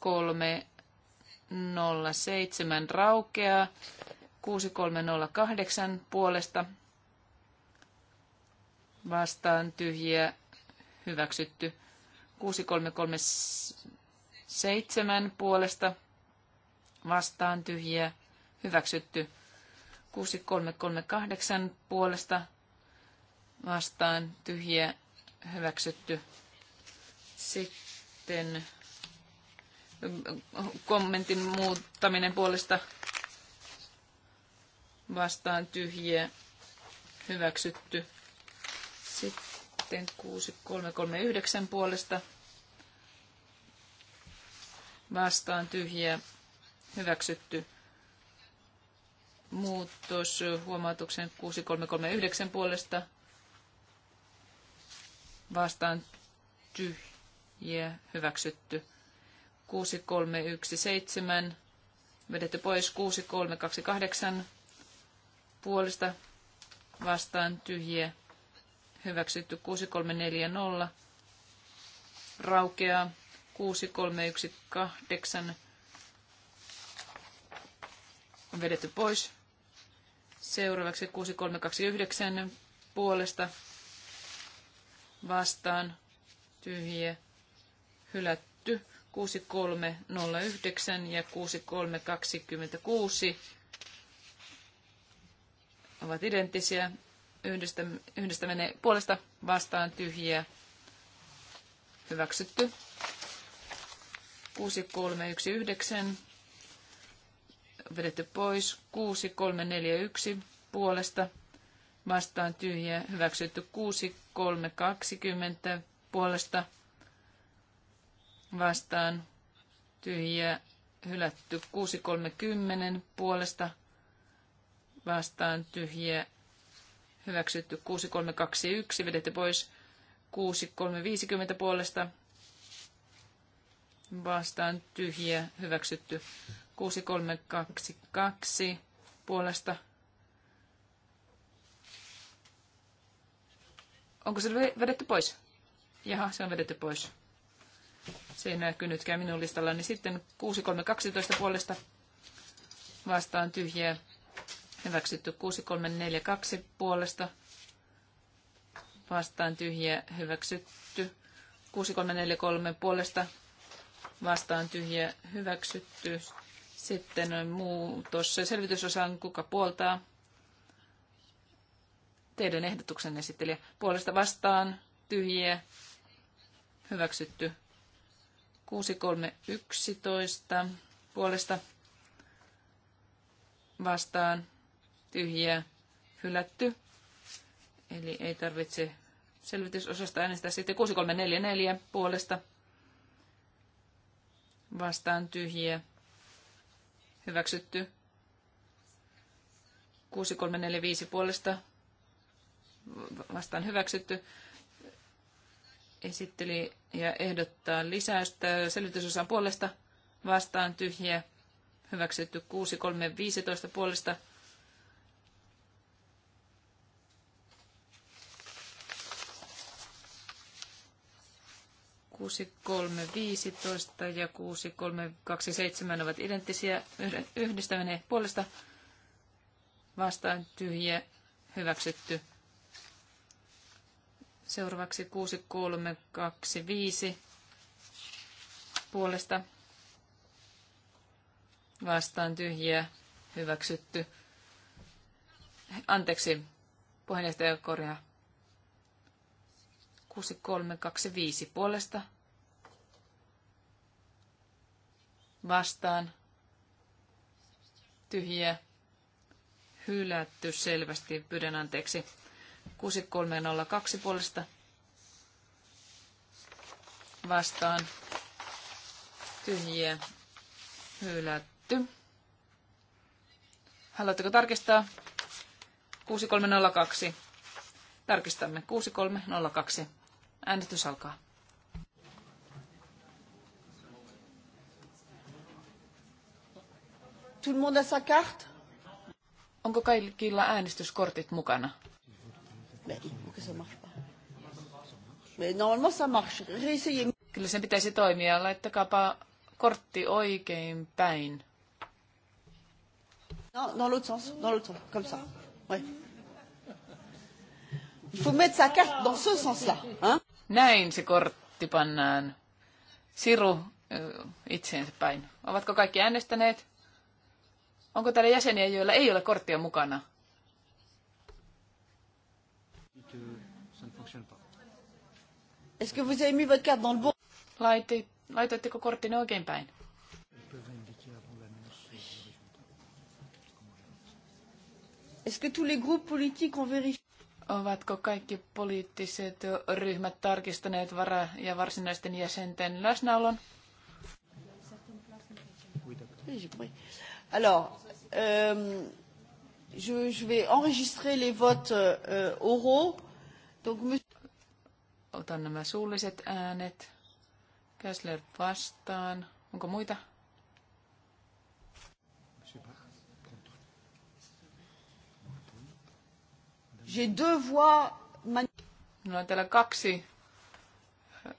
3 07 raukeaa. 6.308 puolesta vastaan tyhjiä hyväksytty. 6337 puolesta vastaan tyhjiä hyväksytty. 6338 puolesta vastaan tyhjiä hyväksytty. Sitten kommentin muuttaminen puolesta vastaan tyhjiä hyväksytty. Sitten 6339 puolesta vastaan tyhjiä hyväksytty. Muutos huomautuksen 6339 puolesta vastaan tyhjiä hyväksytty. 6317 vedetty pois 6328 puolesta vastaan tyhjiä hyväksytty 6340 raukeaa 6318 on vedetty pois. Seuraavaksi 6329 puolesta vastaan tyhjiä hylätty 6309 ja 6326 ovat identtisiä. Yhdestä, yhdestä menee puolesta vastaan tyhjiä. Hyväksytty. 6319 vedetty pois. 6341 puolesta vastaan tyhjiä. Hyväksytty 6320 puolesta vastaan tyhjiä hylätty 6.30 puolesta vastaan tyhjiä hyväksytty 6.321 vedetty pois 6.350 puolesta vastaan tyhjiä hyväksytty 6.322 puolesta Onko se vedetty pois? Jaha, se on vedetty pois. Se ei näkynytkään nytkään minun listallani. Sitten 6312 puolesta vastaan tyhjää. Hyväksytty 6342 puolesta vastaan tyhjää. Hyväksytty 6343 puolesta vastaan tyhjää. Hyväksytty. Sitten on muutos selvitysosaan, kuka puoltaa. Teidän ehdotuksenne esittelijä. Puolesta vastaan tyhjiä. Hyväksytty. 6311 puolesta vastaan tyhjiä hylätty. Eli ei tarvitse selvitysosasta äänestää sitten 6344 puolesta vastaan tyhjiä hyväksytty. 6345 puolesta vastaan hyväksytty esitteli ja ehdottaa lisäystä selitysosan puolesta vastaan tyhjiä. Hyväksytty 6315 puolesta kuusi kolme viisitoista ja kuusi kolme kaksi seitsemän ovat identtisiä yhdistäminen puolesta vastaan tyhjiä hyväksytty Seuraavaksi 6325 puolesta vastaan tyhjiä hyväksytty. Anteeksi, puheenjohtaja korjaa. 6325 puolesta vastaan tyhjiä hylätty selvästi. Pyydän anteeksi. 6302 puolesta vastaan tyhjiä hylätty. Haluatteko tarkistaa? 6302. Tarkistamme 6302. Äänestys alkaa. Tout le monde a sa carte? Onko kaikilla äänestyskortit mukana? Mais il faut que ça marche pas. Mais normalement ça marche. Réessayez. Kyllä sen pitäisi toimia. Laittakaapa kortti oikein päin. Non, dans l'autre sens, dans l'autre sens, comme ça. Ouais. Il faut mettre sa carte dans ce sens-là. Hein? Näin se kortti pannaan. Siru äh, itseensä päin. Ovatko kaikki äänestäneet? Onko täällä jäseniä, joilla ei ole korttia mukana? Est-ce que vous avez mis votre carte dans le bon? Laiti, laitoitteko korttinne oikein päin? Est-ce que tous les groupes politiques ont vérifié? Ovatko kaikki poliittiset ryhmät tarkistaneet vara- ja varsinaisten jäsenten läsnäolon? Alors, euh, je, je vais enregistrer les votes euh, oraux. Donc, Otan nämä suulliset äänet. Käsler vastaan. Onko muita? Minulla on täällä kaksi äh,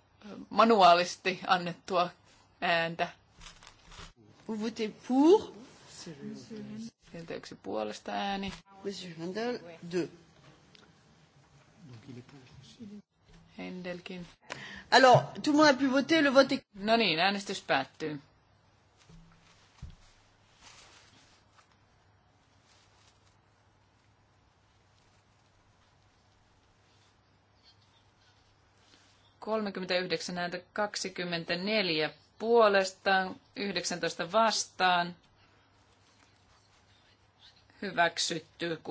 manuaalisti annettua ääntä. Vous votez pour? Sieltä yksi puolesta ääni. Monsieur Handel, deux. Endelkin. Alors, tout le monde a pu voter, le vote est... No niin, äänestys päättyy. Kolmekymmentäyhdeksän ääntä 24 puolestaan, yhdeksäntoista vastaan. Hyväksytty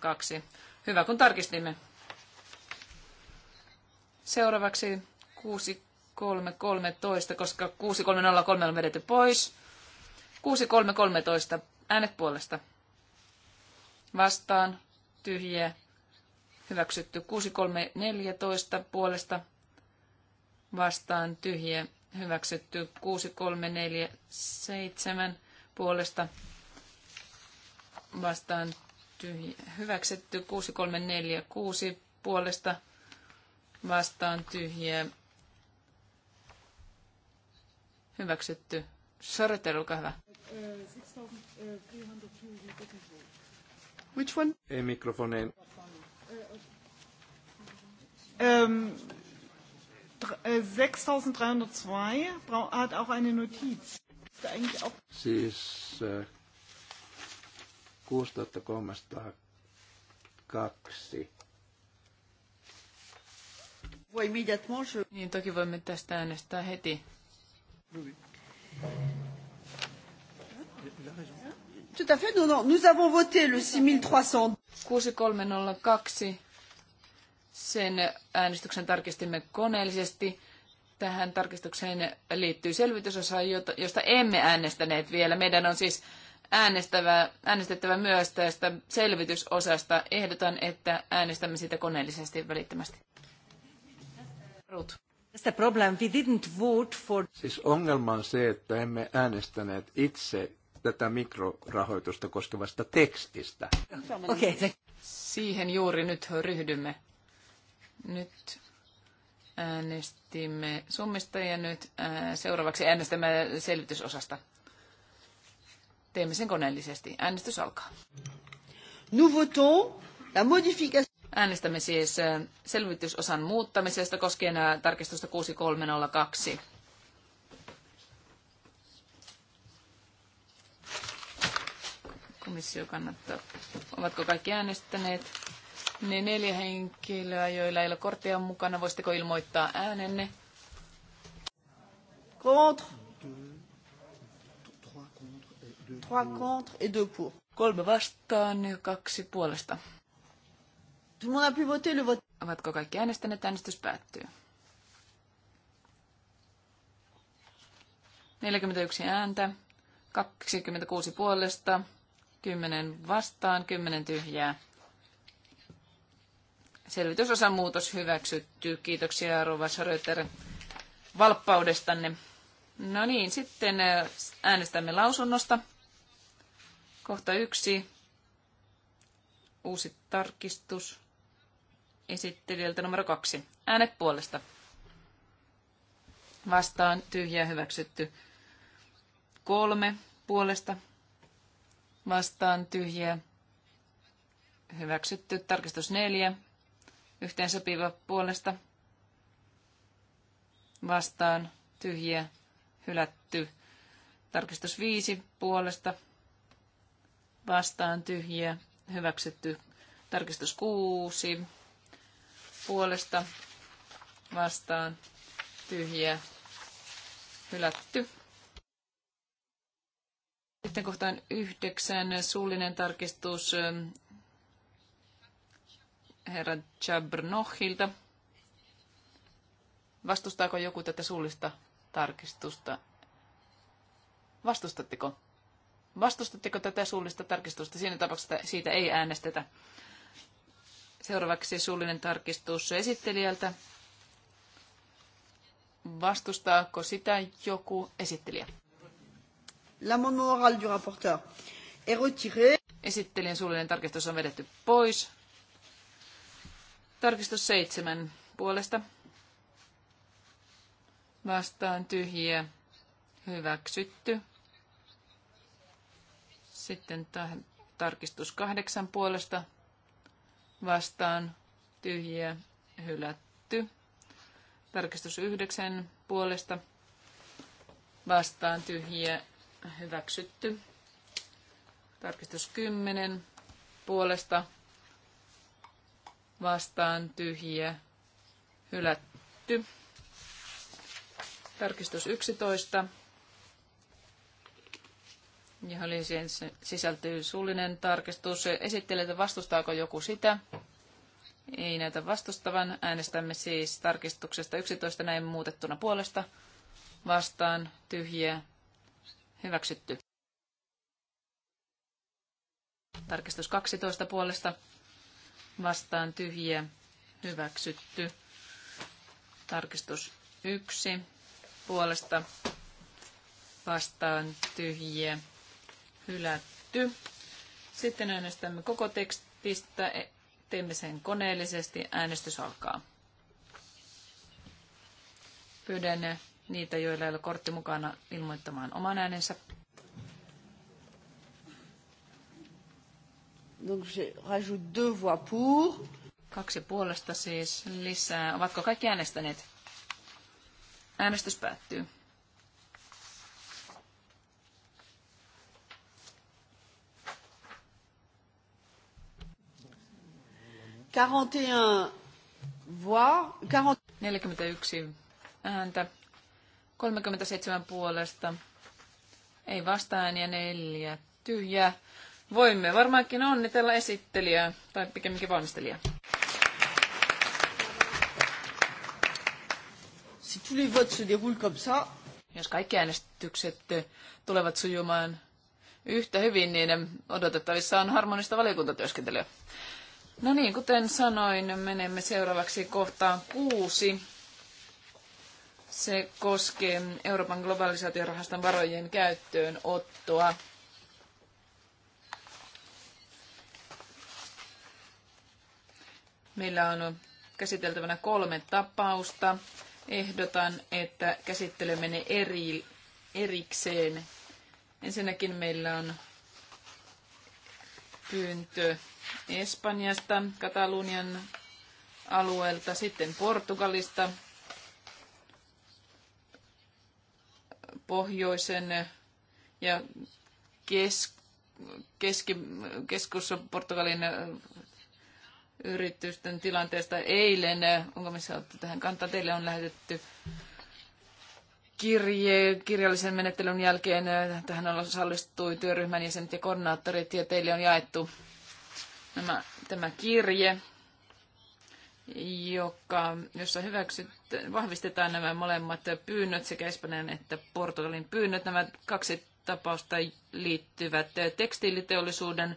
kaksi. Hyvä, kun tarkistimme. Seuraavaksi 6313, koska 6303 on vedetty pois. 6313, äänet puolesta. Vastaan, tyhjiä, hyväksytty. 6314 puolesta. Vastaan, tyhjiä, hyväksytty. 6347 puolesta. Vastaan, tyhjiä, hyväksytty. 6346 puolesta vastaan tyhjiä. Hyväksytty. Sorter, olkaa hyvä. Which one? Ei mikrofoneen. Um, 6302 hat auch eine Notiz. siis äh, 6302 niin toki voimme tästä äänestää heti. Tout à fait, non, non. Nous avons voté le 6302. Sen äänestyksen tarkistimme koneellisesti. Tähän tarkistukseen liittyy selvitysosa, josta emme äänestäneet vielä. Meidän on siis äänestettävä myös tästä selvitysosasta. Ehdotan, että äänestämme sitä koneellisesti välittömästi. Ruth. The problem, we didn't vote for... Siis ongelma on se, että emme äänestäneet itse tätä mikrorahoitusta koskevasta tekstistä. Okay. Siihen juuri nyt ryhdymme. Nyt äänestimme summista ja nyt ää, seuraavaksi äänestämme selvitysosasta. Teemme sen koneellisesti. Äänestys alkaa. Nous votons la modification. Äänestämme siis selvitysosan muuttamisesta koskien tarkistusta 6302. Komissio kannattaa. Ovatko kaikki äänestäneet? Ne neljä henkilöä, joilla ei ole korttia mukana, voisitteko ilmoittaa äänenne? Contre. Trois contre et deux pour. Kolme vastaan ja kaksi puolesta. Ovatko kaikki äänestäneet? Äänestys päättyy. 41 ääntä, 26 puolesta, 10 vastaan, 10 tyhjää. Selvitysosan muutos hyväksytty. Kiitoksia Rova Schröter valppaudestanne. No niin, sitten äh, äänestämme lausunnosta. Kohta yksi. Uusi tarkistus esittelijältä numero kaksi. Äänet puolesta. Vastaan tyhjä hyväksytty. Kolme puolesta. Vastaan tyhjä Hyväksytty. Tarkistus neljä. Yhteensopiva puolesta. Vastaan tyhjä Hylätty. Tarkistus viisi puolesta. Vastaan tyhjä Hyväksytty. Tarkistus kuusi puolesta vastaan tyhjiä hylätty. Sitten kohtaan yhdeksän suullinen tarkistus ähm, herra Chabrnohilta. Vastustaako joku tätä suullista tarkistusta? Vastustatteko? Vastustatteko tätä suullista tarkistusta? Siinä tapauksessa siitä ei äänestetä. Seuraavaksi suullinen tarkistus esittelijältä. Vastustaako sitä joku esittelijä? L'amendement oral du rapporteur est retiré. Esittelijän suullinen tarkistus on vedetty pois. Tarkistus seitsemän puolesta. Vastaan tyhjiä. Hyväksytty. Sitten tarkistus kahdeksan puolesta vastaan tyhjiä hylätty. Tarkistus yhdeksän puolesta vastaan tyhjiä hyväksytty. Tarkistus kymmenen puolesta vastaan tyhjiä hylätty. Tarkistus 11 johon sisältyy suullinen tarkistus. Esittelee, vastustaako joku sitä? Ei näytä vastustavan. Äänestämme siis tarkistuksesta 11 näin muutettuna puolesta. Vastaan tyhjiä. Hyväksytty. Tarkistus 12 puolesta. Vastaan tyhjiä. Hyväksytty. Tarkistus 1 puolesta. Vastaan tyhjiä hylätty. Sitten äänestämme koko tekstistä. E, teemme sen koneellisesti. Äänestys alkaa. Pyydän niitä, joilla ei ole kortti mukana, ilmoittamaan oman äänensä. Donc je rajoute deux voix pour. Kaksi puolesta siis lisää. Ovatko kaikki äänestäneet? Äänestys päättyy. 41 voix, 40... 41 ääntä, 37 puolesta, ei vastaan ja neljä tyhjää. Voimme varmaankin onnitella esittelijää, tai pikemminkin valmistelijaa. Si tous les votes se déroulent comme ça, jos kaikki äänestykset tulevat sujumaan yhtä hyvin, niin odotettavissa on harmonista valiokuntatyöskentelyä. No niin, kuten sanoin, menemme seuraavaksi kohtaan kuusi. Se koskee Euroopan globalisaatiorahaston varojen käyttöön ottoa. Meillä on käsiteltävänä kolme tapausta. Ehdotan, että käsittelemme ne eri, erikseen. Ensinnäkin meillä on pyyntö Espanjasta, Katalunian alueelta, sitten Portugalista, pohjoisen ja kes, keski, keskus Portugalin yritysten tilanteesta eilen. Onko missä tähän kantaa? Teille on lähetetty kirje, kirjallisen menettelyn jälkeen äh, tähän osallistui työryhmän jäsenet ja koordinaattorit ja teille on jaettu nämä, tämä kirje, joka, jossa hyväksyt, vahvistetaan nämä molemmat pyynnöt, sekä Espanjan että Portugalin pyynnöt. Nämä kaksi tapausta liittyvät tekstiiliteollisuuden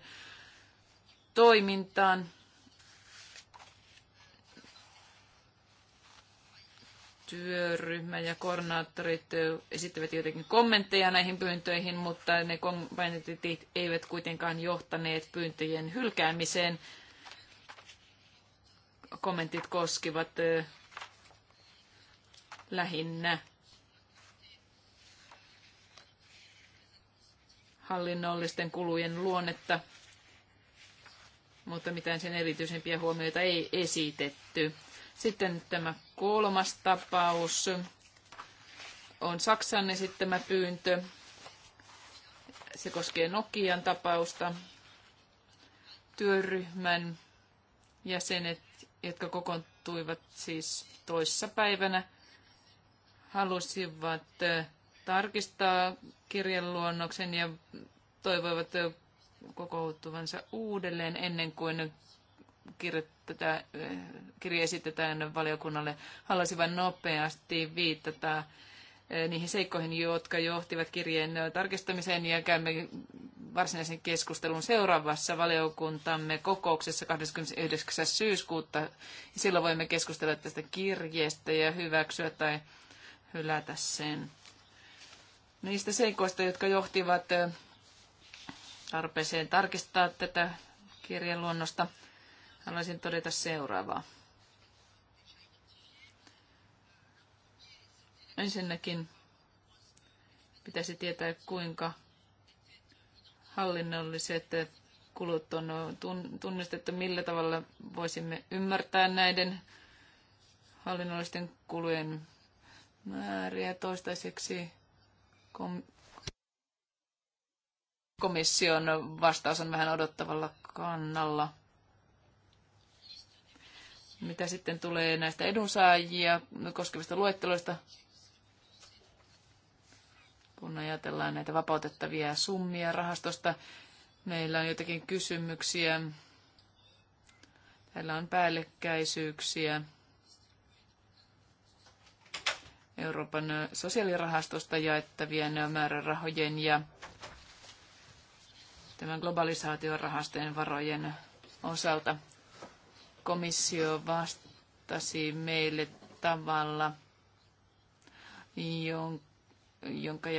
toimintaan. työryhmä ja koordinaattorit esittivät jotenkin kommentteja näihin pyyntöihin, mutta ne kommentit eivät kuitenkaan johtaneet pyyntöjen hylkäämiseen. Kommentit koskivat lähinnä hallinnollisten kulujen luonnetta, mutta mitään sen erityisempiä huomioita ei esitetty. Sitten tämä Kolmas tapaus on Saksan esittämä pyyntö. Se koskee Nokian tapausta. Työryhmän jäsenet, jotka kokoontuivat siis toissapäivänä, halusivat tarkistaa kirjeluonnoksen ja toivoivat kokouttuvansa uudelleen ennen kuin kirje eh, esitetään valiokunnalle. Haluaisin vain nopeasti viitata eh, niihin seikkoihin, jotka johtivat kirjeen tarkistamiseen ja käymme varsinaisen keskustelun seuraavassa valiokuntamme kokouksessa 29. syyskuuta. Silloin voimme keskustella tästä kirjeestä ja hyväksyä tai hylätä sen. Niistä seikoista, jotka johtivat eh, tarpeeseen tarkistaa tätä kirjeluonnosta. luonnosta haluaisin todeta seuraavaa. Ensinnäkin pitäisi tietää, kuinka hallinnolliset kulut on tunnistettu, millä tavalla voisimme ymmärtää näiden hallinnollisten kulujen määriä toistaiseksi. Kom- komission vastaus on vähän odottavalla kannalla. Mitä sitten tulee näistä edunsaajia koskevista luetteloista, kun ajatellaan näitä vapautettavia summia rahastosta, meillä on jotakin kysymyksiä. Täällä on päällekkäisyyksiä Euroopan sosiaalirahastosta jaettavien määrärahojen ja tämän globalisaatiorahastojen varojen osalta komissio vastasi meille tavalla, jonka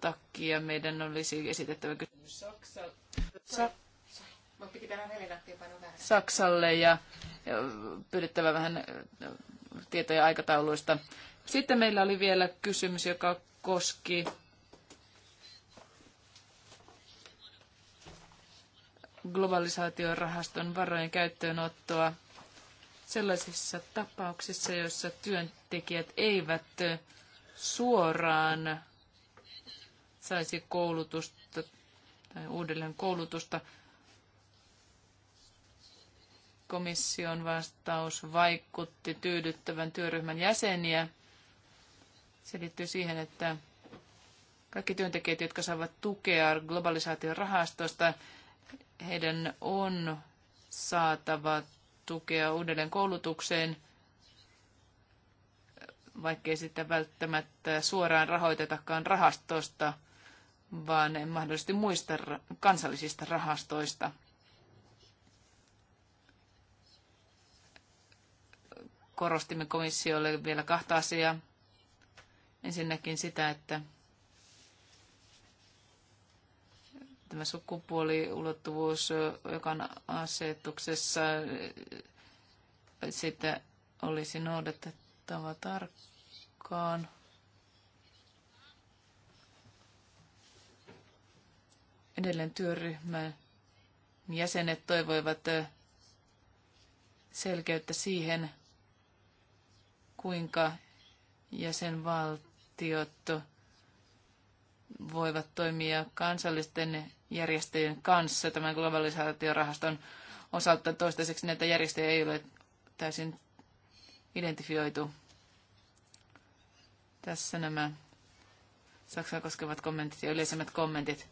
takia meidän olisi esitettävä kysymys Saksalle. Saksalle ja pyydettävä vähän tietoja aikatauluista. Sitten meillä oli vielä kysymys, joka koski globalisaatiorahaston varojen käyttöönottoa sellaisissa tapauksissa, joissa työntekijät eivät suoraan saisi koulutusta tai uudelleen koulutusta. Komission vastaus vaikutti tyydyttävän työryhmän jäseniä. Se liittyy siihen, että kaikki työntekijät, jotka saavat tukea globalisaation rahastosta, heidän on saatava tukea uudelleen koulutukseen, vaikkei sitä välttämättä suoraan rahoitetakaan rahastosta, vaan mahdollisesti muista kansallisista rahastoista. Korostimme komissiolle vielä kahta asiaa. Ensinnäkin sitä, että tämä sukupuoliulottuvuus, joka on asetuksessa, sitä olisi noudatettava tarkkaan. Edelleen työryhmän jäsenet toivoivat selkeyttä siihen, kuinka jäsenvaltiot voivat toimia kansallisten järjestöjen kanssa tämän globalisaatiorahaston osalta. Toistaiseksi näitä järjestöjä ei ole täysin identifioitu. Tässä nämä Saksaa koskevat kommentit ja yleisemmät kommentit.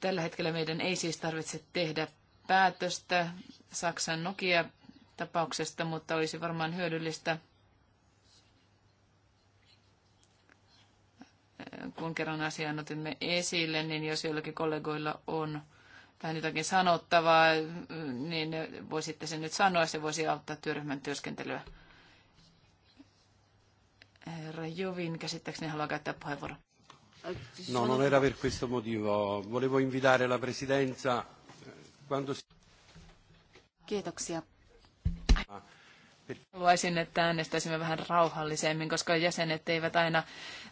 Tällä hetkellä meidän ei siis tarvitse tehdä päätöstä Saksan Nokia-tapauksesta, mutta olisi varmaan hyödyllistä kun kerran asian otimme esille, niin jos joillakin kollegoilla on tähän jotakin sanottavaa, niin voisitte sen nyt sanoa. Se voisi auttaa työryhmän työskentelyä. Herra Jovin, käsittääkseni haluaa käyttää puheenvuoron. No, non era per questo motivo. Volevo invitare la presidenza eh, quando si... Kiitoksia Haluaisin, että äänestäisimme vähän rauhallisemmin, koska jäsenet eivät aina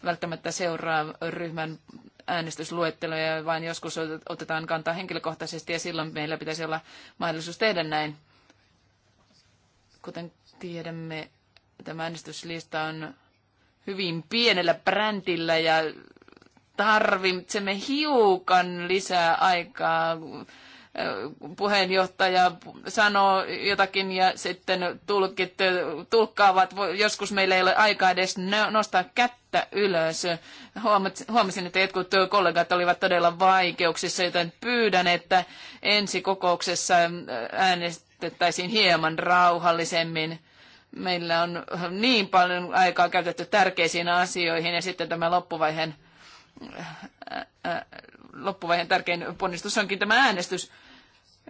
välttämättä seuraa ryhmän äänestysluetteloja, vaan joskus otetaan kantaa henkilökohtaisesti ja silloin meillä pitäisi olla mahdollisuus tehdä näin. Kuten tiedämme, tämä äänestyslista on hyvin pienellä brändillä ja tarvitsemme hiukan lisää aikaa puheenjohtaja sanoo jotakin ja sitten tulkit tulkkaavat. Joskus meillä ei ole aikaa edes no- nostaa kättä ylös. Huomasin, että jotkut kollegat olivat todella vaikeuksissa, joten pyydän, että ensi kokouksessa äänestettäisiin hieman rauhallisemmin. Meillä on niin paljon aikaa käytetty tärkeisiin asioihin ja sitten tämä loppuvaiheen loppuvaiheen tärkein ponnistus onkin tämä äänestys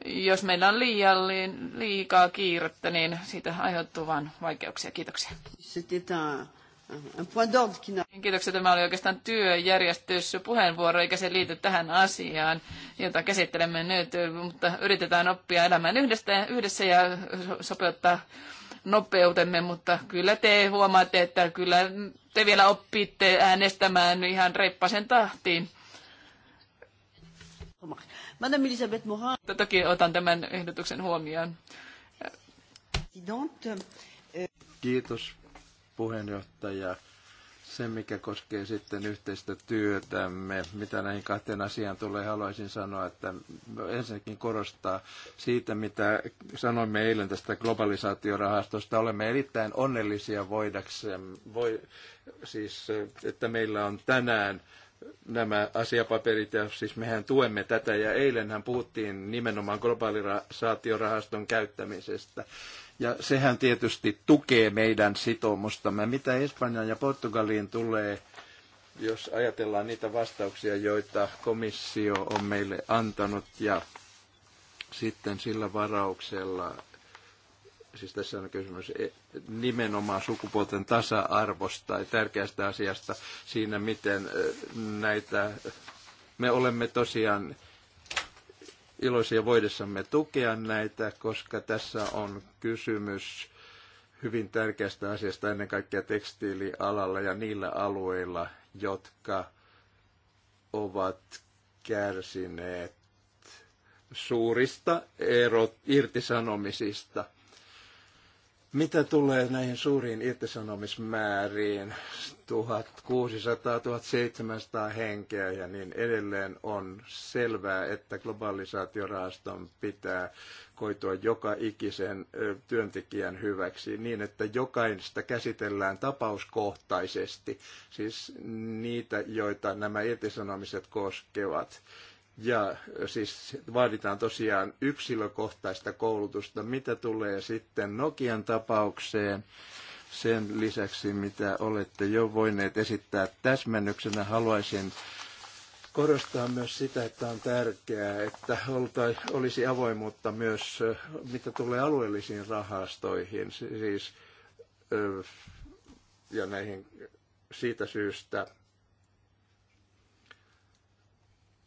jos meillä on liikaa kiirettä, niin siitä aiheutuu vain vaikeuksia. Kiitoksia. Kiitoksia. Tämä oli oikeastaan työjärjestys puheenvuoro, eikä se liity tähän asiaan, jota käsittelemme nyt, mutta yritetään oppia elämään yhdessä, yhdessä ja sopeuttaa nopeutemme, mutta kyllä te huomaatte, että kyllä te vielä oppitte äänestämään ihan reippaisen tahtiin. Madame Elisabeth Morin. Toki otan tämän ehdotuksen huomioon. Eh, Kiitos puheenjohtaja. Se, mikä koskee sitten yhteistä työtämme, mitä näihin kahteen asiaan tulee, haluaisin sanoa, että ensinnäkin korostaa siitä, mitä sanoimme eilen tästä globalisaatiorahastosta. Olemme erittäin onnellisia voidaksemme, voi, siis, että meillä on tänään nämä asiapaperit, ja siis mehän tuemme tätä, ja eilenhän puhuttiin nimenomaan globaalisaatiorahaston käyttämisestä. Ja sehän tietysti tukee meidän sitoumustamme. Mitä Espanjaan ja Portugaliin tulee, jos ajatellaan niitä vastauksia, joita komissio on meille antanut, ja sitten sillä varauksella, siis tässä on kysymys e, nimenomaan sukupuolten tasa-arvosta ja tärkeästä asiasta siinä, miten e, näitä, me olemme tosiaan iloisia voidessamme tukea näitä, koska tässä on kysymys hyvin tärkeästä asiasta ennen kaikkea tekstiilialalla ja niillä alueilla, jotka ovat kärsineet suurista erot, irtisanomisista – mitä tulee näihin suuriin irtisanomismääriin, 1600-1700 henkeä ja niin edelleen, on selvää, että globalisaatiorahaston pitää koitua joka ikisen työntekijän hyväksi niin, että jokaista käsitellään tapauskohtaisesti, siis niitä, joita nämä irtisanomiset koskevat ja siis vaaditaan tosiaan yksilökohtaista koulutusta, mitä tulee sitten Nokian tapaukseen. Sen lisäksi, mitä olette jo voineet esittää täsmennyksenä, haluaisin korostaa myös sitä, että on tärkeää, että olisi avoimuutta myös, mitä tulee alueellisiin rahastoihin. Siis, ja näihin siitä syystä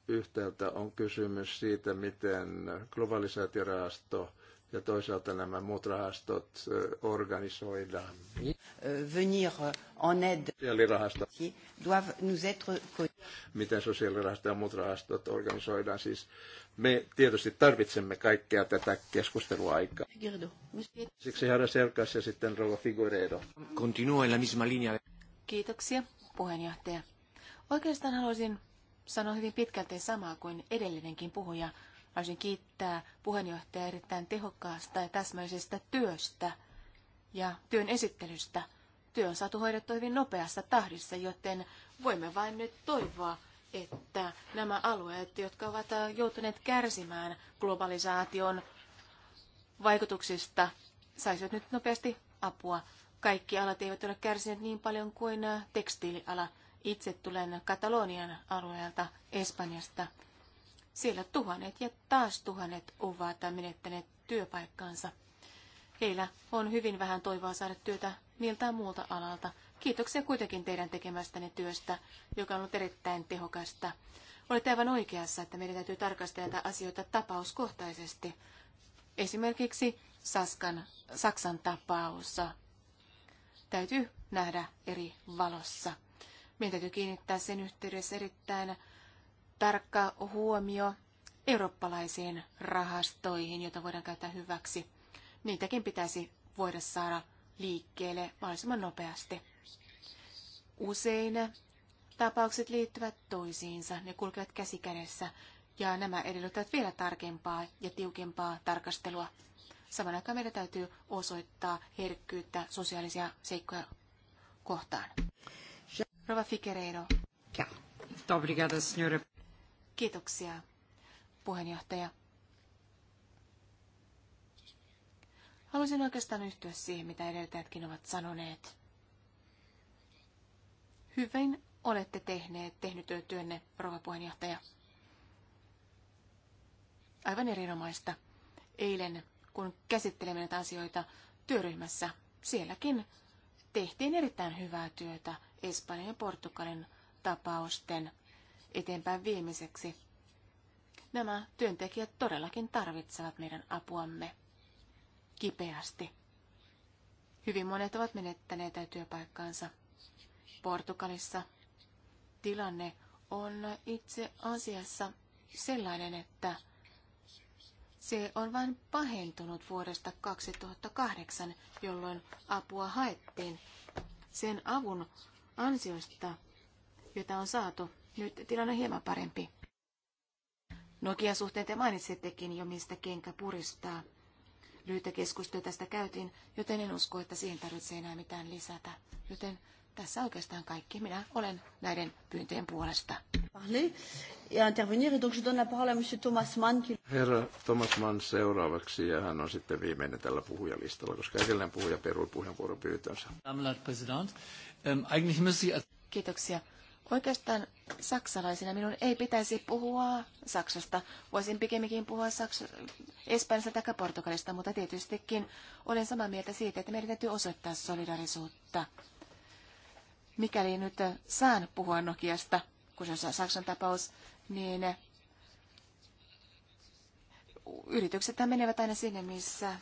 Yhtäältä on kysymys siitä, miten globalisaatiorahasto ja toisaalta nämä muut rahastot organisoidaan. Euh, venir en aide. Sosiaalirahasto. Miten sosiaalirahasto ja muut rahastot organisoidaan. Siis me tietysti tarvitsemme kaikkea tätä keskusteluaikaa. Siksi herra Serkas ja sitten rouva Figueredo. Continua en la misma linea. Kiitoksia, puheenjohtaja. Oikeastaan haluaisin sanoi hyvin pitkälti samaa kuin edellinenkin puhuja. Haluaisin kiittää puheenjohtajaa erittäin tehokkaasta ja täsmällisestä työstä ja työn esittelystä. Työ on saatu hoidettua hyvin nopeassa tahdissa, joten voimme vain nyt toivoa, että nämä alueet, jotka ovat äh, joutuneet kärsimään globalisaation vaikutuksista, saisivat nyt nopeasti apua. Kaikki alat eivät ole kärsineet niin paljon kuin äh, tekstiiliala. Itse tulen Katalonian alueelta Espanjasta. Siellä tuhannet ja taas tuhannet ovat menettäneet työpaikkaansa. Heillä on hyvin vähän toivoa saada työtä miltään muulta alalta. Kiitoksia kuitenkin teidän tekemästänne työstä, joka on ollut erittäin tehokasta. Olette aivan oikeassa, että meidän täytyy tarkastella asioita tapauskohtaisesti. Esimerkiksi Saskan, Saksan tapaus täytyy nähdä eri valossa. Meidän täytyy kiinnittää sen yhteydessä erittäin tarkka huomio eurooppalaisiin rahastoihin, joita voidaan käyttää hyväksi. Niitäkin pitäisi voida saada liikkeelle mahdollisimman nopeasti. Usein tapaukset liittyvät toisiinsa, ne kulkevat käsikädessä ja nämä edellyttävät vielä tarkempaa ja tiukempaa tarkastelua. Saman aikaan meidän täytyy osoittaa herkkyyttä sosiaalisia seikkoja kohtaan. Rova Fikereido. Kiitoksia, puheenjohtaja. Haluaisin oikeastaan yhtyä siihen, mitä edeltäjätkin ovat sanoneet. Hyvin olette tehneet, tehnyt työnne, rouva puheenjohtaja. Aivan erinomaista. Eilen, kun käsittelemme näitä asioita työryhmässä, sielläkin tehtiin erittäin hyvää työtä Espanjan ja Portugalin tapausten eteenpäin viemiseksi. Nämä työntekijät todellakin tarvitsevat meidän apuamme kipeästi. Hyvin monet ovat menettäneet työpaikkaansa. Portugalissa tilanne on itse asiassa sellainen, että se on vain pahentunut vuodesta 2008, jolloin apua haettiin. Sen avun ansioista, joita on saatu, nyt tilanne on hieman parempi. Nokia suhteen te mainitsettekin jo, mistä kenkä puristaa. Lyhyttä keskustelua tästä käytiin, joten en usko, että siihen tarvitsee enää mitään lisätä. Joten tässä oikeastaan kaikki. Minä olen näiden pyyntöjen puolesta parler ja intervenir. Et donc je donne la parole à Monsieur Thomas Mann. Qui... Herra Thomas Mann seuraavaksi ja hän on sitten viimeinen tällä puhujalistalla, koska edellinen puhuja perui puheenvuoron pyytönsä. Ähm, Kiitoksia. Oikeastaan saksalaisena minun ei pitäisi puhua Saksasta. Voisin pikemminkin puhua Saks- Espanjasta tai Portugalista, mutta tietystikin olen samaa mieltä siitä, että meidän täytyy osoittaa solidarisuutta. Mikäli nyt saan puhua Nokiasta, kun se on Saksan tapaus, niin yritykset menevät aina sinne, missä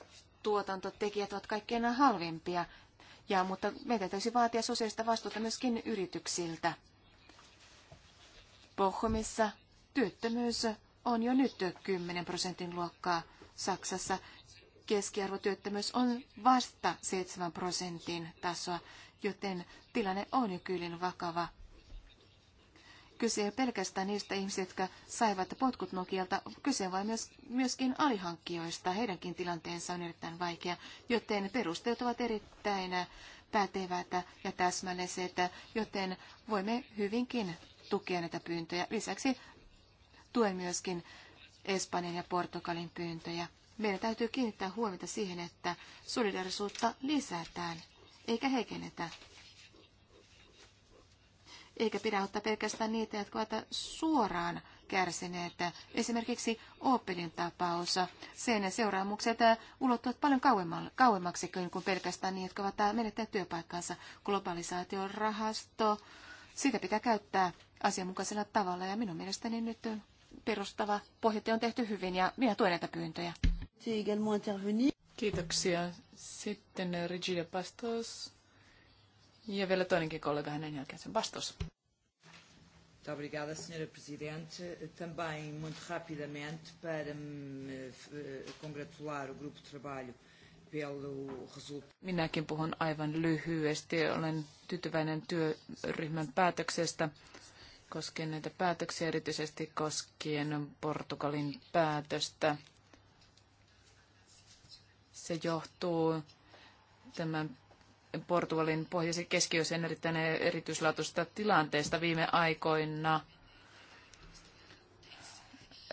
tuotantotekijät ovat kaikkein halvimpia. Ja, mutta meidän täytyisi vaatia sosiaalista vastuuta myöskin yrityksiltä. Pohjomissa työttömyys on jo nyt 10 prosentin luokkaa. Saksassa keskiarvotyöttömyys on vasta 7 prosentin tasoa, joten tilanne on jo kyllin vakava. Kyse ei pelkästään niistä ihmisistä, jotka saivat potkut Nokialta, kyse vaan myös, myöskin alihankkijoista. Heidänkin tilanteensa on erittäin vaikea, joten perusteet ovat erittäin pätevät ja täsmälliset, joten voimme hyvinkin tukea näitä pyyntöjä. Lisäksi tuen myöskin Espanjan ja Portugalin pyyntöjä. Meidän täytyy kiinnittää huomiota siihen, että solidarisuutta lisätään eikä heikennetä eikä pidä ottaa pelkästään niitä, jotka ovat suoraan kärsineet. Esimerkiksi Opelin tapaus. Sen seuraamukset ulottuvat paljon kauemmaksi kuin pelkästään niitä, jotka ovat menettäneet työpaikkansa. Globalisaation rahasto, sitä pitää käyttää asianmukaisella tavalla ja minun mielestäni nyt perustava pohjatyö on tehty hyvin ja minä tuen näitä pyyntöjä. Kiitoksia. Sitten Regina Pastos. Ja vielä toinenkin kollega hänen jälkeensä vastaus. obrigada, Sra. Presidente. Também, muito rapidamente, para me eh, congratular o Grupo de Trabalho pelo resultado. Minäkin puhun aivan lyhyesti. Olen tyytyväinen työryhmän päätöksestä koskien näitä päätöksiä, erityisesti koskien Portugalin päätöstä. Se johtuu tämän Portugalin pohjois- ja keskiösen erittäin erityislaatuisesta tilanteesta viime aikoina.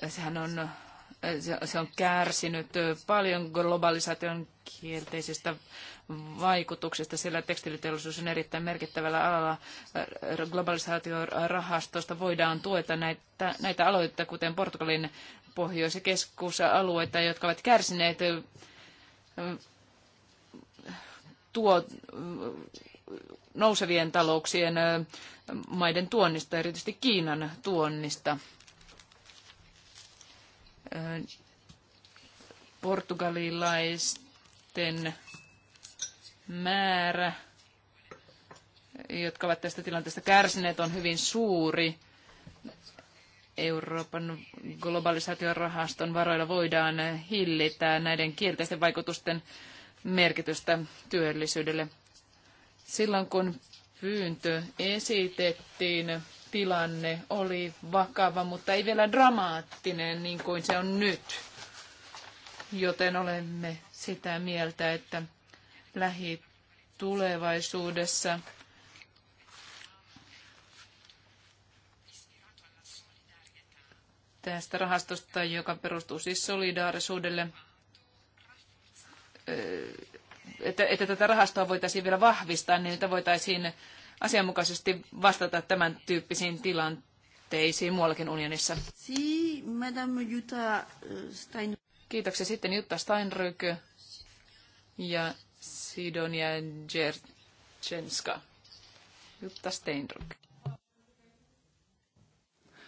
Sehän on, se on kärsinyt paljon globalisaation kielteisistä vaikutuksista, sillä tekstiiliteollisuus on erittäin merkittävällä alalla. Globalisaatiorahastosta voidaan tueta näitä, näitä aloitteita, kuten Portugalin pohjois- ja keskusalueita, jotka ovat kärsineet tuo, nousevien talouksien maiden tuonnista, erityisesti Kiinan tuonnista. Portugalilaisten määrä, jotka ovat tästä tilanteesta kärsineet, on hyvin suuri. Euroopan globalisaation rahaston varoilla voidaan hillitä näiden kielteisten vaikutusten merkitystä työllisyydelle. Silloin kun pyyntö esitettiin, tilanne oli vakava, mutta ei vielä dramaattinen niin kuin se on nyt. Joten olemme sitä mieltä, että lähitulevaisuudessa tästä rahastosta, joka perustuu siis solidaarisuudelle, että, että tätä rahastoa voitaisiin vielä vahvistaa, niin että voitaisiin asianmukaisesti vastata tämän tyyppisiin tilanteisiin muuallakin unionissa. Kiitoksia sitten Jutta Steinryk ja Sidonia Jerchenska. Jutta Steinryk.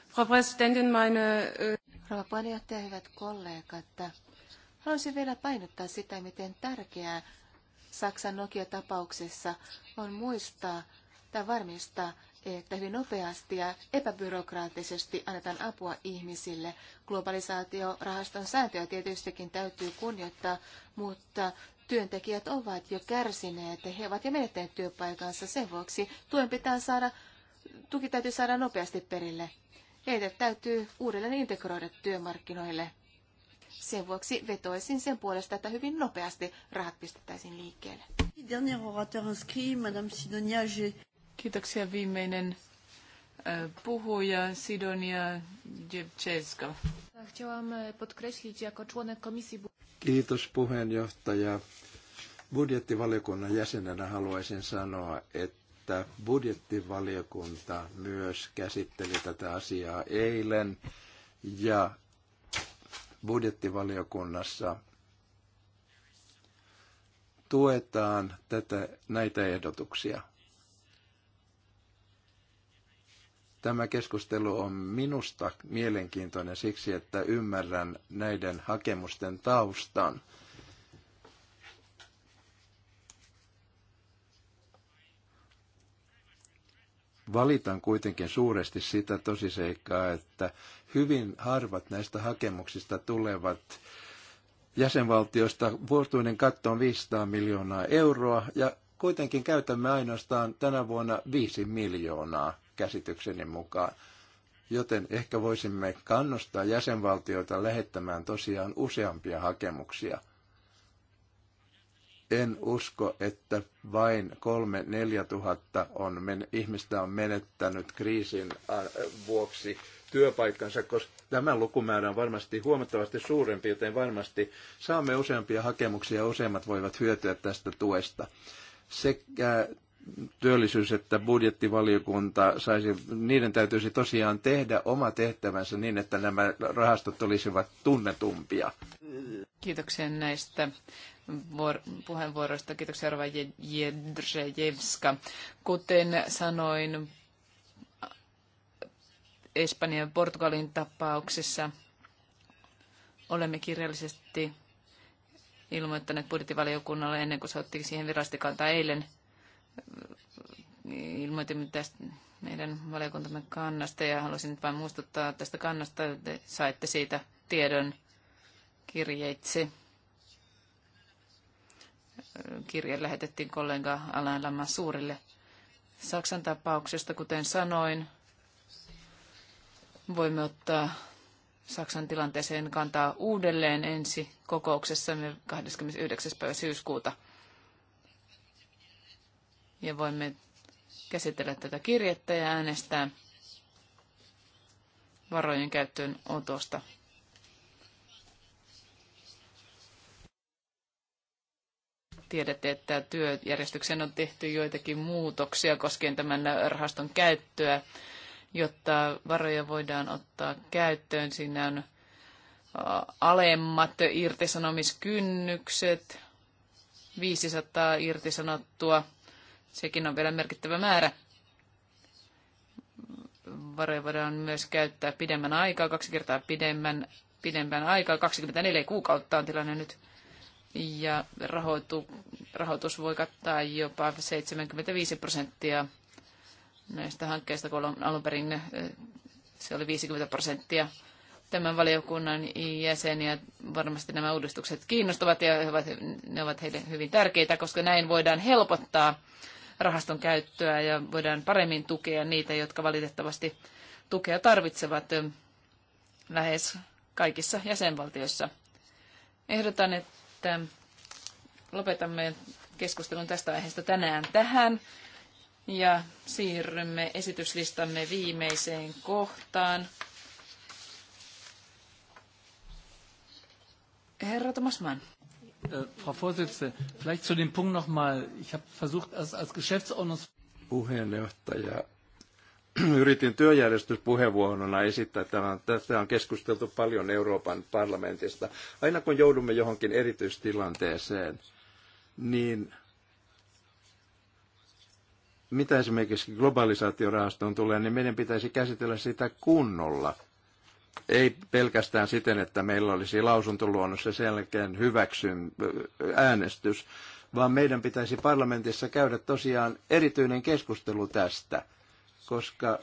Frau Präsidentin, meine... Rouva puheenjohtaja, hyvät kollegat, Haluaisin vielä painottaa sitä, miten tärkeää Saksan Nokia-tapauksessa on muistaa tai varmistaa, että hyvin nopeasti ja epäbyrokraattisesti annetaan apua ihmisille. Globalisaatiorahaston sääntöjä tietystikin täytyy kunnioittaa, mutta työntekijät ovat jo kärsineet ja he ovat jo menettäneet työpaikansa. Sen vuoksi tuen pitää saada, tuki täytyy saada nopeasti perille. Heitä täytyy uudelleen integroida työmarkkinoille. Sen vuoksi vetoisin sen puolesta, että hyvin nopeasti rahat pistettäisiin liikkeelle. Kiitoksia viimeinen puhuja Sidonia Dziewczewska. E, Kiitos puheenjohtaja. Budjettivaliokunnan jäsenenä haluaisin sanoa, että budjettivaliokunta myös käsitteli tätä asiaa eilen ja budjettivaliokunnassa tuetaan tätä, näitä ehdotuksia. Tämä keskustelu on minusta mielenkiintoinen siksi, että ymmärrän näiden hakemusten taustan – Valitan kuitenkin suuresti sitä tosiseikkaa, että hyvin harvat näistä hakemuksista tulevat jäsenvaltioista. Vuotuinen katto on 500 miljoonaa euroa ja kuitenkin käytämme ainoastaan tänä vuonna 5 miljoonaa käsitykseni mukaan. Joten ehkä voisimme kannustaa jäsenvaltioita lähettämään tosiaan useampia hakemuksia – en usko, että vain kolme neljä tuhatta on men, ihmistä on menettänyt kriisin äh, vuoksi työpaikkansa, koska tämä lukumäärä on varmasti huomattavasti suurempi, joten varmasti saamme useampia hakemuksia ja useimmat voivat hyötyä tästä tuesta. Sekä työllisyys- että budjettivaliokunta saisi, niiden täytyisi tosiaan tehdä oma tehtävänsä niin, että nämä rahastot olisivat tunnetumpia. Kiitoksia näistä puheenvuoroista. Kiitoksia Rova Jedrzejewska. Kuten sanoin Espanjan ja Portugalin tapauksessa, olemme kirjallisesti ilmoittaneet budjettivaliokunnalle ennen kuin se otti siihen virastikantaa eilen. Ilmoitimme tästä meidän valiokuntamme kannasta ja haluaisin nyt vain muistuttaa tästä kannasta, että saitte siitä tiedon kirjeitse kirje lähetettiin kollega Alain Lamman suurille Saksan tapauksesta, kuten sanoin. Voimme ottaa Saksan tilanteeseen kantaa uudelleen ensi kokouksessamme 29. päivä syyskuuta. Ja voimme käsitellä tätä kirjettä ja äänestää varojen käyttöön otosta. Tiedätte, että työjärjestykseen on tehty joitakin muutoksia koskien tämän rahaston käyttöä, jotta varoja voidaan ottaa käyttöön. Siinä on alemmat irtisanomiskynnykset, 500 irtisanottua, sekin on vielä merkittävä määrä. Varoja voidaan myös käyttää pidemmän aikaa, kaksi kertaa pidemmän, pidemmän aikaa, 24 kuukautta on tilanne nyt ja rahoitu, rahoitus voi kattaa jopa 75 prosenttia näistä hankkeista, kun alun perin eh, se oli 50 prosenttia. Tämän valiokunnan jäseniä varmasti nämä uudistukset kiinnostavat ja he ovat, ne ovat heille hyvin tärkeitä, koska näin voidaan helpottaa rahaston käyttöä ja voidaan paremmin tukea niitä, jotka valitettavasti tukea tarvitsevat eh, lähes kaikissa jäsenvaltioissa. Ehdotan, että että lopetamme keskustelun tästä aiheesta tänään tähän ja siirrymme esityslistamme viimeiseen kohtaan. Herra Thomas Mann. Äh, Frau Vorsitzende, vielleicht zu dem Punkt nochmal. Ich habe versucht, als, als Geschäftsordnungs... Puheenjohtaja, yritin työjärjestyspuheenvuorona esittää tämän. Tästä on keskusteltu paljon Euroopan parlamentista. Aina kun joudumme johonkin erityistilanteeseen, niin mitä esimerkiksi globalisaatiorahastoon tulee, niin meidän pitäisi käsitellä sitä kunnolla. Ei pelkästään siten, että meillä olisi lausuntoluonnossa selkeän hyväksyn äänestys, vaan meidän pitäisi parlamentissa käydä tosiaan erityinen keskustelu tästä – koska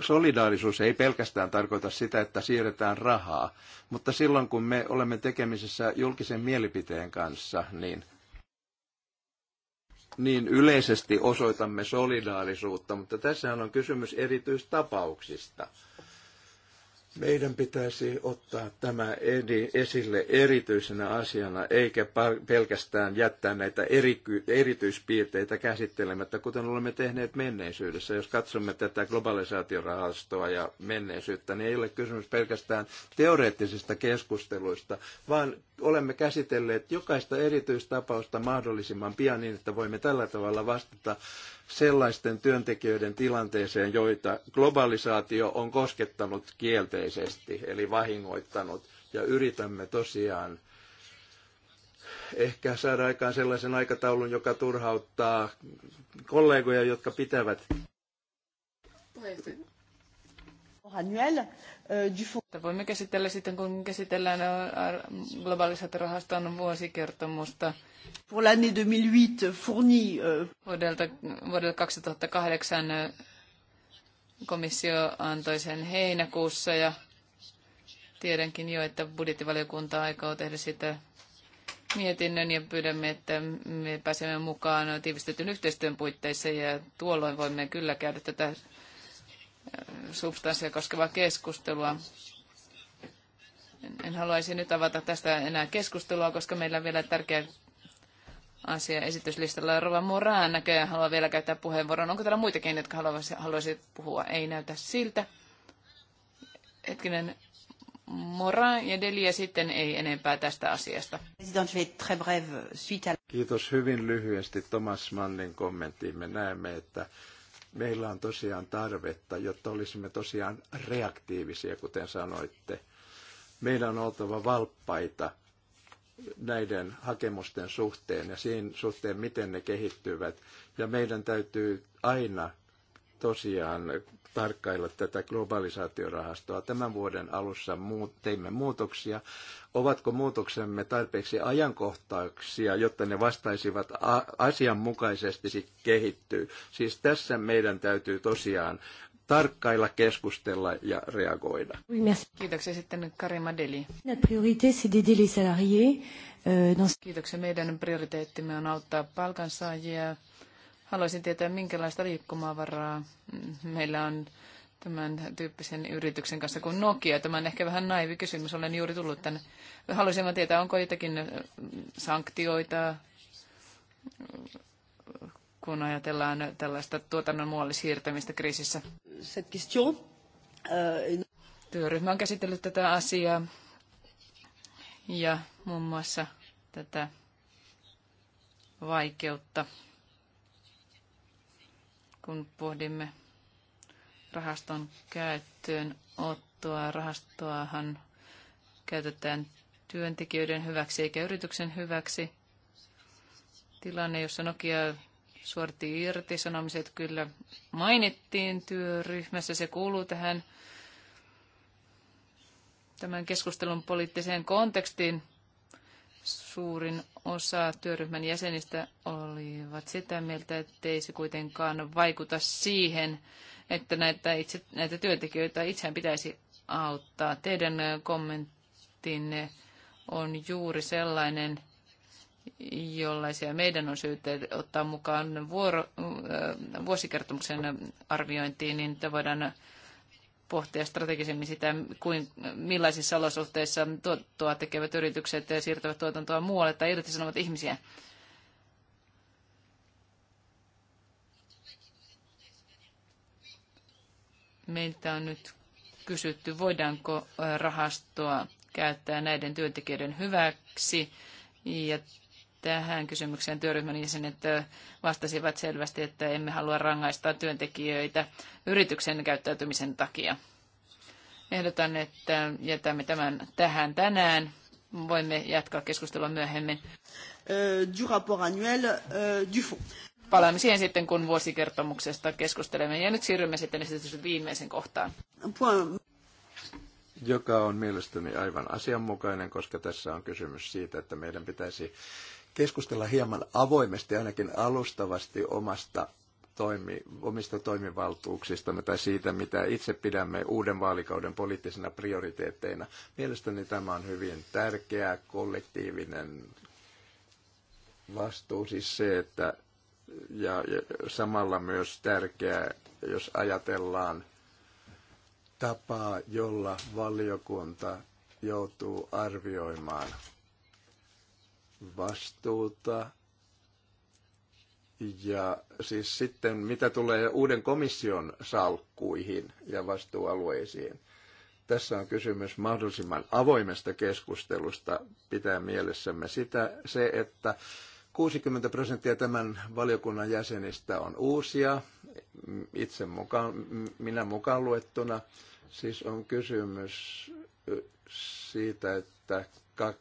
solidaarisuus ei pelkästään tarkoita sitä, että siirretään rahaa, mutta silloin kun me olemme tekemisissä julkisen mielipiteen kanssa, niin, niin yleisesti osoitamme solidaarisuutta, mutta tässä on kysymys erityistapauksista. Meidän pitäisi ottaa tämä esille erityisenä asiana, eikä pelkästään jättää näitä erityispiirteitä käsittelemättä, kuten olemme tehneet menneisyydessä. Jos katsomme tätä globalisaatiorahastoa ja menneisyyttä, niin ei ole kysymys pelkästään teoreettisista keskusteluista, vaan olemme käsitelleet jokaista erityistapausta mahdollisimman pian niin, että voimme tällä tavalla vastata sellaisten työntekijöiden tilanteeseen, joita globalisaatio on koskettanut kielteisesti, eli vahingoittanut. Ja yritämme tosiaan ehkä saada aikaan sellaisen aikataulun, joka turhauttaa kollegoja, jotka pitävät annuel euh, du fond. Voimme käsitellä sitten, kun käsitellään äh, globalisaatiorahaston vuosikertomusta. Pour l'année 2008 fourni... Euh, vuodelta, vuodelta 2008 äh, komissio antoi sen heinäkuussa ja tiedänkin jo, että budjettivaliokunta aikoo tehdä sitä mietinnön ja pyydämme, että me pääsemme mukaan tiivistetyn yhteistyön puitteissa ja tuolloin voimme kyllä käydä tätä substanssia koskevaa keskustelua. En haluaisi nyt avata tästä enää keskustelua, koska meillä on vielä tärkeä asia esityslistalla. Rova Moran näköjään haluaa vielä käyttää puheenvuoron. Onko täällä muitakin, jotka haluaisi puhua? Ei näytä siltä. Hetkinen, Morin ja Delia sitten ei enempää tästä asiasta. Kiitos hyvin lyhyesti Thomas Mannin kommenttiin. Me näemme, että meillä on tosiaan tarvetta, jotta olisimme tosiaan reaktiivisia, kuten sanoitte. Meidän on oltava valppaita näiden hakemusten suhteen ja siinä suhteen, miten ne kehittyvät. Ja meidän täytyy aina tosiaan tarkkailla tätä globalisaatiorahastoa. Tämän vuoden alussa teimme muutoksia. Ovatko muutoksemme tarpeeksi ajankohtaisia, jotta ne vastaisivat asianmukaisesti kehittyy? Siis tässä meidän täytyy tosiaan tarkkailla, keskustella ja reagoida. Kiitoksia sitten Karima Deli. Euh, Kiitoksia. Meidän prioriteettimme on auttaa palkansaajia Haluaisin tietää, minkälaista liikkumavaraa meillä on tämän tyyppisen yrityksen kanssa kuin Nokia. Tämä on ehkä vähän naivi kysymys, olen juuri tullut tänne. Haluaisin vain tietää, onko jotakin sanktioita, kun ajatellaan tällaista tuotannon muualle siirtämistä kriisissä. Euh, Työryhmä on käsitellyt tätä asiaa ja muun muassa tätä vaikeutta kun pohdimme rahaston käyttöön ottoa. Rahastoahan käytetään työntekijöiden hyväksi eikä yrityksen hyväksi. Tilanne, jossa Nokia suoritti irtisanomiset, kyllä mainittiin työryhmässä. Se kuuluu tähän tämän keskustelun poliittiseen kontekstiin. Suurin osa työryhmän jäsenistä olivat sitä mieltä, ettei se kuitenkaan vaikuta siihen, että näitä, itse, näitä työntekijöitä itseään pitäisi auttaa. Teidän kommenttinne on juuri sellainen, jollaisia meidän on syytä ottaa mukaan vuoro, äh, vuosikertomuksen arviointiin, niin että voidaan pohtia strategisemmin sitä, kuin, millaisissa olosuhteissa tuottoa tekevät yritykset siirtävät tuotantoa muualle tai irtisanovat ihmisiä. Meiltä on nyt kysytty, voidaanko rahastoa käyttää näiden työntekijöiden hyväksi ja tähän kysymykseen työryhmän jäsenet vastasivat selvästi, että emme halua rangaista työntekijöitä yrityksen käyttäytymisen takia. Ehdotan, että jätämme tämän tähän tänään. Voimme jatkaa keskustelua myöhemmin. Du rapport annuel du fond. Palaamme siihen sitten, kun vuosikertomuksesta keskustelemme. Ja nyt siirrymme sitten esityksen viimeisen kohtaan. Joka on mielestäni aivan asianmukainen, koska tässä on kysymys siitä, että meidän pitäisi keskustella hieman avoimesti, ainakin alustavasti omasta toimi, omista toimivaltuuksistamme tai siitä, mitä itse pidämme uuden vaalikauden poliittisina prioriteetteina. Mielestäni tämä on hyvin tärkeä kollektiivinen vastuu, siis se, että ja, ja samalla myös tärkeää, jos ajatellaan tapaa, jolla valiokunta joutuu arvioimaan vastuuta. Ja siis sitten mitä tulee uuden komission salkkuihin ja vastuualueisiin. Tässä on kysymys mahdollisimman avoimesta keskustelusta pitää mielessämme sitä, se, että 60 prosenttia tämän valiokunnan jäsenistä on uusia, itse mukaan, minä mukaan luettuna. Siis on kysymys siitä, että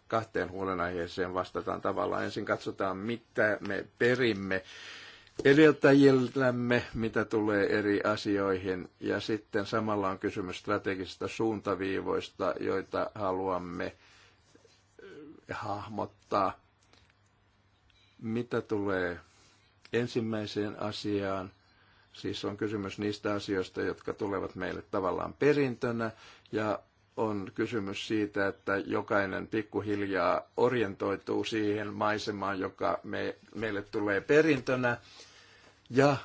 kahteen huolenaiheeseen vastataan tavallaan. Ensin katsotaan, mitä me perimme edeltäjillämme, mitä tulee eri asioihin, ja sitten samalla on kysymys strategisista suuntaviivoista, joita haluamme eh, hahmottaa. Mitä tulee ensimmäiseen asiaan, siis on kysymys niistä asioista, jotka tulevat meille tavallaan perintönä, ja on kysymys siitä, että jokainen pikkuhiljaa orientoituu siihen maisemaan, joka me, meille tulee perintönä. Ja,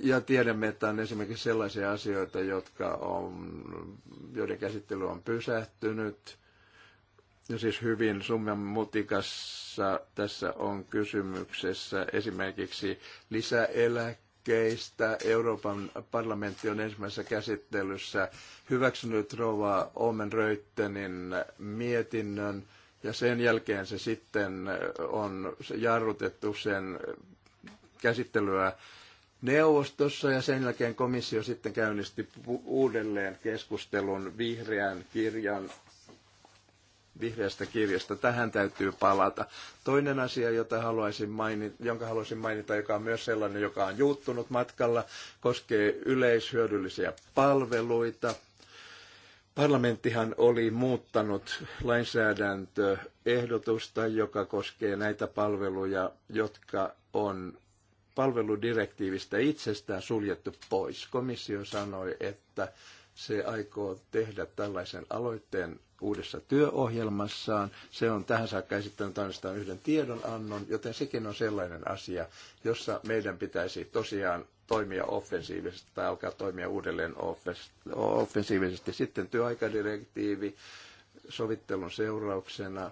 ja tiedämme, että on esimerkiksi sellaisia asioita, jotka on, joiden käsittely on pysähtynyt. Ja siis hyvin summan mutikassa tässä on kysymyksessä esimerkiksi lisäeläke hankkeista. Euroopan parlamentti on ensimmäisessä käsittelyssä hyväksynyt Rova Omen Röyttenin mietinnön ja sen jälkeen se sitten on jarrutettu sen käsittelyä neuvostossa ja sen jälkeen komissio sitten käynnisti uudelleen keskustelun vihreän kirjan vihreästä kirjasta. Tähän täytyy palata. Toinen asia, jota haluaisin mainita, jonka haluaisin mainita, joka on myös sellainen, joka on juuttunut matkalla, koskee yleishyödyllisiä palveluita. Parlamenttihan oli muuttanut lainsäädäntöehdotusta, joka koskee näitä palveluja, jotka on palveludirektiivistä itsestään suljettu pois. Komissio sanoi, että se aikoo tehdä tällaisen aloitteen uudessa työohjelmassaan. Se on tähän saakka esittänyt ainoastaan yhden tiedonannon, joten sekin on sellainen asia, jossa meidän pitäisi tosiaan toimia offensiivisesti tai alkaa toimia uudelleen offensiivisesti. Sitten työaikadirektiivi sovittelun seurauksena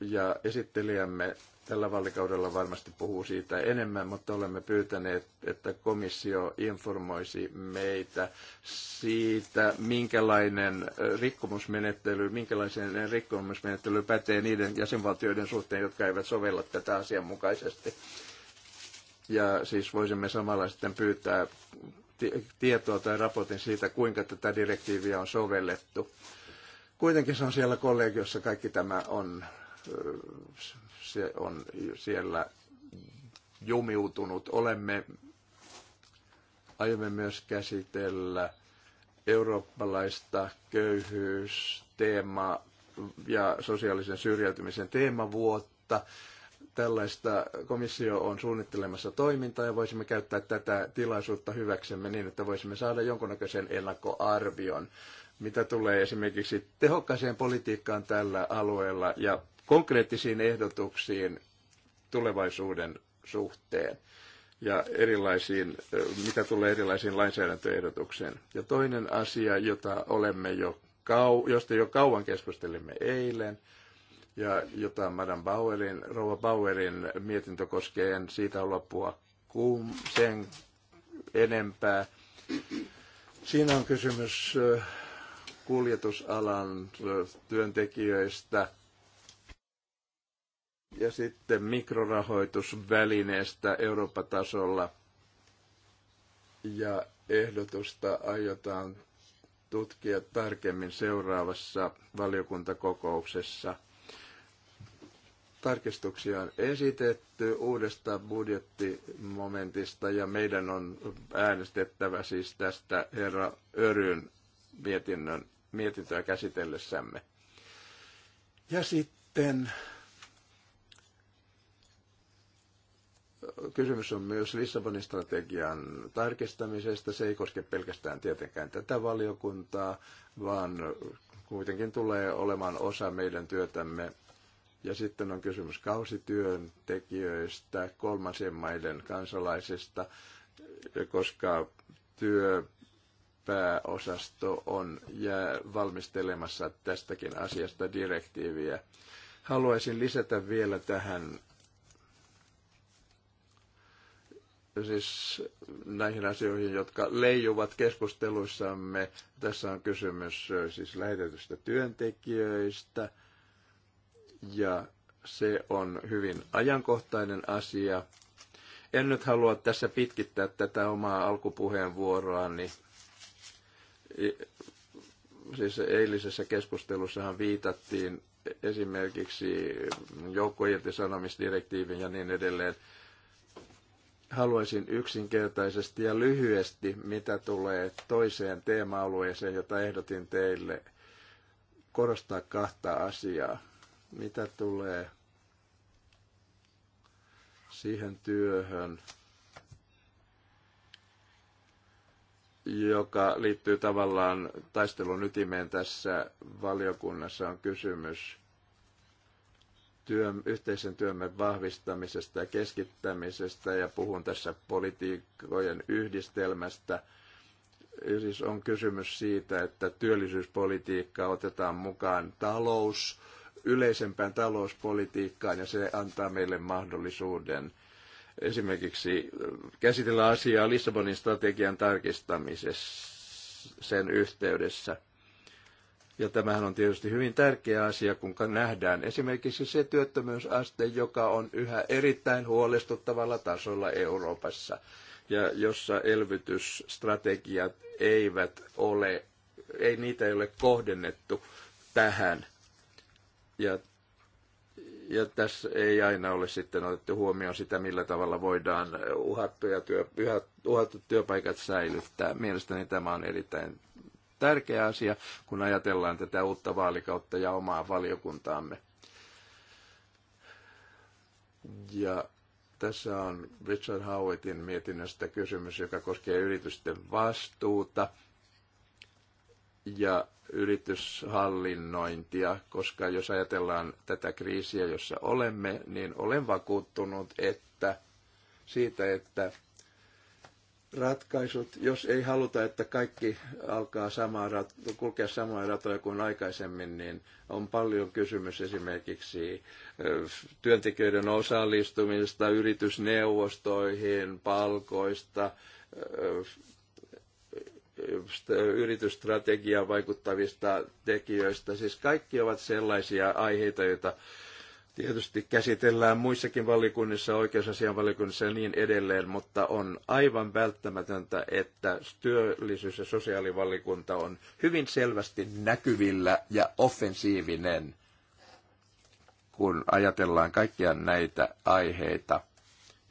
ja esittelijämme tällä vaalikaudella varmasti puhuu siitä enemmän, mutta olemme pyytäneet, että komissio informoisi meitä siitä, minkälainen rikkomusmenettely, minkälaisen rikkomusmenettely pätee niiden jäsenvaltioiden suhteen, jotka eivät sovella tätä asianmukaisesti. Ja siis voisimme samalla sitten pyytää tietoa tai raportin siitä, kuinka tätä direktiiviä on sovellettu. Kuitenkin se on siellä kollegiossa, kaikki tämä on se on siellä jumiutunut. Olemme, aiomme myös käsitellä eurooppalaista köyhyysteemaa ja sosiaalisen syrjäytymisen teemavuotta. Tällaista komissio on suunnittelemassa toimintaa ja voisimme käyttää tätä tilaisuutta hyväksemme niin, että voisimme saada jonkunnäköisen ennakkoarvion mitä tulee esimerkiksi tehokkaaseen politiikkaan tällä alueella ja konkreettisiin ehdotuksiin tulevaisuuden suhteen ja erilaisiin, mitä tulee erilaisiin lainsäädäntöehdotuksiin. Ja toinen asia, jota olemme jo kau, josta jo kauan keskustelimme eilen, ja jota Madame Bauerin, rova Bauerin mietintö koskee, en siitä on loppua kuum, sen enempää. Siinä on kysymys kuljetusalan työntekijöistä – ja sitten mikrorahoitusvälineestä Eurooppa-tasolla. Ja ehdotusta aiotaan tutkia tarkemmin seuraavassa valiokuntakokouksessa. Tarkistuksia on esitetty uudesta budjettimomentista ja meidän on äänestettävä siis tästä herra Öryn mietinnön, mietintöä käsitellessämme. Ja sitten kysymys on myös Lissabonin strategian tarkistamisesta. Se ei koske pelkästään tietenkään tätä valiokuntaa, vaan kuitenkin tulee olemaan osa meidän työtämme. Ja sitten on kysymys kausityöntekijöistä, kolmansien maiden kansalaisista, koska työpääosasto on jää valmistelemassa tästäkin asiasta direktiiviä. Haluaisin lisätä vielä tähän siis näihin asioihin, jotka leijuvat keskusteluissamme. Tässä on kysymys siis lähetetystä työntekijöistä ja se on hyvin ajankohtainen asia. En nyt halua tässä pitkittää tätä omaa alkupuheenvuoroani. Siis eilisessä keskustelussahan viitattiin esimerkiksi sanomisdirektiivin ja niin edelleen haluaisin yksinkertaisesti ja lyhyesti, mitä tulee toiseen teema-alueeseen, jota ehdotin teille, korostaa kahta asiaa. Mitä tulee siihen työhön, joka liittyy tavallaan taistelun ytimeen tässä valiokunnassa on kysymys työn, yhteisen työmme vahvistamisesta ja keskittämisestä ja puhun tässä politiikkojen yhdistelmästä. Siis on kysymys siitä, että työllisyyspolitiikka otetaan mukaan talous, yleisempään talouspolitiikkaan ja se antaa meille mahdollisuuden esimerkiksi käsitellä asiaa Lissabonin strategian tarkistamisessa sen yhteydessä. Ja tämähän on tietysti hyvin tärkeä asia, kun nähdään esimerkiksi se työttömyysaste, joka on yhä erittäin huolestuttavalla tasolla Euroopassa ja jossa elvytysstrategiat eivät ole, ei niitä ei ole kohdennettu tähän. Ja, ja tässä ei aina ole sitten otettu huomioon sitä, millä tavalla voidaan uhattuja työ, uhattu työpaikat säilyttää. Mielestäni tämä on erittäin tärkeä asia, kun ajatellaan tätä uutta vaalikautta ja omaa valiokuntaamme. Ja tässä on Richard Howittin mietinnöstä kysymys, joka koskee yritysten vastuuta ja yrityshallinnointia, koska jos ajatellaan tätä kriisiä, jossa olemme, niin olen vakuuttunut, että siitä, että ratkaisut, jos ei haluta, että kaikki alkaa samaa rat- kulkea samaa ratoja kuin aikaisemmin, niin on paljon kysymys esimerkiksi työntekijöiden osallistumista, yritysneuvostoihin, palkoista, yritysstrategiaan vaikuttavista tekijöistä. Siis kaikki ovat sellaisia aiheita, joita tietysti käsitellään muissakin valiokunnissa, oikeusasian valiokunnissa ja niin edelleen, mutta on aivan välttämätöntä, että työllisyys- ja sosiaalivaliokunta on hyvin selvästi näkyvillä ja offensiivinen, kun ajatellaan kaikkia näitä aiheita,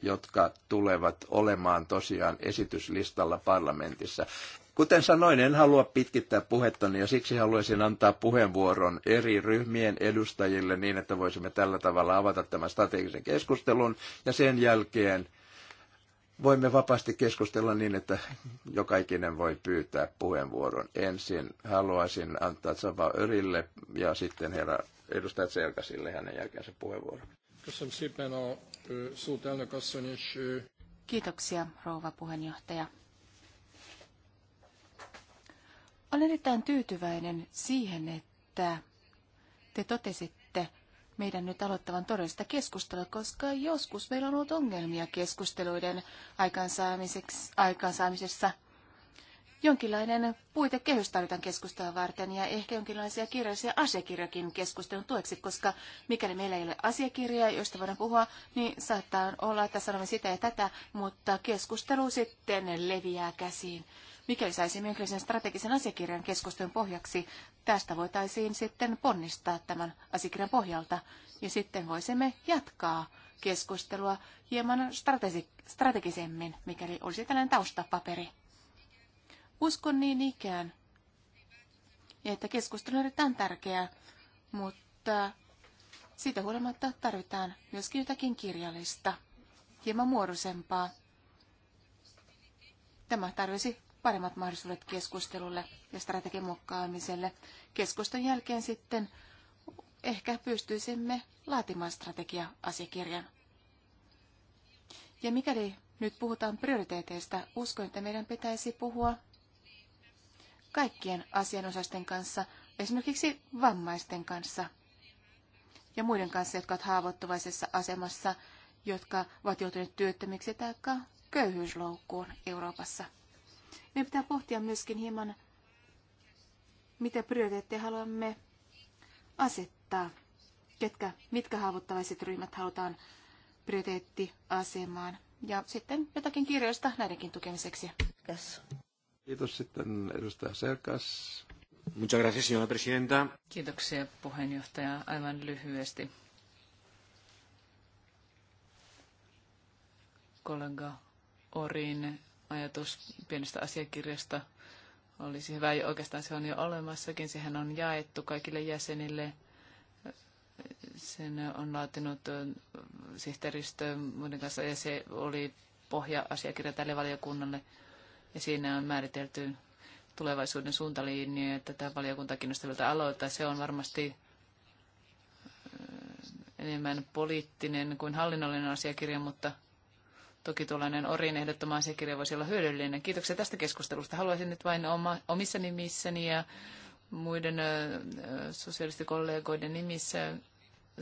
jotka tulevat olemaan tosiaan esityslistalla parlamentissa. Kuten sanoin, en halua pitkittää puhetta, ja siksi haluaisin antaa puheenvuoron eri ryhmien edustajille niin, että voisimme tällä tavalla avata tämän strategisen keskustelun ja sen jälkeen voimme vapaasti keskustella niin, että joka ikinen voi pyytää puheenvuoron. Ensin haluaisin antaa Sava Örille ja sitten herra edustajat selkäsille hänen jälkeensä puheenvuoron. Kiitoksia, rouva puheenjohtaja. Olen erittäin tyytyväinen siihen, että te totesitte meidän nyt aloittavan todellista keskustelua, koska joskus meillä on ollut ongelmia keskusteluiden aikaansaamisessa. Jonkinlainen puitekehys tarvitaan keskustelua varten ja ehkä jonkinlaisia kirjallisia asiakirjakin keskustelun tueksi, koska mikäli meillä ei ole asiakirjaa, joista voidaan puhua, niin saattaa olla, että sanomme sitä ja tätä, mutta keskustelu sitten leviää käsiin. Mikäli saisimme Münchenin strategisen asiakirjan keskustelun pohjaksi, tästä voitaisiin sitten ponnistaa tämän asiakirjan pohjalta ja sitten voisimme jatkaa keskustelua hieman strategi- strategisemmin, mikäli olisi tällainen taustapaperi. Uskon niin ikään, että keskustelu on erittäin tärkeää, mutta siitä huolimatta tarvitaan myöskin jotakin kirjallista, hieman muodosempaa. Tämä tarvisi paremmat mahdollisuudet keskustelulle ja strategian muokkaamiselle. Keskustan jälkeen sitten ehkä pystyisimme laatimaan strategia-asiakirjan. Ja mikäli nyt puhutaan prioriteeteista, uskon, että meidän pitäisi puhua kaikkien asianosaisten kanssa, esimerkiksi vammaisten kanssa ja muiden kanssa, jotka ovat haavoittuvaisessa asemassa, jotka ovat joutuneet työttömiksi tai köyhyysloukkuun Euroopassa. Meidän pitää pohtia myöskin hieman, mitä prioriteetteja haluamme asettaa, ketkä, mitkä haavoittavaiset ryhmät halutaan prioriteettiasemaan. Ja sitten jotakin kirjoista näidenkin tukemiseksi. Yes. Kiitos sitten edustaja Serkas. Muchas gracias, señora presidenta. Kiitoksia puheenjohtaja. Aivan lyhyesti. Kollega Orin ajatus pienestä asiakirjasta olisi hyvä. Ja oikeastaan se on jo olemassakin. Sehän on jaettu kaikille jäsenille. Sen on laatinut sihteeristö muiden kanssa ja se oli pohja-asiakirja tälle valiokunnalle. Ja siinä on määritelty tulevaisuuden suuntalinjoja tätä valiokuntaa kiinnostavilta aloittaa. Se on varmasti enemmän poliittinen kuin hallinnollinen asiakirja, mutta – Toki tuollainen Orin ehdottoma asiakirja voisi olla hyödyllinen. Kiitoksia tästä keskustelusta. Haluaisin nyt vain oma, omissa nimissäni ja muiden sosiaalistikollegoiden nimissä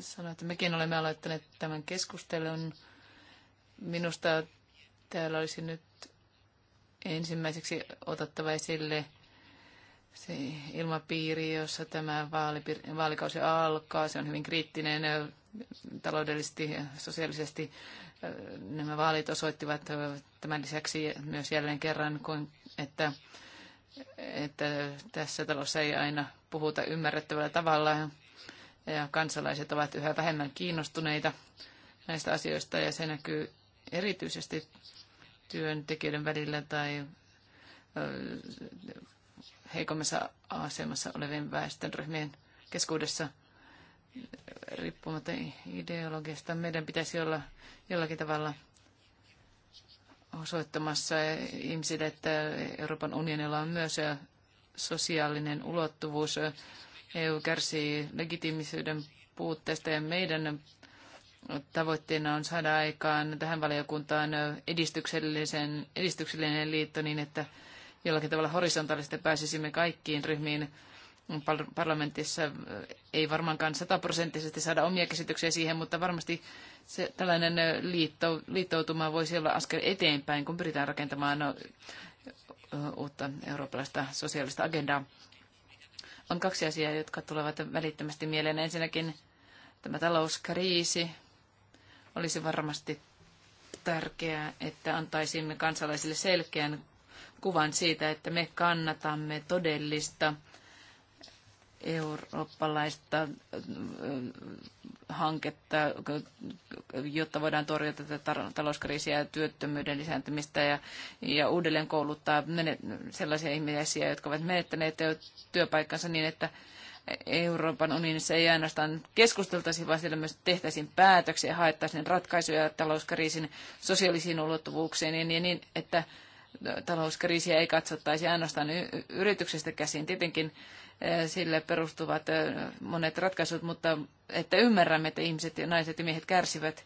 sanoa, että mekin olemme aloittaneet tämän keskustelun. Minusta täällä olisi nyt ensimmäiseksi otettava esille se ilmapiiri, jossa tämä vaalikausi alkaa. Se on hyvin kriittinen taloudellisesti ja sosiaalisesti nämä vaalit osoittivat tämän lisäksi myös jälleen kerran, että, että tässä talossa ei aina puhuta ymmärrettävällä tavalla ja kansalaiset ovat yhä vähemmän kiinnostuneita näistä asioista ja se näkyy erityisesti työntekijöiden välillä tai heikommassa asemassa olevien väestönryhmien keskuudessa – riippumatta ideologiasta. Meidän pitäisi olla jollakin tavalla osoittamassa ihmisille, että Euroopan unionilla on myös sosiaalinen ulottuvuus. EU kärsii legitiimisyyden puutteesta ja meidän tavoitteena on saada aikaan tähän valiokuntaan edistyksellisen, edistyksellinen liitto niin, että jollakin tavalla horisontaalisesti pääsisimme kaikkiin ryhmiin parlamentissa eh, ei varmaankaan sataprosenttisesti saada omia käsityksiä siihen, mutta varmasti se, tällainen eh, liitto, liittoutuma voisi olla askel eteenpäin, kun pyritään rakentamaan no, eh, uutta eurooppalaista sosiaalista agendaa. On kaksi asiaa, jotka tulevat välittömästi mieleen. Ensinnäkin tämä talouskriisi olisi varmasti tärkeää, että antaisimme kansalaisille selkeän kuvan siitä, että me kannatamme todellista eurooppalaista hanketta, jotta voidaan torjua tätä talouskriisiä ja työttömyyden lisääntymistä ja, ja uudelleen kouluttaa sellaisia ihmisiä, jotka ovat menettäneet työpaikkansa niin, että Euroopan unionissa ei ainoastaan keskusteltaisi, vaan siellä myös tehtäisiin päätöksiä ja haettaisiin ratkaisuja talouskriisin sosiaalisiin ulottuvuuksiin ja niin, niin että talouskriisiä ei katsottaisi ainoastaan yrityksestä käsin. Tietenkin Eh, sille perustuvat eh, monet ratkaisut, mutta että ymmärrämme, että ihmiset ja naiset ja miehet kärsivät.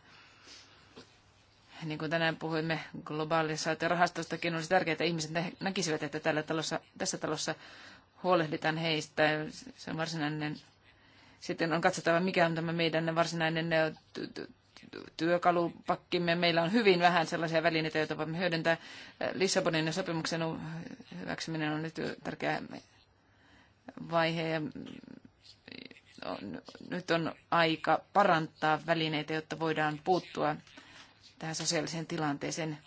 Niin kuin tänään puhuimme globaalisaatiorahastostakin, olisi tärkeää, että ihmiset näkisivät, että tällä talossa, tässä talossa huolehditaan heistä. Se on varsinainen, sitten on katsottava, mikä on tämä meidän varsinainen eh, työkalupakkimme. Meillä on hyvin vähän sellaisia välineitä, joita voimme hyödyntää. Lissabonin sopimuksen hyväksyminen on nyt tärkeää vaihe ja nyt on aika parantaa välineitä, jotta voidaan puuttua tähän sosiaaliseen tilanteeseen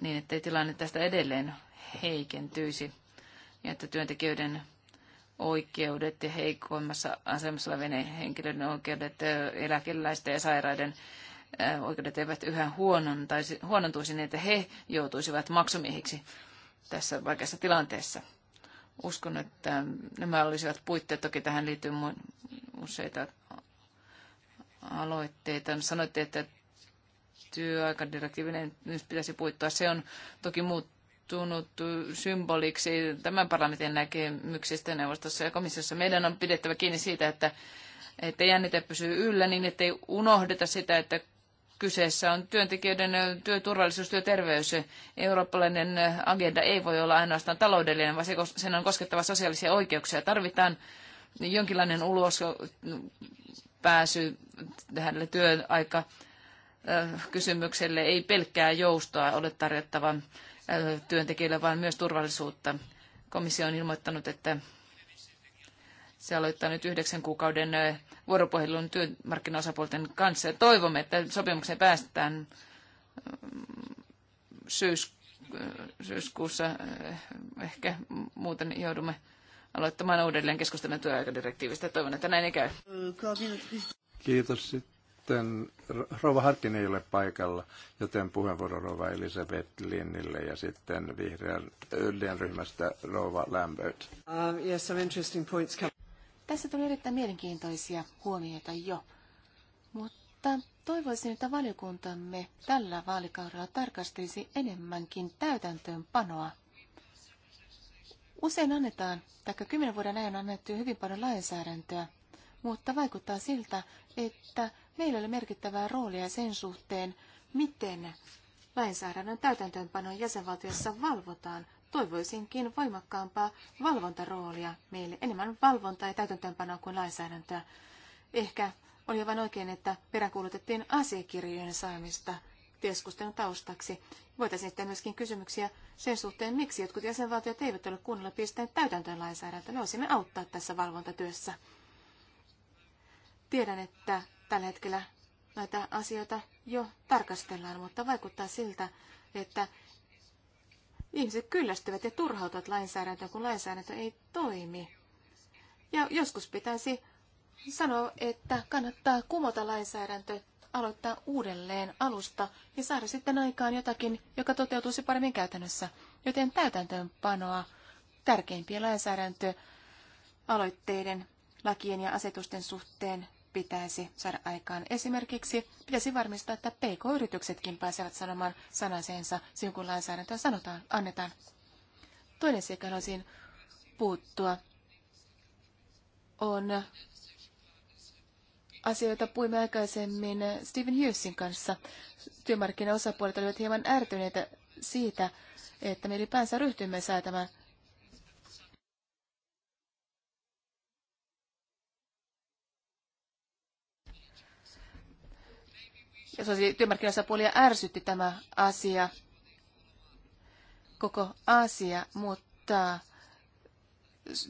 niin, ettei tilanne tästä edelleen heikentyisi ja että työntekijöiden oikeudet ja heikoimmassa asemassa olevien henkilöiden oikeudet, eläkeläisten ja sairaiden oikeudet eivät yhä huonontuisi niin, että he joutuisivat maksumiehiksi tässä vaikeassa tilanteessa. Uskon, että nämä olisivat puitteet. Toki tähän liittyy useita aloitteita. Sanoitte, että työaikadirektiivinen nyt pitäisi puittua. Se on toki muuttunut symboliksi tämän parlamentin näkemyksistä neuvostossa ja komissiossa. Meidän on pidettävä kiinni siitä, että että jännite pysyy yllä niin, ettei unohdeta sitä, että Kyseessä on työntekijöiden työturvallisuus, työterveys. Eurooppalainen agenda ei voi olla ainoastaan taloudellinen, vaan sen on koskettava sosiaalisia oikeuksia. Tarvitaan jonkinlainen ulos pääsy tähän työaika kysymykselle ei pelkkää joustoa ole tarjottava työntekijöille, vaan myös turvallisuutta. Komissio on ilmoittanut, että se aloittaa nyt yhdeksän kuukauden vuoropuhelun työmarkkinaosapuolten kanssa ja toivomme, että sopimukseen päästään syys, syyskuussa. Ehkä muuten joudumme aloittamaan uudelleen keskustelun työaikadirektiivistä. Toivon, että näin ei käy. Kiitos sitten. Rova Harkin ei ole paikalla, joten puheenvuoro Rova Elisabeth Linnille ja sitten vihreän ryhmästä Rova Lambert. Um, yes, some interesting points come. Tässä tuli erittäin mielenkiintoisia huomioita jo, mutta toivoisin, että valiokuntamme tällä vaalikaudella tarkastelisi enemmänkin täytäntöönpanoa. Usein annetaan, taikka kymmenen vuoden ajan annettu hyvin paljon lainsäädäntöä, mutta vaikuttaa siltä, että meillä oli merkittävää roolia sen suhteen, miten lainsäädännön täytäntöönpanon jäsenvaltiossa valvotaan toivoisinkin voimakkaampaa valvontaroolia meille, enemmän valvontaa ja täytäntöönpanoa kuin lainsäädäntöä. Ehkä oli vain oikein, että peräkuulutettiin asiakirjojen saamista keskustelun taustaksi. Voitaisiin sitten myöskin kysymyksiä sen suhteen, miksi jotkut jäsenvaltiot eivät ole kunnolla pistäneet täytäntöön lainsäädäntöä. Me voisimme auttaa tässä valvontatyössä. Tiedän, että tällä hetkellä näitä asioita jo tarkastellaan, mutta vaikuttaa siltä, että Ihmiset kyllästyvät ja turhautuvat lainsäädäntöön, kun lainsäädäntö ei toimi. Ja joskus pitäisi sanoa, että kannattaa kumota lainsäädäntö, aloittaa uudelleen alusta ja saada sitten aikaan jotakin, joka toteutuisi paremmin käytännössä. Joten täytäntöönpanoa tärkeimpien lainsäädäntöaloitteiden, lakien ja asetusten suhteen pitäisi saada aikaan. Esimerkiksi pitäisi varmistaa, että PK-yrityksetkin pääsevät sanomaan sanaseensa silloin, kun lainsäädäntöä sanotaan, annetaan. Toinen seikka haluaisin puuttua on asioita puimme aikaisemmin Steven Hughesin kanssa. Työmarkkinaosapuolet olivat hieman ärtyneitä siitä, että me ylipäänsä ryhtymme säätämään ja työmarkkinaosapuolia ärsytti tämä asia, koko asia, mutta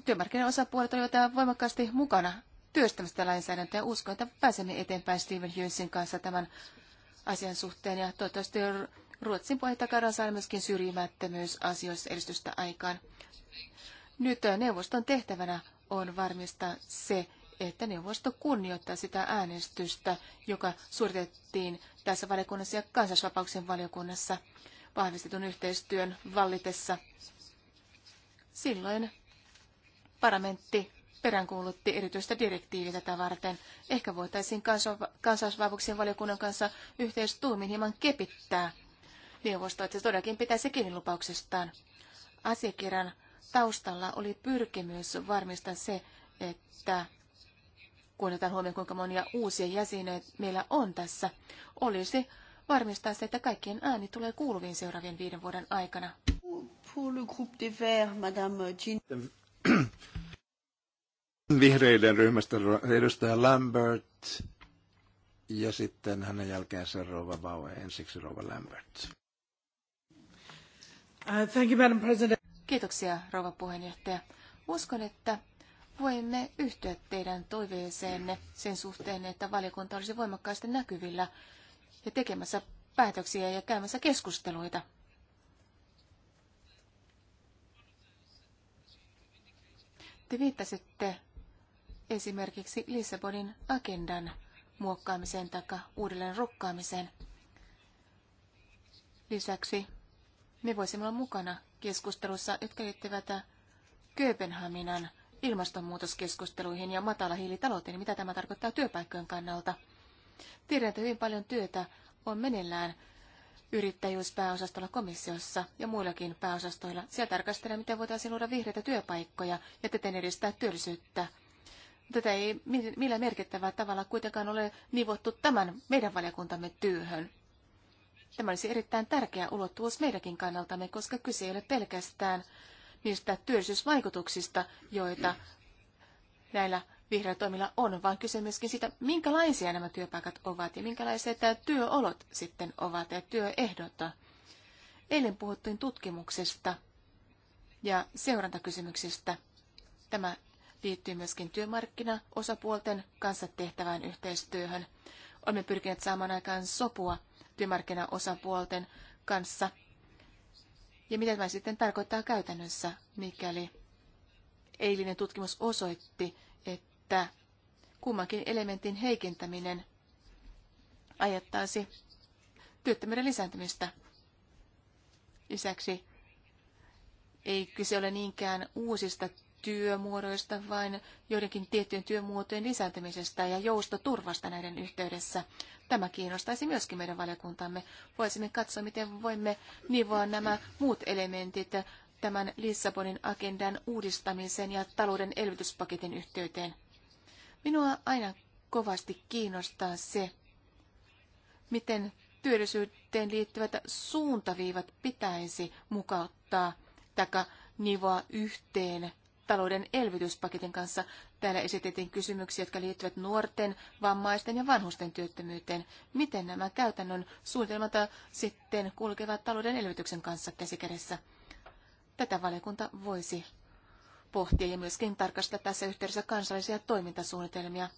työmarkkinaosapuolet olivat voimakkaasti mukana työstämässä tätä lainsäädäntöä ja uskon, että pääsemme eteenpäin Steven Hughesin kanssa tämän asian suhteen ja toivottavasti Ruotsin puheenjohtajakaudella saada myöskin syrjimättömyysasioissa edistystä aikaan. Nyt neuvoston tehtävänä on varmistaa se, että neuvosto kunnioittaa sitä äänestystä, joka suoritettiin tässä valiokunnassa ja kansallisvapauksien valiokunnassa vahvistetun yhteistyön vallitessa. Silloin parlamentti peräänkuulutti erityistä direktiiviä tätä varten. Ehkä voitaisiin kansallisvapauksien valiokunnan kanssa yhteistuumin hieman kepittää neuvostoa, että se todellakin pitäisi kiinni lupauksestaan. Asiakirjan taustalla oli pyrkimys varmistaa se, että kun otetaan huomioon, kuinka monia uusia jäseniä meillä on tässä, olisi varmistaa se, että kaikkien ääni tulee kuuluviin seuraavien viiden vuoden aikana. Pour le groupe des Verts, Madame Jean. Vihreiden ryhmästä edustaja Lambert ja sitten hänen jälkeensä Rova Bauer, ensiksi Rova Lambert. Uh, thank you, Madam President. Kiitoksia, rouva puheenjohtaja. Uskon, että voimme yhtyä teidän toiveeseenne sen suhteen, että valiokunta olisi voimakkaasti näkyvillä ja tekemässä päätöksiä ja käymässä keskusteluita. Te viittasitte esimerkiksi Lissabonin agendan muokkaamiseen tai uudelleen rukkaamiseen. Lisäksi me voisimme olla mukana keskustelussa, jotka liittyvät Kööpenhaminan ilmastonmuutoskeskusteluihin ja matalahiilitalouteen, niin mitä tämä tarkoittaa työpaikkojen kannalta. Tiedän, että hyvin paljon työtä on meneillään yrittäjyyspääosastolla komissiossa ja muillakin pääosastoilla. Siellä tarkastellaan, miten voitaisiin luoda vihreitä työpaikkoja ja täten edistää työllisyyttä. Tätä ei millä merkittävällä tavalla kuitenkaan ole nivottu tämän meidän valiokuntamme työhön. Tämä olisi erittäin tärkeä ulottuvuus meidänkin kannaltamme, koska kyse ei ole pelkästään niistä työllisyysvaikutuksista, joita näillä vihreillä toimilla on, vaan kyse myöskin siitä, minkälaisia nämä työpaikat ovat ja minkälaiset työolot sitten ovat ja työehdot. Eilen puhuttiin tutkimuksesta ja seurantakysymyksistä. Tämä liittyy myöskin työmarkkinaosapuolten kanssa tehtävään yhteistyöhön. Olemme pyrkineet saamaan aikaan sopua työmarkkinaosapuolten kanssa ja mitä tämä sitten tarkoittaa käytännössä, mikäli eilinen tutkimus osoitti, että kummankin elementin heikentäminen ajattaisi työttömyyden lisääntymistä. Lisäksi ei kyse ole niinkään uusista työmuodoista, vain joidenkin tiettyjen työmuotojen lisääntymisestä ja joustoturvasta näiden yhteydessä. Tämä kiinnostaisi myöskin meidän valiokuntamme. Voisimme katsoa, miten voimme nivoa nämä muut elementit tämän Lissabonin agendan uudistamisen ja talouden elvytyspaketin yhteyteen. Minua aina kovasti kiinnostaa se, miten työllisyyteen liittyvät suuntaviivat pitäisi mukauttaa taka nivoa yhteen talouden elvytyspaketin kanssa. Täällä esitettiin kysymyksiä, jotka liittyvät nuorten, vammaisten ja vanhusten työttömyyteen. Miten nämä käytännön suunnitelmat sitten kulkevat talouden elvytyksen kanssa käsikädessä? Tätä valiokunta voisi pohtia ja myöskin tarkastaa tässä yhteydessä kansallisia toimintasuunnitelmia.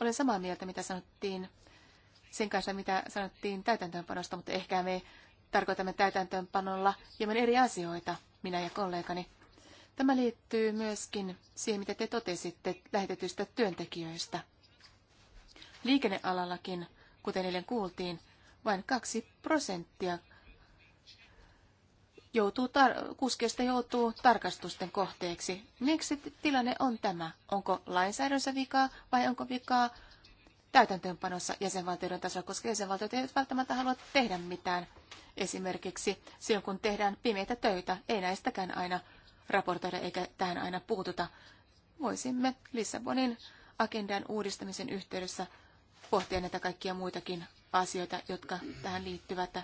Olen samaa mieltä, mitä sanottiin sen kanssa, mitä sanottiin täytäntöönpanosta, mutta ehkä me tarkoitamme täytäntöönpanolla hieman eri asioita, minä ja kollegani. Tämä liittyy myöskin siihen, mitä te totesitte lähetetyistä työntekijöistä. Liikennealallakin, kuten eilen kuultiin, vain kaksi prosenttia joutuu tar- joutuu tarkastusten kohteeksi. Miksi tilanne on tämä? Onko lainsäädännössä vikaa vai onko vikaa täytäntöönpanossa jäsenvaltioiden tasolla, koska jäsenvaltiot eivät välttämättä halua tehdä mitään. Esimerkiksi silloin, kun tehdään pimeitä töitä, ei näistäkään aina raportoida eikä tähän aina puututa. Voisimme Lissabonin agendan uudistamisen yhteydessä pohtia näitä kaikkia muitakin asioita, jotka tähän liittyvät.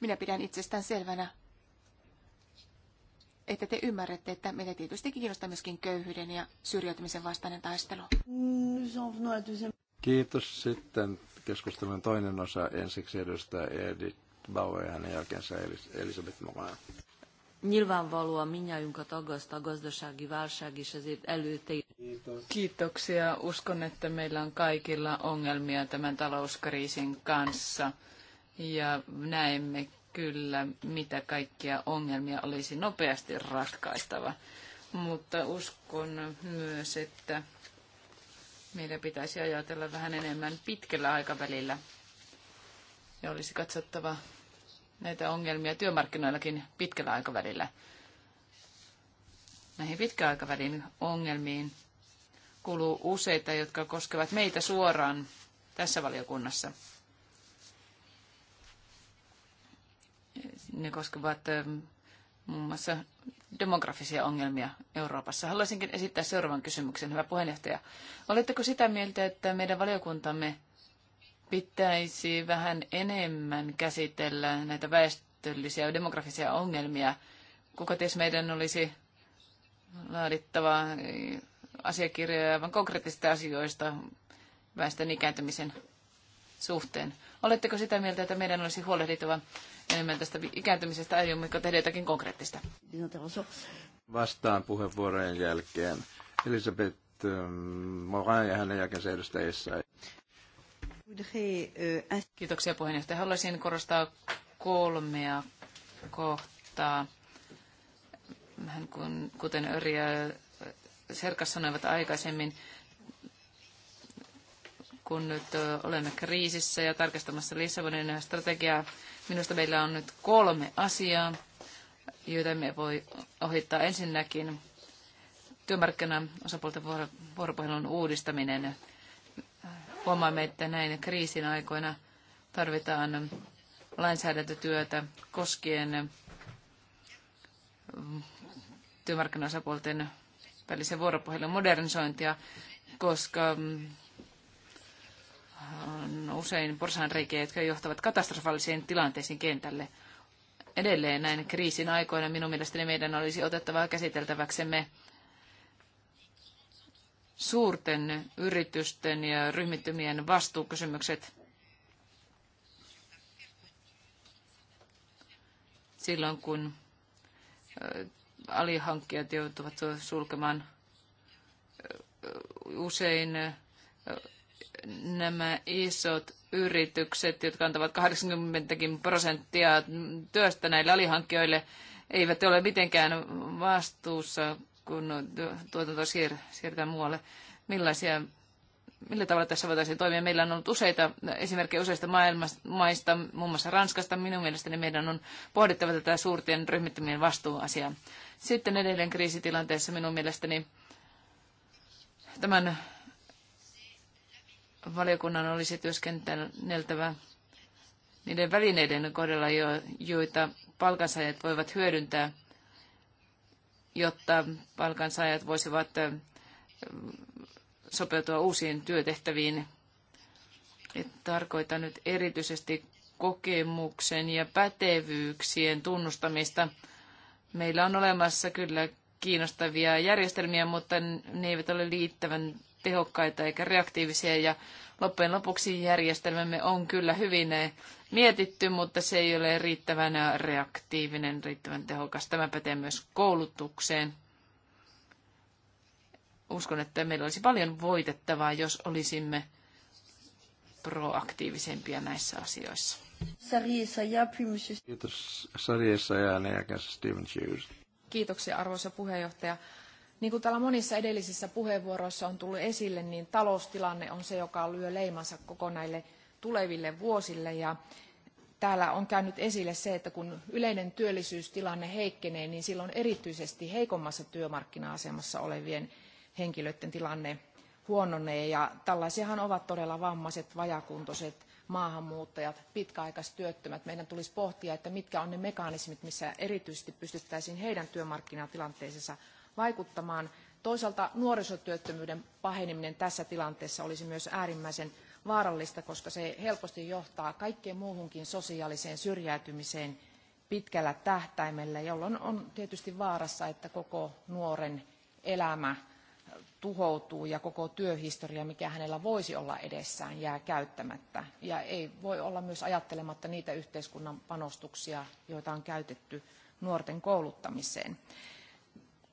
Minä pidän itsestään selvänä, että te ymmärrätte, että meitä tietysti kiinnostaa myöskin köyhyyden ja syrjäytymisen vastainen taistelu. Kiitos. Sitten keskustelun toinen osa ensiksi edustaa Edith Bauer ja hänen jälkeensä Elis- Elisabeth Moran. Nyilvánvalóan minnyájunkat aggaszt a gazdasági válság, és ezért előtte... Kiitoksia. Uskon, että meillä on kaikilla ongelmia tämän talouskriisin kanssa. Ja näemme kyllä, mitä kaikkia ongelmia olisi nopeasti ratkaistava. Mutta uskon myös, että meidän pitäisi ajatella vähän enemmän pitkällä aikavälillä. Ja olisi katsottava näitä ongelmia työmarkkinoillakin pitkällä aikavälillä. Näihin pitkäaikavälin ongelmiin kuluu useita, jotka koskevat meitä suoraan tässä valiokunnassa. Ne koskevat ähm, muun mm. muassa demografisia ongelmia Euroopassa. Haluaisinkin esittää seuraavan kysymyksen, hyvä puheenjohtaja. Oletteko sitä mieltä, että meidän valiokuntamme pitäisi vähän enemmän käsitellä näitä väestöllisiä ja demografisia ongelmia. Kuka ties meidän olisi laadittava asiakirjoja aivan konkreettisista asioista väestön ikääntymisen suhteen. Oletteko sitä mieltä, että meidän olisi huolehdittava enemmän tästä ikääntymisestä, aiommeko tehdä jotakin konkreettista? Vastaan puheenvuorojen jälkeen Elisabeth ähm, Moran ja hänen jälkeensä edustaja Essay. Kiitoksia puheenjohtaja. Haluaisin korostaa kolmea kohtaa. Vähän kun, kuten Öri ja Serkas sanoivat aikaisemmin, kun nyt olemme kriisissä ja tarkastamassa Lissabonin strategiaa, minusta meillä on nyt kolme asiaa, joita me voi ohittaa. Ensinnäkin osapuolten vuoropuhelun uudistaminen Huomaamme, että näin kriisin aikoina tarvitaan lainsäädäntötyötä koskien työmarkkinaosapuolten välisen vuoropuhelun modernisointia, koska mm, on usein porsaanreikiä, jotka johtavat katastrofaalisiin tilanteisiin kentälle. Edelleen näin kriisin aikoina minun mielestäni meidän olisi otettava käsiteltäväksemme suurten yritysten ja ryhmittymien vastuukysymykset. Silloin kun alihankkijat joutuvat sulkemaan usein nämä isot yritykset, jotka antavat 80 prosenttia työstä näille alihankkijoille, eivät ole mitenkään vastuussa kun tuotanto siirtää muualle. Millaisia, millä tavalla tässä voitaisiin toimia? Meillä on ollut useita esimerkkejä useista maista, muun muassa Ranskasta. Minun mielestäni meidän on pohdittava tätä suurten ryhmittymien vastuuasiaa. Sitten edelleen kriisitilanteessa minun mielestäni tämän valiokunnan olisi työskenteltävä niiden välineiden kohdalla, joita palkansaajat voivat hyödyntää jotta palkansaajat voisivat sopeutua uusiin työtehtäviin. Tarkoitan nyt erityisesti kokemuksen ja pätevyyksien tunnustamista. Meillä on olemassa kyllä kiinnostavia järjestelmiä, mutta ne eivät ole liittävän tehokkaita eikä reaktiivisia ja loppujen lopuksi järjestelmämme on kyllä hyvin eh, mietitty, mutta se ei ole riittävän eh, reaktiivinen, riittävän tehokas. Tämä pätee myös koulutukseen. Uskon, että meillä olisi paljon voitettavaa, jos olisimme proaktiivisempia näissä asioissa. Kiitos Sari ja Steven Hughes. Kiitoksia arvoisa puheenjohtaja. Niin kuin täällä monissa edellisissä puheenvuoroissa on tullut esille, niin taloustilanne on se, joka lyö leimansa koko näille tuleville vuosille. Ja täällä on käynyt esille se, että kun yleinen työllisyystilanne heikkenee, niin silloin erityisesti heikommassa työmarkkina-asemassa olevien henkilöiden tilanne huononee. Ja tällaisiahan ovat todella vammaiset, vajakuntoiset, maahanmuuttajat, pitkäaikaistyöttömät. Meidän tulisi pohtia, että mitkä on ne mekanismit, missä erityisesti pystyttäisiin heidän työmarkkinatilanteensa vaikuttamaan. Toisaalta nuorisotyöttömyyden paheneminen tässä tilanteessa olisi myös äärimmäisen vaarallista, koska se helposti johtaa kaikkeen muuhunkin sosiaaliseen syrjäytymiseen pitkällä tähtäimellä, jolloin on tietysti vaarassa, että koko nuoren elämä tuhoutuu ja koko työhistoria, mikä hänellä voisi olla edessään, jää käyttämättä. Ja ei voi olla myös ajattelematta niitä yhteiskunnan panostuksia, joita on käytetty nuorten kouluttamiseen.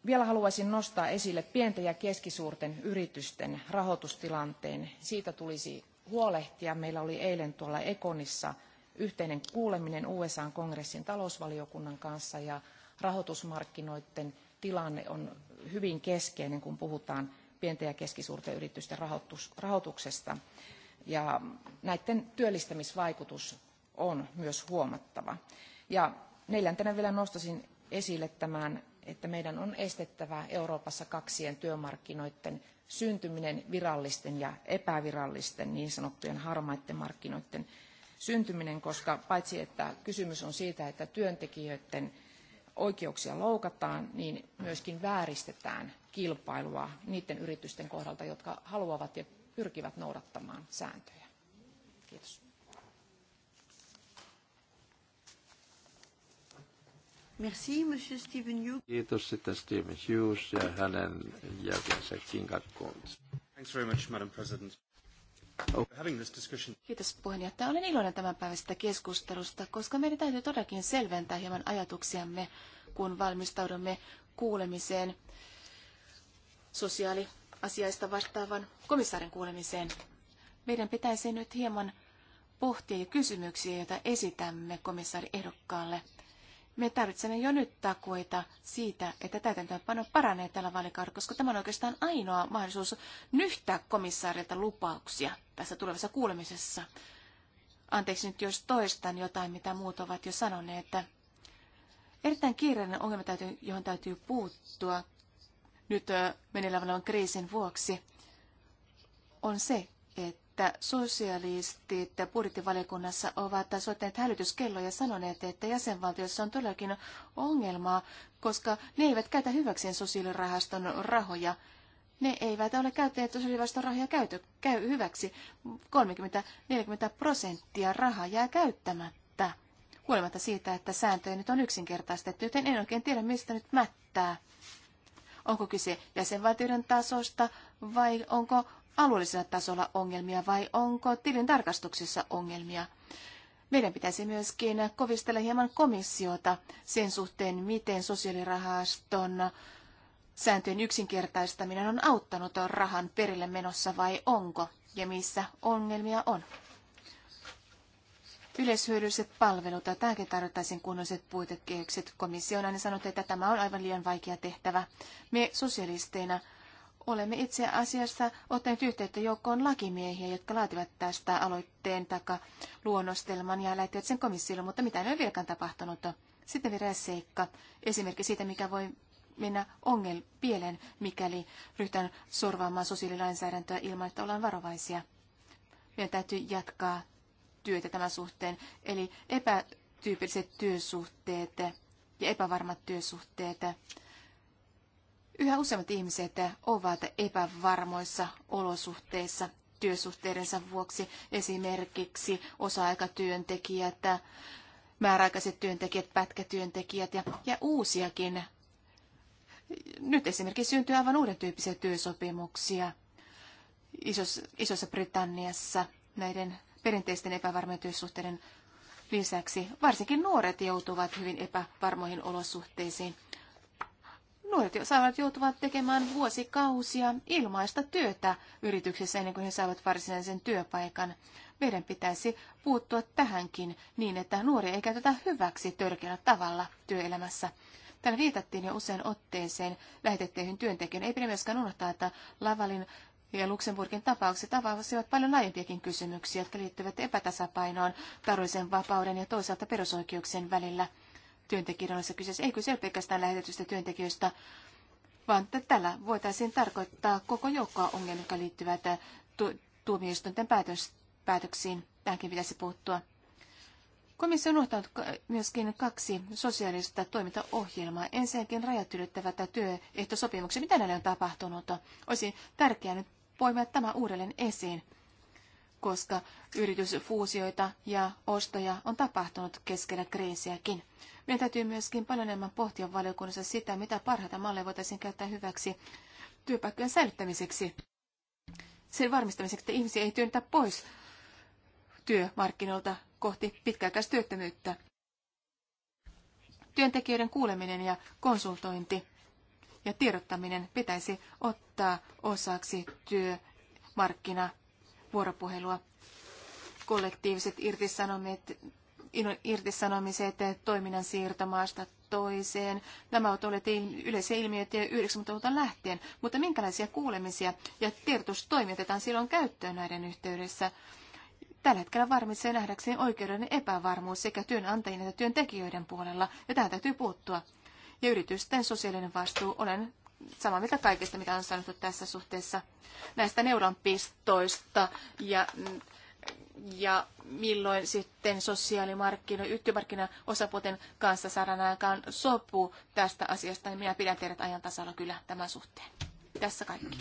Vielä haluaisin nostaa esille pienten ja keskisuurten yritysten rahoitustilanteen. Siitä tulisi huolehtia. Meillä oli eilen tuolla Ekonissa yhteinen kuuleminen USA-kongressin talousvaliokunnan kanssa ja rahoitusmarkkinoiden tilanne on hyvin keskeinen, kun puhutaan pienten ja keskisuurten yritysten rahoituksesta. Ja näiden työllistämisvaikutus on myös huomattava. Ja neljäntenä vielä nostaisin esille tämän että meidän on estettävä Euroopassa kaksien työmarkkinoiden syntyminen virallisten ja epävirallisten niin sanottujen harmaiden markkinoiden syntyminen, koska paitsi että kysymys on siitä, että työntekijöiden oikeuksia loukataan, niin myöskin vääristetään kilpailua niiden yritysten kohdalta, jotka haluavat ja pyrkivät noudattamaan sääntöjä. Kiitos. Merci, Monsieur Stephen Hughes. Kiitos sitten Stephen Hughes ja hänen jälkeensä Kinga Kuntz. Thanks very much, Madam President. Oh. Kiitos puheenjohtaja. Olen iloinen tämän päivästä keskustelusta, koska meidän täytyy todellakin selventää hieman ajatuksiamme, kun valmistaudumme kuulemiseen sosiaaliasiaista vastaavan komissaarin kuulemiseen. Meidän pitäisi nyt hieman pohtia kysymyksiä, joita esitämme komissaari ehdokkaalle. Me tarvitsemme jo nyt takuita siitä, että täytäntöönpano paranee tällä vaalikaudella, koska tämä on oikeastaan ainoa mahdollisuus nyhtää komissaarilta lupauksia tässä tulevassa kuulemisessa. Anteeksi nyt, jos toistan jotain, mitä muut ovat jo sanoneet. Että erittäin kiireinen ongelma, täytyy, johon täytyy puuttua nyt meneillään olevan kriisin vuoksi, on se, että että sosialistit budjettivaliokunnassa ovat soittaneet hälytyskelloja ja sanoneet, että jäsenvaltiossa on todellakin ongelmaa, koska ne eivät käytä hyväkseen sosiaalirahaston rahoja. Ne eivät ole käyttäneet sosiaalirahaston rahoja käyty, käy hyväksi. 30-40 prosenttia rahaa jää käyttämättä, huolimatta siitä, että sääntöjä nyt on yksinkertaistettu, joten en oikein tiedä, mistä nyt mättää. Onko kyse jäsenvaltioiden tasosta vai onko alueellisella tasolla ongelmia vai onko tilin tarkastuksessa ongelmia? Meidän pitäisi myöskin kovistella hieman komissiota sen suhteen, miten sosiaalirahaston sääntöjen yksinkertaistaminen on auttanut rahan perille menossa vai onko ja missä ongelmia on. Yleishyödylliset palvelut, tämäkin tarvittaisiin kunnolliset puitekehykset. Komissio on aina sanonut, että tämä on aivan liian vaikea tehtävä. Me sosialisteina Olemme itse asiassa ottaneet yhteyttä joukkoon lakimiehiä, jotka laativat tästä aloitteen taka luonnostelman ja lähettivät sen komissiolle, mutta mitään ei ole vieläkään tapahtunut. Sitten vielä seikka, esimerkki siitä, mikä voi mennä ongel pieleen, mikäli ryhtään sorvaamaan sosiaalilainsäädäntöä ilman, että ollaan varovaisia. Meidän täytyy jatkaa työtä tämän suhteen, eli epätyypilliset työsuhteet ja epävarmat työsuhteet Yhä useammat ihmiset ovat epävarmoissa olosuhteissa työsuhteidensa vuoksi, esimerkiksi osa-aikatyöntekijät, määräaikaiset työntekijät, pätkätyöntekijät ja, ja uusiakin. Nyt esimerkiksi syntyy aivan uuden tyyppisiä työsopimuksia Isos, Isossa Britanniassa näiden perinteisten epävarmojen työsuhteiden lisäksi. Varsinkin nuoret joutuvat hyvin epävarmoihin olosuhteisiin. Nuoret jo saavat joutuvat tekemään vuosikausia ilmaista työtä yrityksessä ennen kuin he saavat varsinaisen työpaikan. Meidän pitäisi puuttua tähänkin niin, että nuoria ei käytetä hyväksi törkeällä tavalla työelämässä. Täällä viitattiin jo usein otteeseen lähetetteihin työntekijöihin. Ei pidä myöskään unohtaa, että Lavalin ja Luxemburgin tapaukset avasivat paljon laajempiakin kysymyksiä, jotka liittyvät epätasapainoon taroisen vapauden ja toisaalta perusoikeuksien välillä työntekijöiden olisi kyseessä. Ei ole pelkästään lähetetystä työntekijöistä, vaan tällä voitaisiin tarkoittaa koko joukkoa ongelmia, jotka liittyvät äh, tu- tuomioistuinten päätös- päätöksiin. Tähänkin pitäisi puuttua. Komissio on unohtanut myöskin kaksi sosiaalista toimintaohjelmaa. Ensinnäkin rajat ylittävät työehtosopimuksia. Mitä näille on tapahtunut? Olisi tärkeää nyt poimia tämä uudelleen esiin koska yritysfuusioita ja ostoja on tapahtunut keskellä kriisiäkin. Meidän täytyy myöskin paljon enemmän pohtia valiokunnassa sitä, mitä parhaita malleja voitaisiin käyttää hyväksi työpaikkojen säilyttämiseksi. Sen varmistamiseksi, että ihmisiä ei työntä pois työmarkkinoilta kohti pitkäaikaistyöttömyyttä. Työntekijöiden kuuleminen ja konsultointi ja tiedottaminen pitäisi ottaa osaksi työmarkkina vuoropuhelua. Kollektiiviset irtisanomiset, irtisanomiset toiminnan siirto maasta toiseen. Nämä ovat olleet yleisiä ilmiöitä 90-luvulta lähtien, mutta minkälaisia kuulemisia ja tiedotustoimitetaan silloin käyttöön näiden yhteydessä? Tällä hetkellä varmitsee nähdäkseen oikeuden epävarmuus sekä työnantajien että työntekijöiden puolella, ja tähän täytyy puuttua. Ja yritysten sosiaalinen vastuu, olen samaa mieltä kaikesta, mitä on sanottu tässä suhteessa näistä neuronpistoista ja, ja milloin sitten sosiaalimarkkino- ja yhtiömarkkinaosapuolten kanssa saadaan aikaan sopu tästä asiasta, niin minä pidän teidät ajan tasalla kyllä tämän suhteen. Tässä kaikki.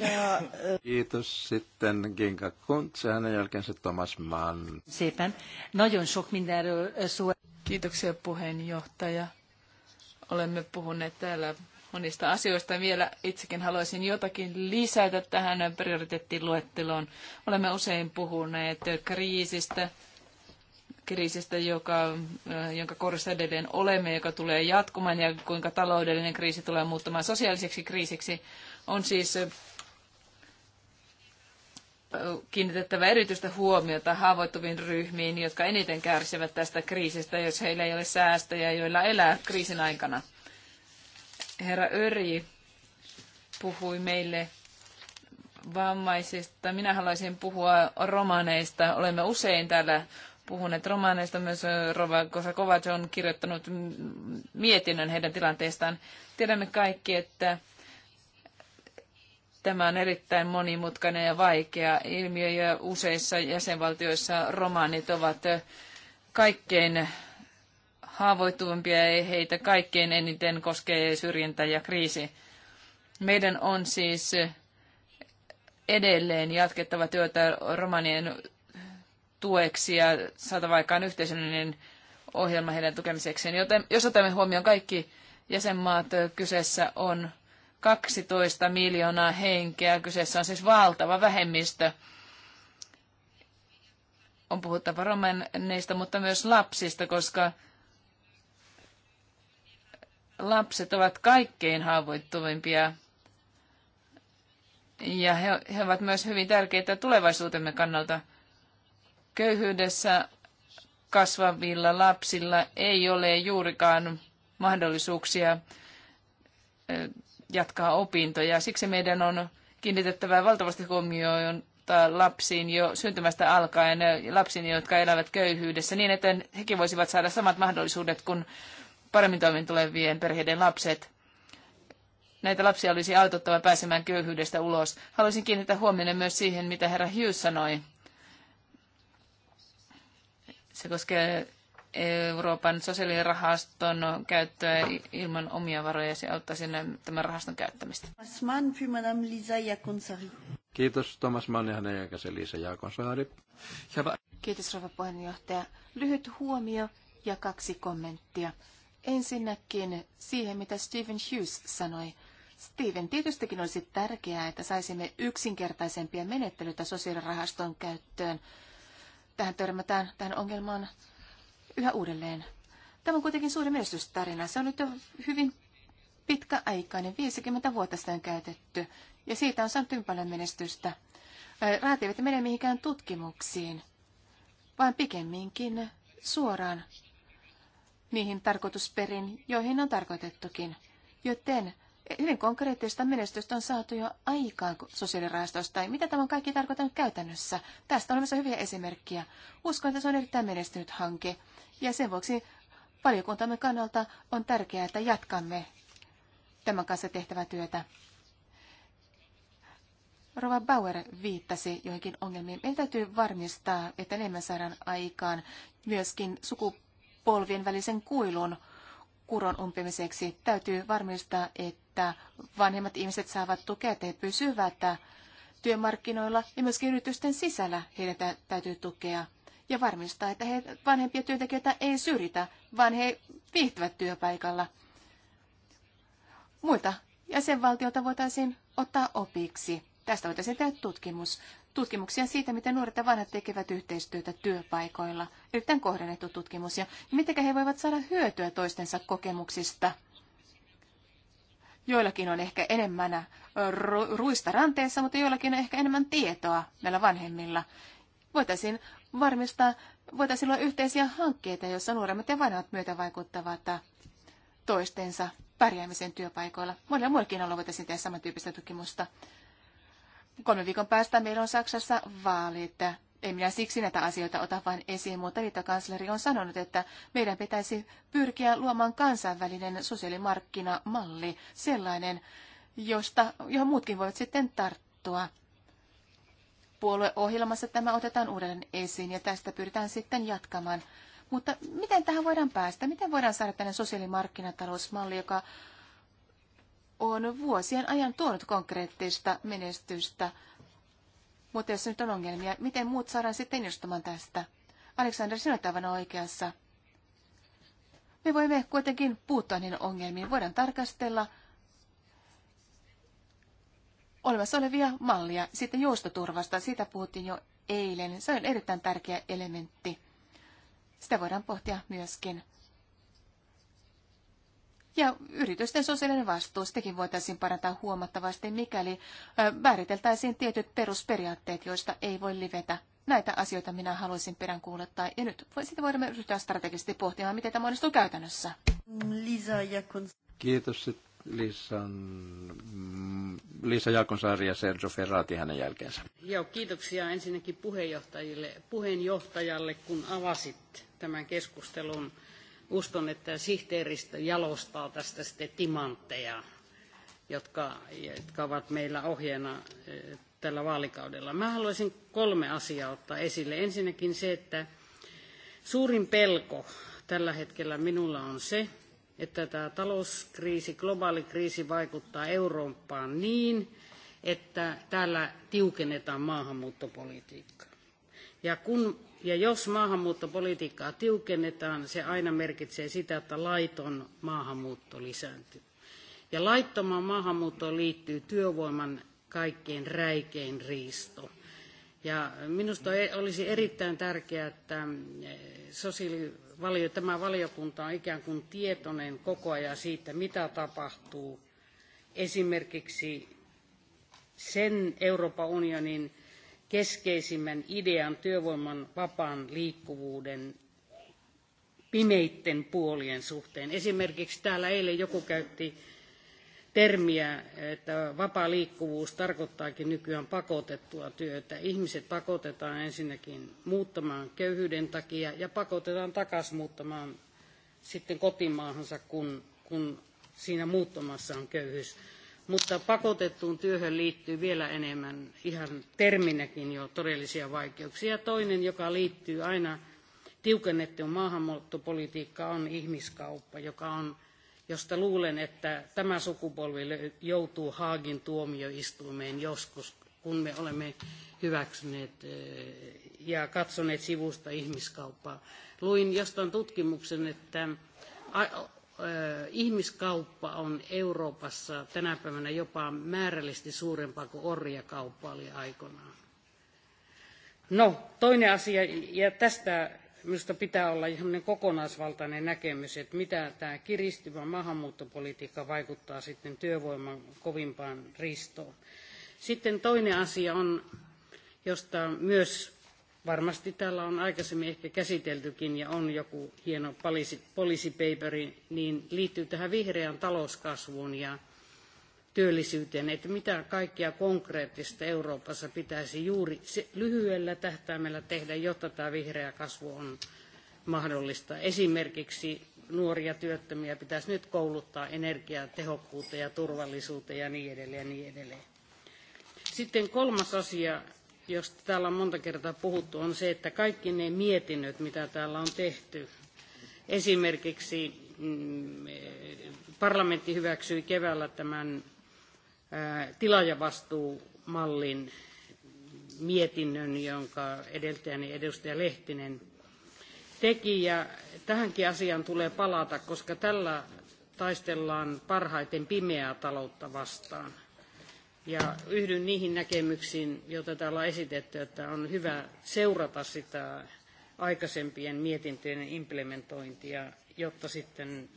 Euh. Kiitos sitten Kinga Kuntz ja hänen jälkeensä Thomas Mann. Kiitoksia puheenjohtaja Olemme puhuneet täällä monista asioista. Vielä itsekin haluaisin jotakin lisätä tähän prioriteettiluetteloon. Olemme usein puhuneet kriisistä, kriisistä, joka, äh, jonka korissa edelleen olemme, joka tulee jatkumaan ja kuinka taloudellinen kriisi tulee muuttumaan sosiaaliseksi kriisiksi. On siis kiinnitettävä erityistä huomiota haavoittuviin ryhmiin, jotka eniten kärsivät tästä kriisistä, jos heillä ei ole säästöjä, joilla elää kriisin aikana. Herra Öri puhui meille vammaisista. Minä haluaisin puhua romaneista. Olemme usein täällä puhuneet romaneista. Myös Rova Kosakovac on kirjoittanut mietinnön heidän tilanteestaan. Tiedämme kaikki, että Tämä on erittäin monimutkainen ja vaikea ilmiö ja useissa jäsenvaltioissa romaanit ovat kaikkein haavoittuvimpia ja heitä kaikkein eniten koskee syrjintä ja kriisi. Meidän on siis edelleen jatkettava työtä romanien tueksi ja saatava aikaan yhteisöllinen ohjelma heidän tukemisekseen. Joten jos otamme huomioon kaikki jäsenmaat, kyseessä on 12 miljoonaa henkeä. Kyseessä on siis valtava vähemmistö. On puhuttava romaneista, mutta myös lapsista, koska lapset ovat kaikkein haavoittuvimpia ja he, he ovat myös hyvin tärkeitä tulevaisuutemme kannalta. Köyhyydessä kasvavilla lapsilla ei ole juurikaan mahdollisuuksia jatkaa opintoja. Siksi meidän on kiinnitettävä valtavasti huomioon lapsiin jo syntymästä alkaen, lapsiin, jotka elävät köyhyydessä, niin että hekin voisivat saada samat mahdollisuudet kuin paremmin toimin tulevien perheiden lapset. Näitä lapsia olisi autottava pääsemään köyhyydestä ulos. Haluaisin kiinnittää huomioon myös siihen, mitä herra Hughes sanoi. Se koskee Euroopan sosiaalirahaston käyttöä ilman omia varoja. Se sinne tämän rahaston käyttämistä. Kiitos Thomas Mann ja hänen jälkeen Liisa Jaakonsaari. Kiitos rouva puheenjohtaja. Lyhyt huomio ja kaksi kommenttia. Ensinnäkin siihen, mitä Stephen Hughes sanoi. Steven, tietystikin olisi tärkeää, että saisimme yksinkertaisempia menettelyitä sosiaalirahaston käyttöön. Tähän törmätään tähän ongelmaan yhä uudelleen. Tämä on kuitenkin suuri menestystarina. Se on nyt hyvin pitkäaikainen, 50 vuotta sitä on käytetty, ja siitä on saanut hyvin paljon menestystä. Rahat eivät mene mihinkään tutkimuksiin, vaan pikemminkin suoraan niihin tarkoitusperin, joihin on tarkoitettukin. Joten hyvin konkreettista menestystä on saatu jo aikaan sosiaalirahastosta. Ja mitä tämä on kaikki tarkoittanut käytännössä? Tästä on olemassa hyviä esimerkkejä. Uskon, että se on erittäin menestynyt hanke. Ja sen vuoksi valiokuntamme kannalta on tärkeää, että jatkamme tämän kanssa tehtävää työtä. Rova Bauer viittasi joihinkin ongelmiin. Meidän täytyy varmistaa, että enemmän saadaan aikaan myöskin sukupolvien välisen kuilun kuron umpimiseksi. Täytyy varmistaa, että vanhemmat ihmiset saavat tukea, että he pysyvät työmarkkinoilla ja myöskin yritysten sisällä heidän täytyy tukea ja varmistaa, että he, vanhempia työntekijöitä ei syrjitä, vaan he viihtyvät työpaikalla. Muita jäsenvaltiota voitaisiin ottaa opiksi. Tästä voitaisiin tehdä tutkimus. Tutkimuksia siitä, miten nuoret ja vanhat tekevät yhteistyötä työpaikoilla. Erittäin kohdennettu tutkimus. Ja miten he voivat saada hyötyä toistensa kokemuksista. Joillakin on ehkä enemmän ruista ranteessa, mutta joillakin on ehkä enemmän tietoa näillä vanhemmilla. Voitaisiin varmistaa, voitaisiin olla yhteisiä hankkeita, joissa nuoremmat ja vanhemmat myötä vaikuttavat toistensa pärjäämisen työpaikoilla. Monilla muillakin alueilla voitaisiin tehdä samantyyppistä tutkimusta. Kolme viikon päästä meillä on Saksassa vaalit. En minä siksi näitä asioita ota vain esiin, mutta liittokansleri on sanonut, että meidän pitäisi pyrkiä luomaan kansainvälinen sosiaalimarkkinamalli, sellainen, josta, johon muutkin voivat sitten tarttua puolueohjelmassa tämä otetaan uudelleen esiin ja tästä pyritään sitten jatkamaan. Mutta miten tähän voidaan päästä? Miten voidaan saada tänne sosiaalimarkkinatalousmalli, joka on vuosien ajan tuonut konkreettista menestystä? Mutta jos nyt on ongelmia, miten muut saadaan sitten innostumaan tästä? Aleksander, sinä olet aivan oikeassa. Me voimme kuitenkin puuttua niihin ongelmiin. Voidaan tarkastella olemassa olevia mallia. Sitten joustoturvasta, siitä puhuttiin jo eilen. Se on erittäin tärkeä elementti. Sitä voidaan pohtia myöskin. Ja yritysten sosiaalinen vastuu, sitäkin voitaisiin parantaa huomattavasti, mikäli määriteltäisiin tietyt perusperiaatteet, joista ei voi livetä. Näitä asioita minä haluaisin peräänkuuluttaa, ja nyt sitten voidaan ryhtyä strategisesti pohtimaan, miten tämä onnistuu käytännössä. Lisa ja kun. Kiitos sitten. Lisan, Liisa Jaakonsaari ja Sergio Ferrati hänen jälkeensä. Joo, kiitoksia ensinnäkin puheenjohtajille, puheenjohtajalle, kun avasit tämän keskustelun. Uskon, että sihteeristä jalostaa tästä sitten timantteja, jotka, jotka ovat meillä ohjeena eh, tällä vaalikaudella. Mä haluaisin kolme asiaa ottaa esille. Ensinnäkin se, että suurin pelko tällä hetkellä minulla on se, että tämä talouskriisi, globaali kriisi vaikuttaa Eurooppaan niin, että täällä tiukennetaan maahanmuuttopolitiikkaa. Ja, kun, ja jos maahanmuuttopolitiikkaa tiukennetaan, se aina merkitsee sitä, että laiton maahanmuutto lisääntyy. Ja laittomaan maahanmuuttoon liittyy työvoiman kaikkein räikein riisto. Ja minusta e-, olisi erittäin tärkeää, että mm, sosiaali- valio, tämä valiokunta on ikään kuin tietoinen koko ajan siitä, mitä tapahtuu esimerkiksi sen Euroopan unionin keskeisimmän idean työvoiman vapaan liikkuvuuden pimeitten puolien suhteen. Esimerkiksi täällä eilen joku käytti termiä, että vapaa liikkuvuus tarkoittaakin nykyään pakotettua työtä. Ihmiset pakotetaan ensinnäkin muuttamaan köyhyyden takia ja pakotetaan takaisin muuttamaan sitten kotimaahansa, kun, kun siinä muuttamassa on köyhyys. Mutta pakotettuun työhön liittyy vielä enemmän ihan terminäkin jo todellisia vaikeuksia. Ja toinen, joka liittyy aina tiukennettuun maahanmuuttopolitiikkaan, on ihmiskauppa, joka on josta luulen, että tämä sukupolvi joutuu Haagin tuomioistuimeen joskus, kun me olemme hyväksyneet eh, ja katsoneet sivusta ihmiskauppaa. Luin jostain tutkimuksen, että eh, ihmiskauppa on Euroopassa tänä päivänä jopa määrällisesti suurempaa kuin orjakauppa oli aikoinaan. No, toinen asia, ja tästä minusta pitää olla ihan kokonaisvaltainen näkemys, että mitä tämä kiristyvä maahanmuuttopolitiikka vaikuttaa sitten työvoiman kovimpaan ristoon. Sitten toinen asia on, josta myös varmasti täällä on aikaisemmin ehkä käsiteltykin ja on joku hieno poliisipaperi, niin liittyy tähän vihreään talouskasvuun ja työllisyyteen, että mitä kaikkea konkreettista Euroopassa pitäisi juuri lyhyellä tähtäimellä tehdä, jotta tämä vihreä kasvu on mahdollista. Esimerkiksi nuoria työttömiä pitäisi nyt kouluttaa energiatehokkuuteen ja turvallisuuteen ja niin edelleen. Ja niin edelleen. Sitten kolmas asia, josta täällä on monta kertaa puhuttu, on se, että kaikki ne mietinnöt, mitä täällä on tehty, esimerkiksi mm, parlamentti hyväksyi keväällä tämän tilaajavastuumallin mietinnön, jonka edeltäjäni edustaja Lehtinen teki. Ja tähänkin asiaan tulee palata, koska tällä taistellaan parhaiten pimeää taloutta vastaan. Ja yhdyn niihin näkemyksiin, joita täällä on esitetty, että on hyvä seurata sitä aikaisempien mietintöjen implementointia, jotta sitten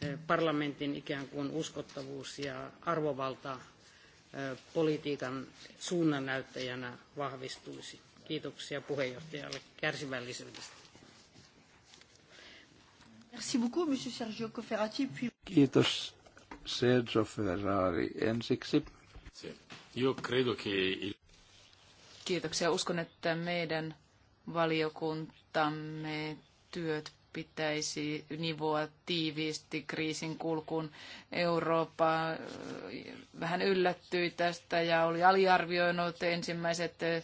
Eh, parlamentin ikään kuin uskottavuus ja arvovalta eh, politiikan suunnannäyttäjänä vahvistuisi. Kiitoksia puheenjohtajalle kärsivällisyydestä. Kiitos Sergio Ferrari ensiksi. Kiitoksia. Uskon, että meidän valiokuntamme työt pitäisi nivoa tiiviisti kriisin kulkuun. Eurooppa äh, vähän yllättyi tästä ja oli aliarvioinut ensimmäiset äh,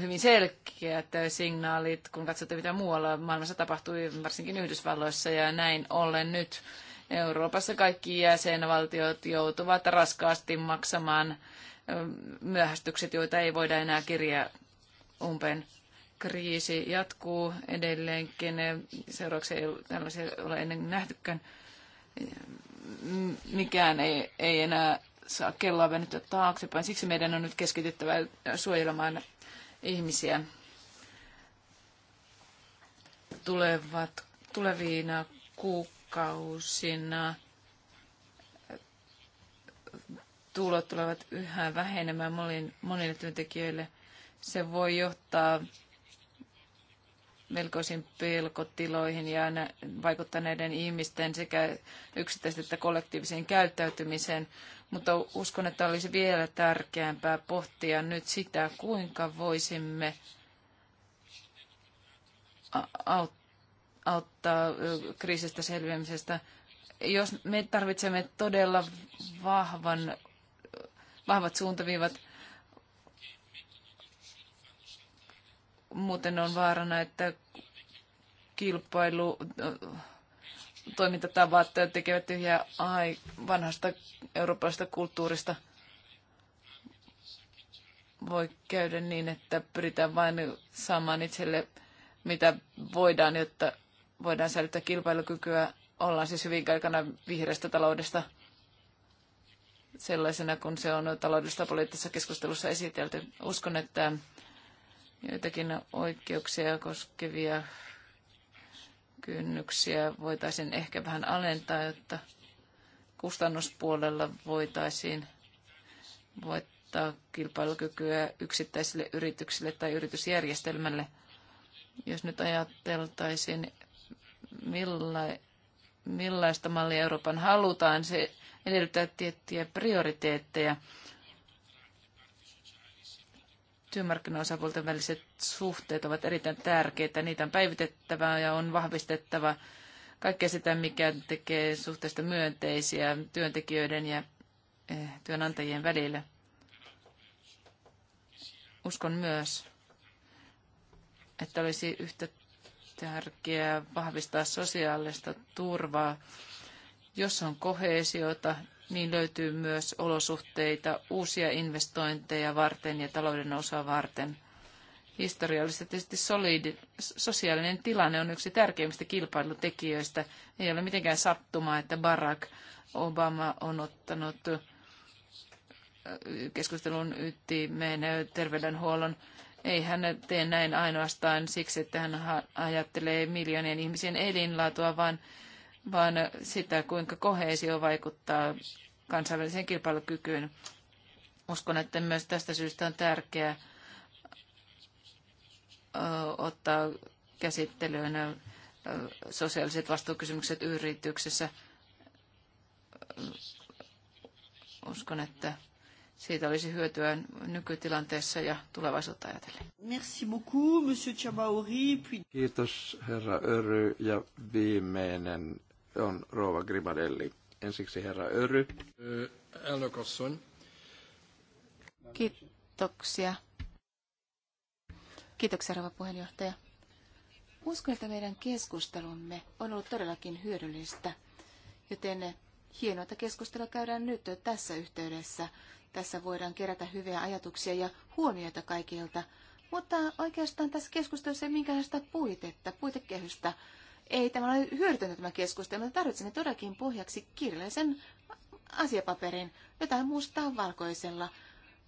hyvin selkeät äh, signaalit, kun katsotte mitä muualla maailmassa tapahtui, varsinkin Yhdysvalloissa ja näin ollen nyt. Euroopassa kaikki jäsenvaltiot joutuvat raskaasti maksamaan myöhästykset, joita ei voida enää kirjaa umpeen kriisi jatkuu edelleenkin. Seuraavaksi ei tällaisia ole ennen nähtykään. Mikään ei, ei enää saa kelloa venyttää taaksepäin. Siksi meidän on nyt keskityttävä suojelemaan ihmisiä tulevat, tulevina kuukausina. Tulot tulevat yhä vähenemään monille työntekijöille. Se voi johtaa melkoisiin pelkotiloihin ja vaikuttaneiden ihmisten sekä yksittäisten että kollektiiviseen käyttäytymiseen. Mutta uskon, että olisi vielä tärkeämpää pohtia nyt sitä, kuinka voisimme auttaa kriisistä selviämisestä. Jos me tarvitsemme todella vahvan, vahvat suuntaviivat, Muuten on vaarana, että kilpailu äh, toimintatavat tekevät tyhjää ai, vanhasta eurooppalaisesta kulttuurista. Voi käydä niin, että pyritään vain saamaan itselle, mitä voidaan, jotta voidaan säilyttää kilpailukykyä. Ollaan siis hyvin kaikana vihreästä taloudesta sellaisena, kun se on taloudellisessa poliittisessa keskustelussa esitelty. Uskon, että joitakin oikeuksia koskevia kynnyksiä voitaisiin ehkä vähän alentaa, jotta kustannuspuolella voitaisiin voittaa kilpailukykyä yksittäisille yrityksille tai yritysjärjestelmälle. Jos nyt ajateltaisiin, milla, millaista mallia Euroopan halutaan, se edellyttää tiettyjä prioriteetteja työmarkkinaosapuolten väliset suhteet ovat erittäin tärkeitä. Niitä on päivitettävä ja on vahvistettava kaikkea sitä, mikä tekee suhteesta myönteisiä työntekijöiden ja eh, työnantajien välillä. Uskon myös, että olisi yhtä tärkeää vahvistaa sosiaalista turvaa, jos on kohesiota niin löytyy myös olosuhteita uusia investointeja varten ja talouden osaa varten. Historiallisesti solidi, sosiaalinen tilanne on yksi tärkeimmistä kilpailutekijöistä. Ei ole mitenkään sattumaa, että Barack Obama on ottanut keskustelun ytimeen terveydenhuollon. Ei hän tee näin ainoastaan siksi, että hän ajattelee miljoonien ihmisen elinlaatua, vaan vaan sitä, kuinka koheesio vaikuttaa kansainväliseen kilpailukykyyn. Uskon, että myös tästä syystä on tärkeää ottaa käsittelyyn sosiaaliset vastuukysymykset yrityksessä. Uskon, että siitä olisi hyötyä nykytilanteessa ja tulevaisuutta ajatellen. Merci beaucoup, monsieur Chabauri. Puis... Kiitos, herra Öry. Ja viimeinen on Rova Grimadelli. Ensiksi herra Öry. Elnökasson. Kiitoksia. Kiitoksia, rouva puheenjohtaja. Uskon, että meidän keskustelumme on ollut todellakin hyödyllistä, joten hienoa, että keskustelua käydään nyt tässä yhteydessä. Tässä voidaan kerätä hyviä ajatuksia ja huomioita kaikilta, mutta oikeastaan tässä keskustelussa ei minkäänlaista puitetta, puitekehystä. Ei tämä ole hyödytöntä tämä keskustelu, mutta tarvitsemme todellakin pohjaksi kirjallisen asiapaperin, jotain mustaa valkoisella.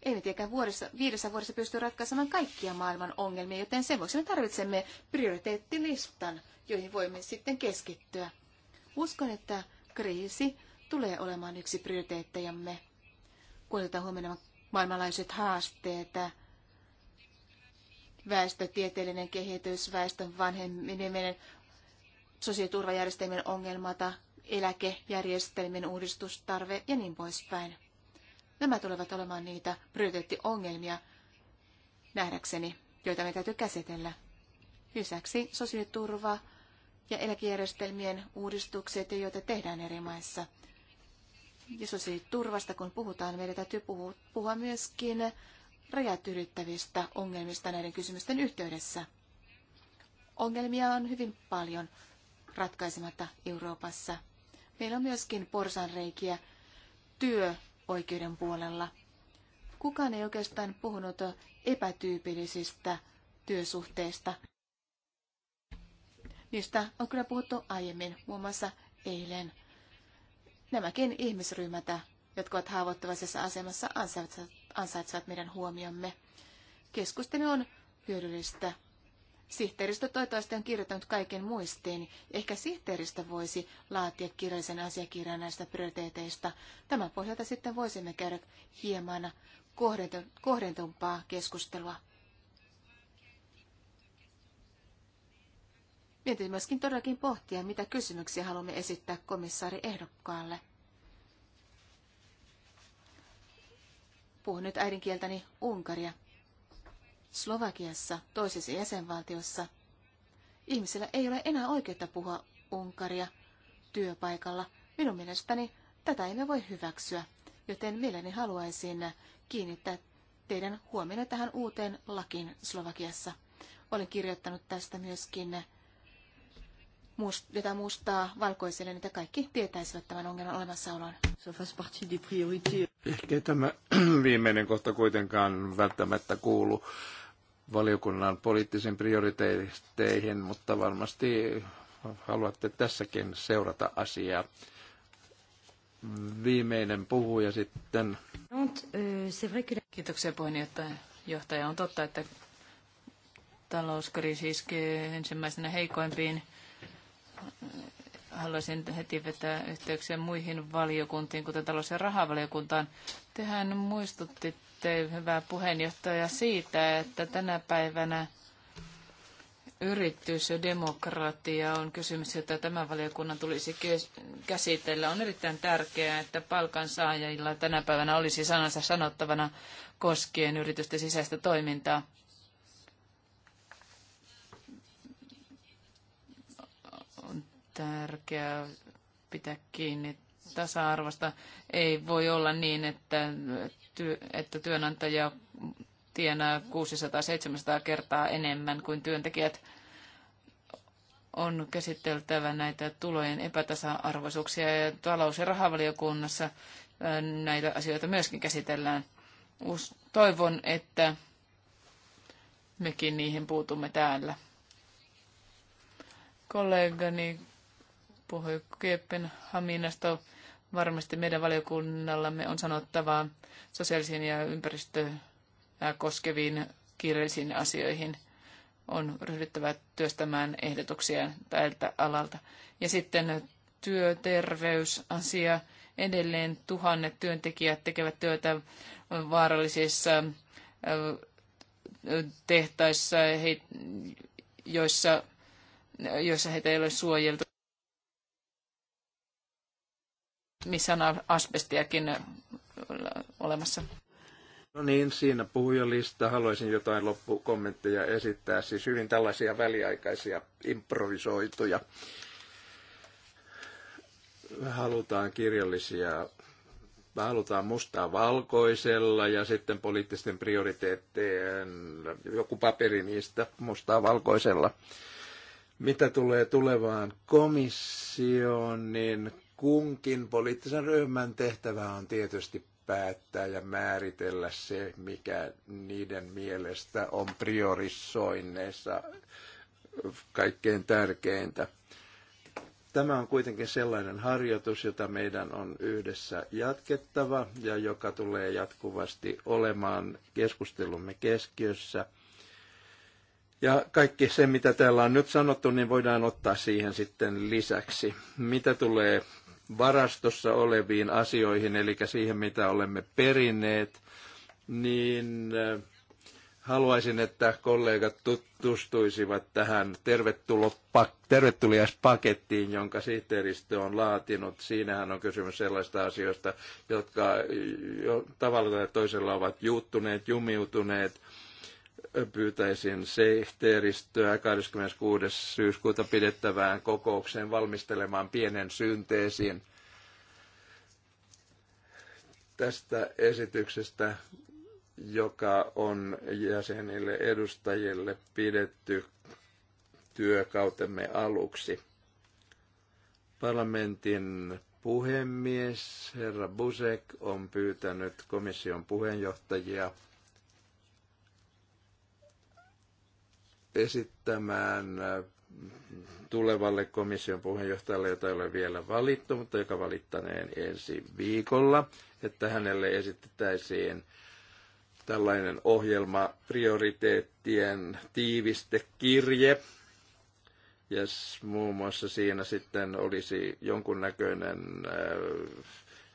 Ei mitenkään vuodessa, viidessä vuodessa pysty ratkaisemaan kaikkia maailman ongelmia, joten sen vuoksi me tarvitsemme prioriteettilistan, joihin voimme sitten keskittyä. Uskon, että kriisi tulee olemaan yksi prioriteettejamme. Kun huomenna maailmanlaiset haasteet, väestötieteellinen kehitys, väestön vanheneminen, sosiaaliturvajärjestelmien ongelmata, eläkejärjestelmien uudistustarve ja niin poispäin. Nämä tulevat olemaan niitä prioriteettiongelmia nähdäkseni, joita me täytyy käsitellä. Lisäksi sosiaaliturva ja eläkejärjestelmien uudistukset, joita tehdään eri maissa. Ja sosiaaliturvasta, kun puhutaan, meidän täytyy puhua, myöskin rajat ylittävistä ongelmista näiden kysymysten yhteydessä. Ongelmia on hyvin paljon ratkaisematta Euroopassa. Meillä on myöskin porsanreikiä työoikeuden puolella. Kukaan ei oikeastaan puhunut epätyypillisistä työsuhteista. Niistä on kyllä puhuttu aiemmin, muun muassa eilen. Nämäkin ihmisryhmät, jotka ovat haavoittuvaisessa asemassa, ansaitsevat, ansaitsevat meidän huomiomme. Keskustelu on hyödyllistä Sihteeristö toivottavasti on kirjoittanut kaiken muistiin. Ehkä sihteeristö voisi laatia kirjallisen asiakirjan näistä prioriteeteista. Tämän pohjalta sitten voisimme käydä hieman kohdentumpaa keskustelua. Mietin myöskin todellakin pohtia, mitä kysymyksiä haluamme esittää komissaari ehdokkaalle. Puhun nyt äidinkieltäni Unkaria. Slovakiassa, toisessa jäsenvaltiossa, ihmisillä ei ole enää oikeutta puhua Unkaria työpaikalla. Minun mielestäni tätä emme voi hyväksyä, joten mielelläni haluaisin kiinnittää teidän huomioon tähän uuteen lakiin Slovakiassa. Olen kirjoittanut tästä myöskin must, jotain mustaa valkoiselle, niin kaikki tietäisivät tämän ongelman olemassaolon. Ehkä tämä viimeinen kohta kuitenkaan välttämättä kuulu valiokunnan poliittisen prioriteetteihin, mutta varmasti haluatte tässäkin seurata asiaa. Viimeinen puhuja sitten. Kiitoksia puheenjohtaja. Johtaja on totta, että talouskriisi iskee ensimmäisenä heikoimpiin haluaisin heti vetää yhteyksiä muihin valiokuntiin, kuten talous- ja rahavaliokuntaan. Tehän muistutitte, hyvää puheenjohtaja, siitä, että tänä päivänä yritys ja demokratia on kysymys, jota tämän valiokunnan tulisi käsitellä. On erittäin tärkeää, että palkansaajilla tänä päivänä olisi sanansa sanottavana koskien yritysten sisäistä toimintaa. tärkeää pitää kiinni tasa-arvosta. Ei voi olla niin, että, työ, että työnantaja tienaa 600-700 kertaa enemmän kuin työntekijät. On käsiteltävä näitä tulojen epätasa-arvoisuuksia ja talous- ja rahavaliokunnassa näitä asioita myöskin käsitellään. Toivon, että mekin niihin puutumme täällä. Kollegani puhui Kööpenhaminasta. Varmasti meidän valiokunnallamme on sanottavaa sosiaalisiin ja ympäristöä koskeviin kiireellisiin asioihin. On ryhdyttävä työstämään ehdotuksia tältä alalta. Ja sitten työterveysasia. Edelleen tuhannet työntekijät tekevät työtä vaarallisissa tehtaissa, joissa, joissa heitä ei ole suojeltu. missä on asbestiakin olemassa. No niin, siinä puhujalista. Haluaisin jotain loppukommentteja esittää. Siis hyvin tällaisia väliaikaisia improvisoituja. Me halutaan kirjallisia, me halutaan mustaa valkoisella ja sitten poliittisten prioriteettien joku paperi niistä mustaa valkoisella. Mitä tulee tulevaan komissioon, niin Kunkin poliittisen ryhmän tehtävä on tietysti päättää ja määritellä se, mikä niiden mielestä on priorisoinneissa kaikkein tärkeintä. Tämä on kuitenkin sellainen harjoitus, jota meidän on yhdessä jatkettava ja joka tulee jatkuvasti olemaan keskustelumme keskiössä. Ja kaikki se, mitä täällä on nyt sanottu, niin voidaan ottaa siihen sitten lisäksi. Mitä tulee varastossa oleviin asioihin, eli siihen mitä olemme perineet, niin äh, haluaisin, että kollegat tutustuisivat tähän tervetuliaispakettiin, jonka sihteeristö on laatinut. Siinähän on kysymys sellaista asioista, jotka jo tavalla tai toisella ovat juuttuneet, jumiutuneet – pyytäisin sehteeristöä 26. syyskuuta pidettävään kokoukseen valmistelemaan pienen synteesin tästä esityksestä, joka on jäsenille edustajille pidetty työkautemme aluksi. Parlamentin puhemies herra Busek on pyytänyt komission puheenjohtajia – esittämään äh, tulevalle komission puheenjohtajalle, jota ei ole vielä valittu, mutta joka valittaneen ensi viikolla, että hänelle esitettäisiin tällainen ohjelma prioriteettien tiivistekirje. Ja yes, muun muassa siinä sitten olisi jonkunnäköinen äh,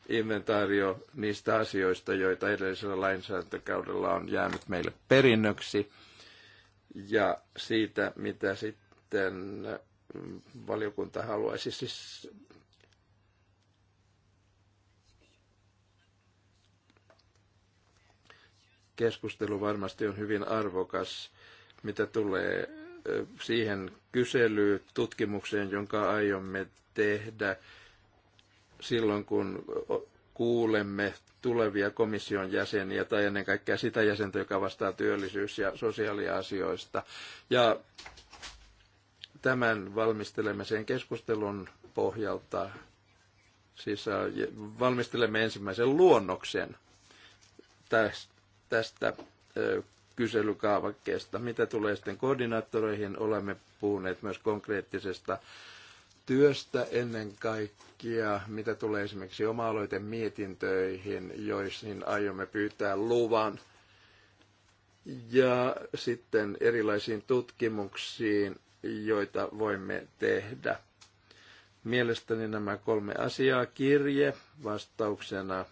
inventaario niistä asioista, joita edellisellä lainsäädäntökaudella on jäänyt meille perinnöksi – ja siitä, mitä sitten valiokunta haluaisi siis keskustelu varmasti on hyvin arvokas, mitä tulee siihen kyselyyn, tutkimukseen, jonka aiomme tehdä silloin, kun kuulemme tulevia komission jäseniä tai ennen kaikkea sitä jäsentä, joka vastaa työllisyys- ja sosiaaliasioista. Ja tämän valmistelemme sen keskustelun pohjalta, siis äh, valmistelemme ensimmäisen luonnoksen tästä kyselykaavakkeesta. Mitä tulee sitten koordinaattoreihin, olemme puhuneet myös konkreettisesta työstä ennen kaikkea, mitä tulee esimerkiksi oma mietintöihin, joihin aiomme pyytää luvan. Ja sitten erilaisiin tutkimuksiin, joita voimme tehdä. Mielestäni nämä kolme asiaa kirje vastauksena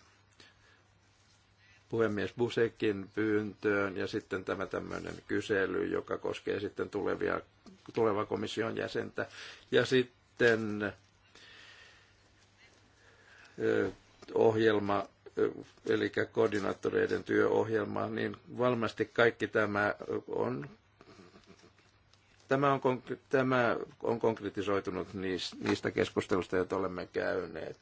puhemies Busekin pyyntöön ja sitten tämä tämmöinen kysely, joka koskee sitten tulevia, tuleva komission jäsentä. Ja sitten sitten ohjelma, eli koordinaattoreiden työohjelma, niin varmasti kaikki tämä on Tämä on, tämä on konkretisoitunut niistä keskusteluista, joita olemme käyneet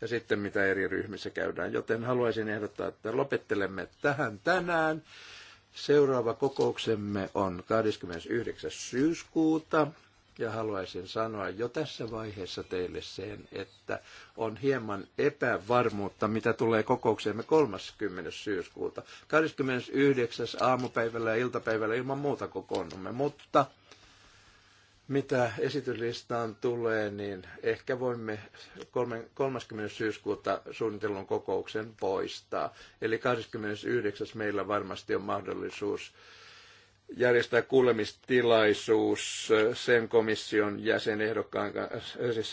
ja sitten mitä eri ryhmissä käydään. Joten haluaisin ehdottaa, että lopettelemme tähän tänään. Seuraava kokouksemme on 29. syyskuuta ja haluaisin sanoa jo tässä vaiheessa teille sen, että on hieman epävarmuutta, mitä tulee kokoukseemme 30. syyskuuta. 29. aamupäivällä ja iltapäivällä ilman muuta kokoonnumme, mutta mitä esityslistaan tulee, niin ehkä voimme 30. syyskuuta suunnitellun kokouksen poistaa. Eli 29. meillä varmasti on mahdollisuus järjestää kuulemistilaisuus eh, sen komission jäsenehdokkaan, eh, siis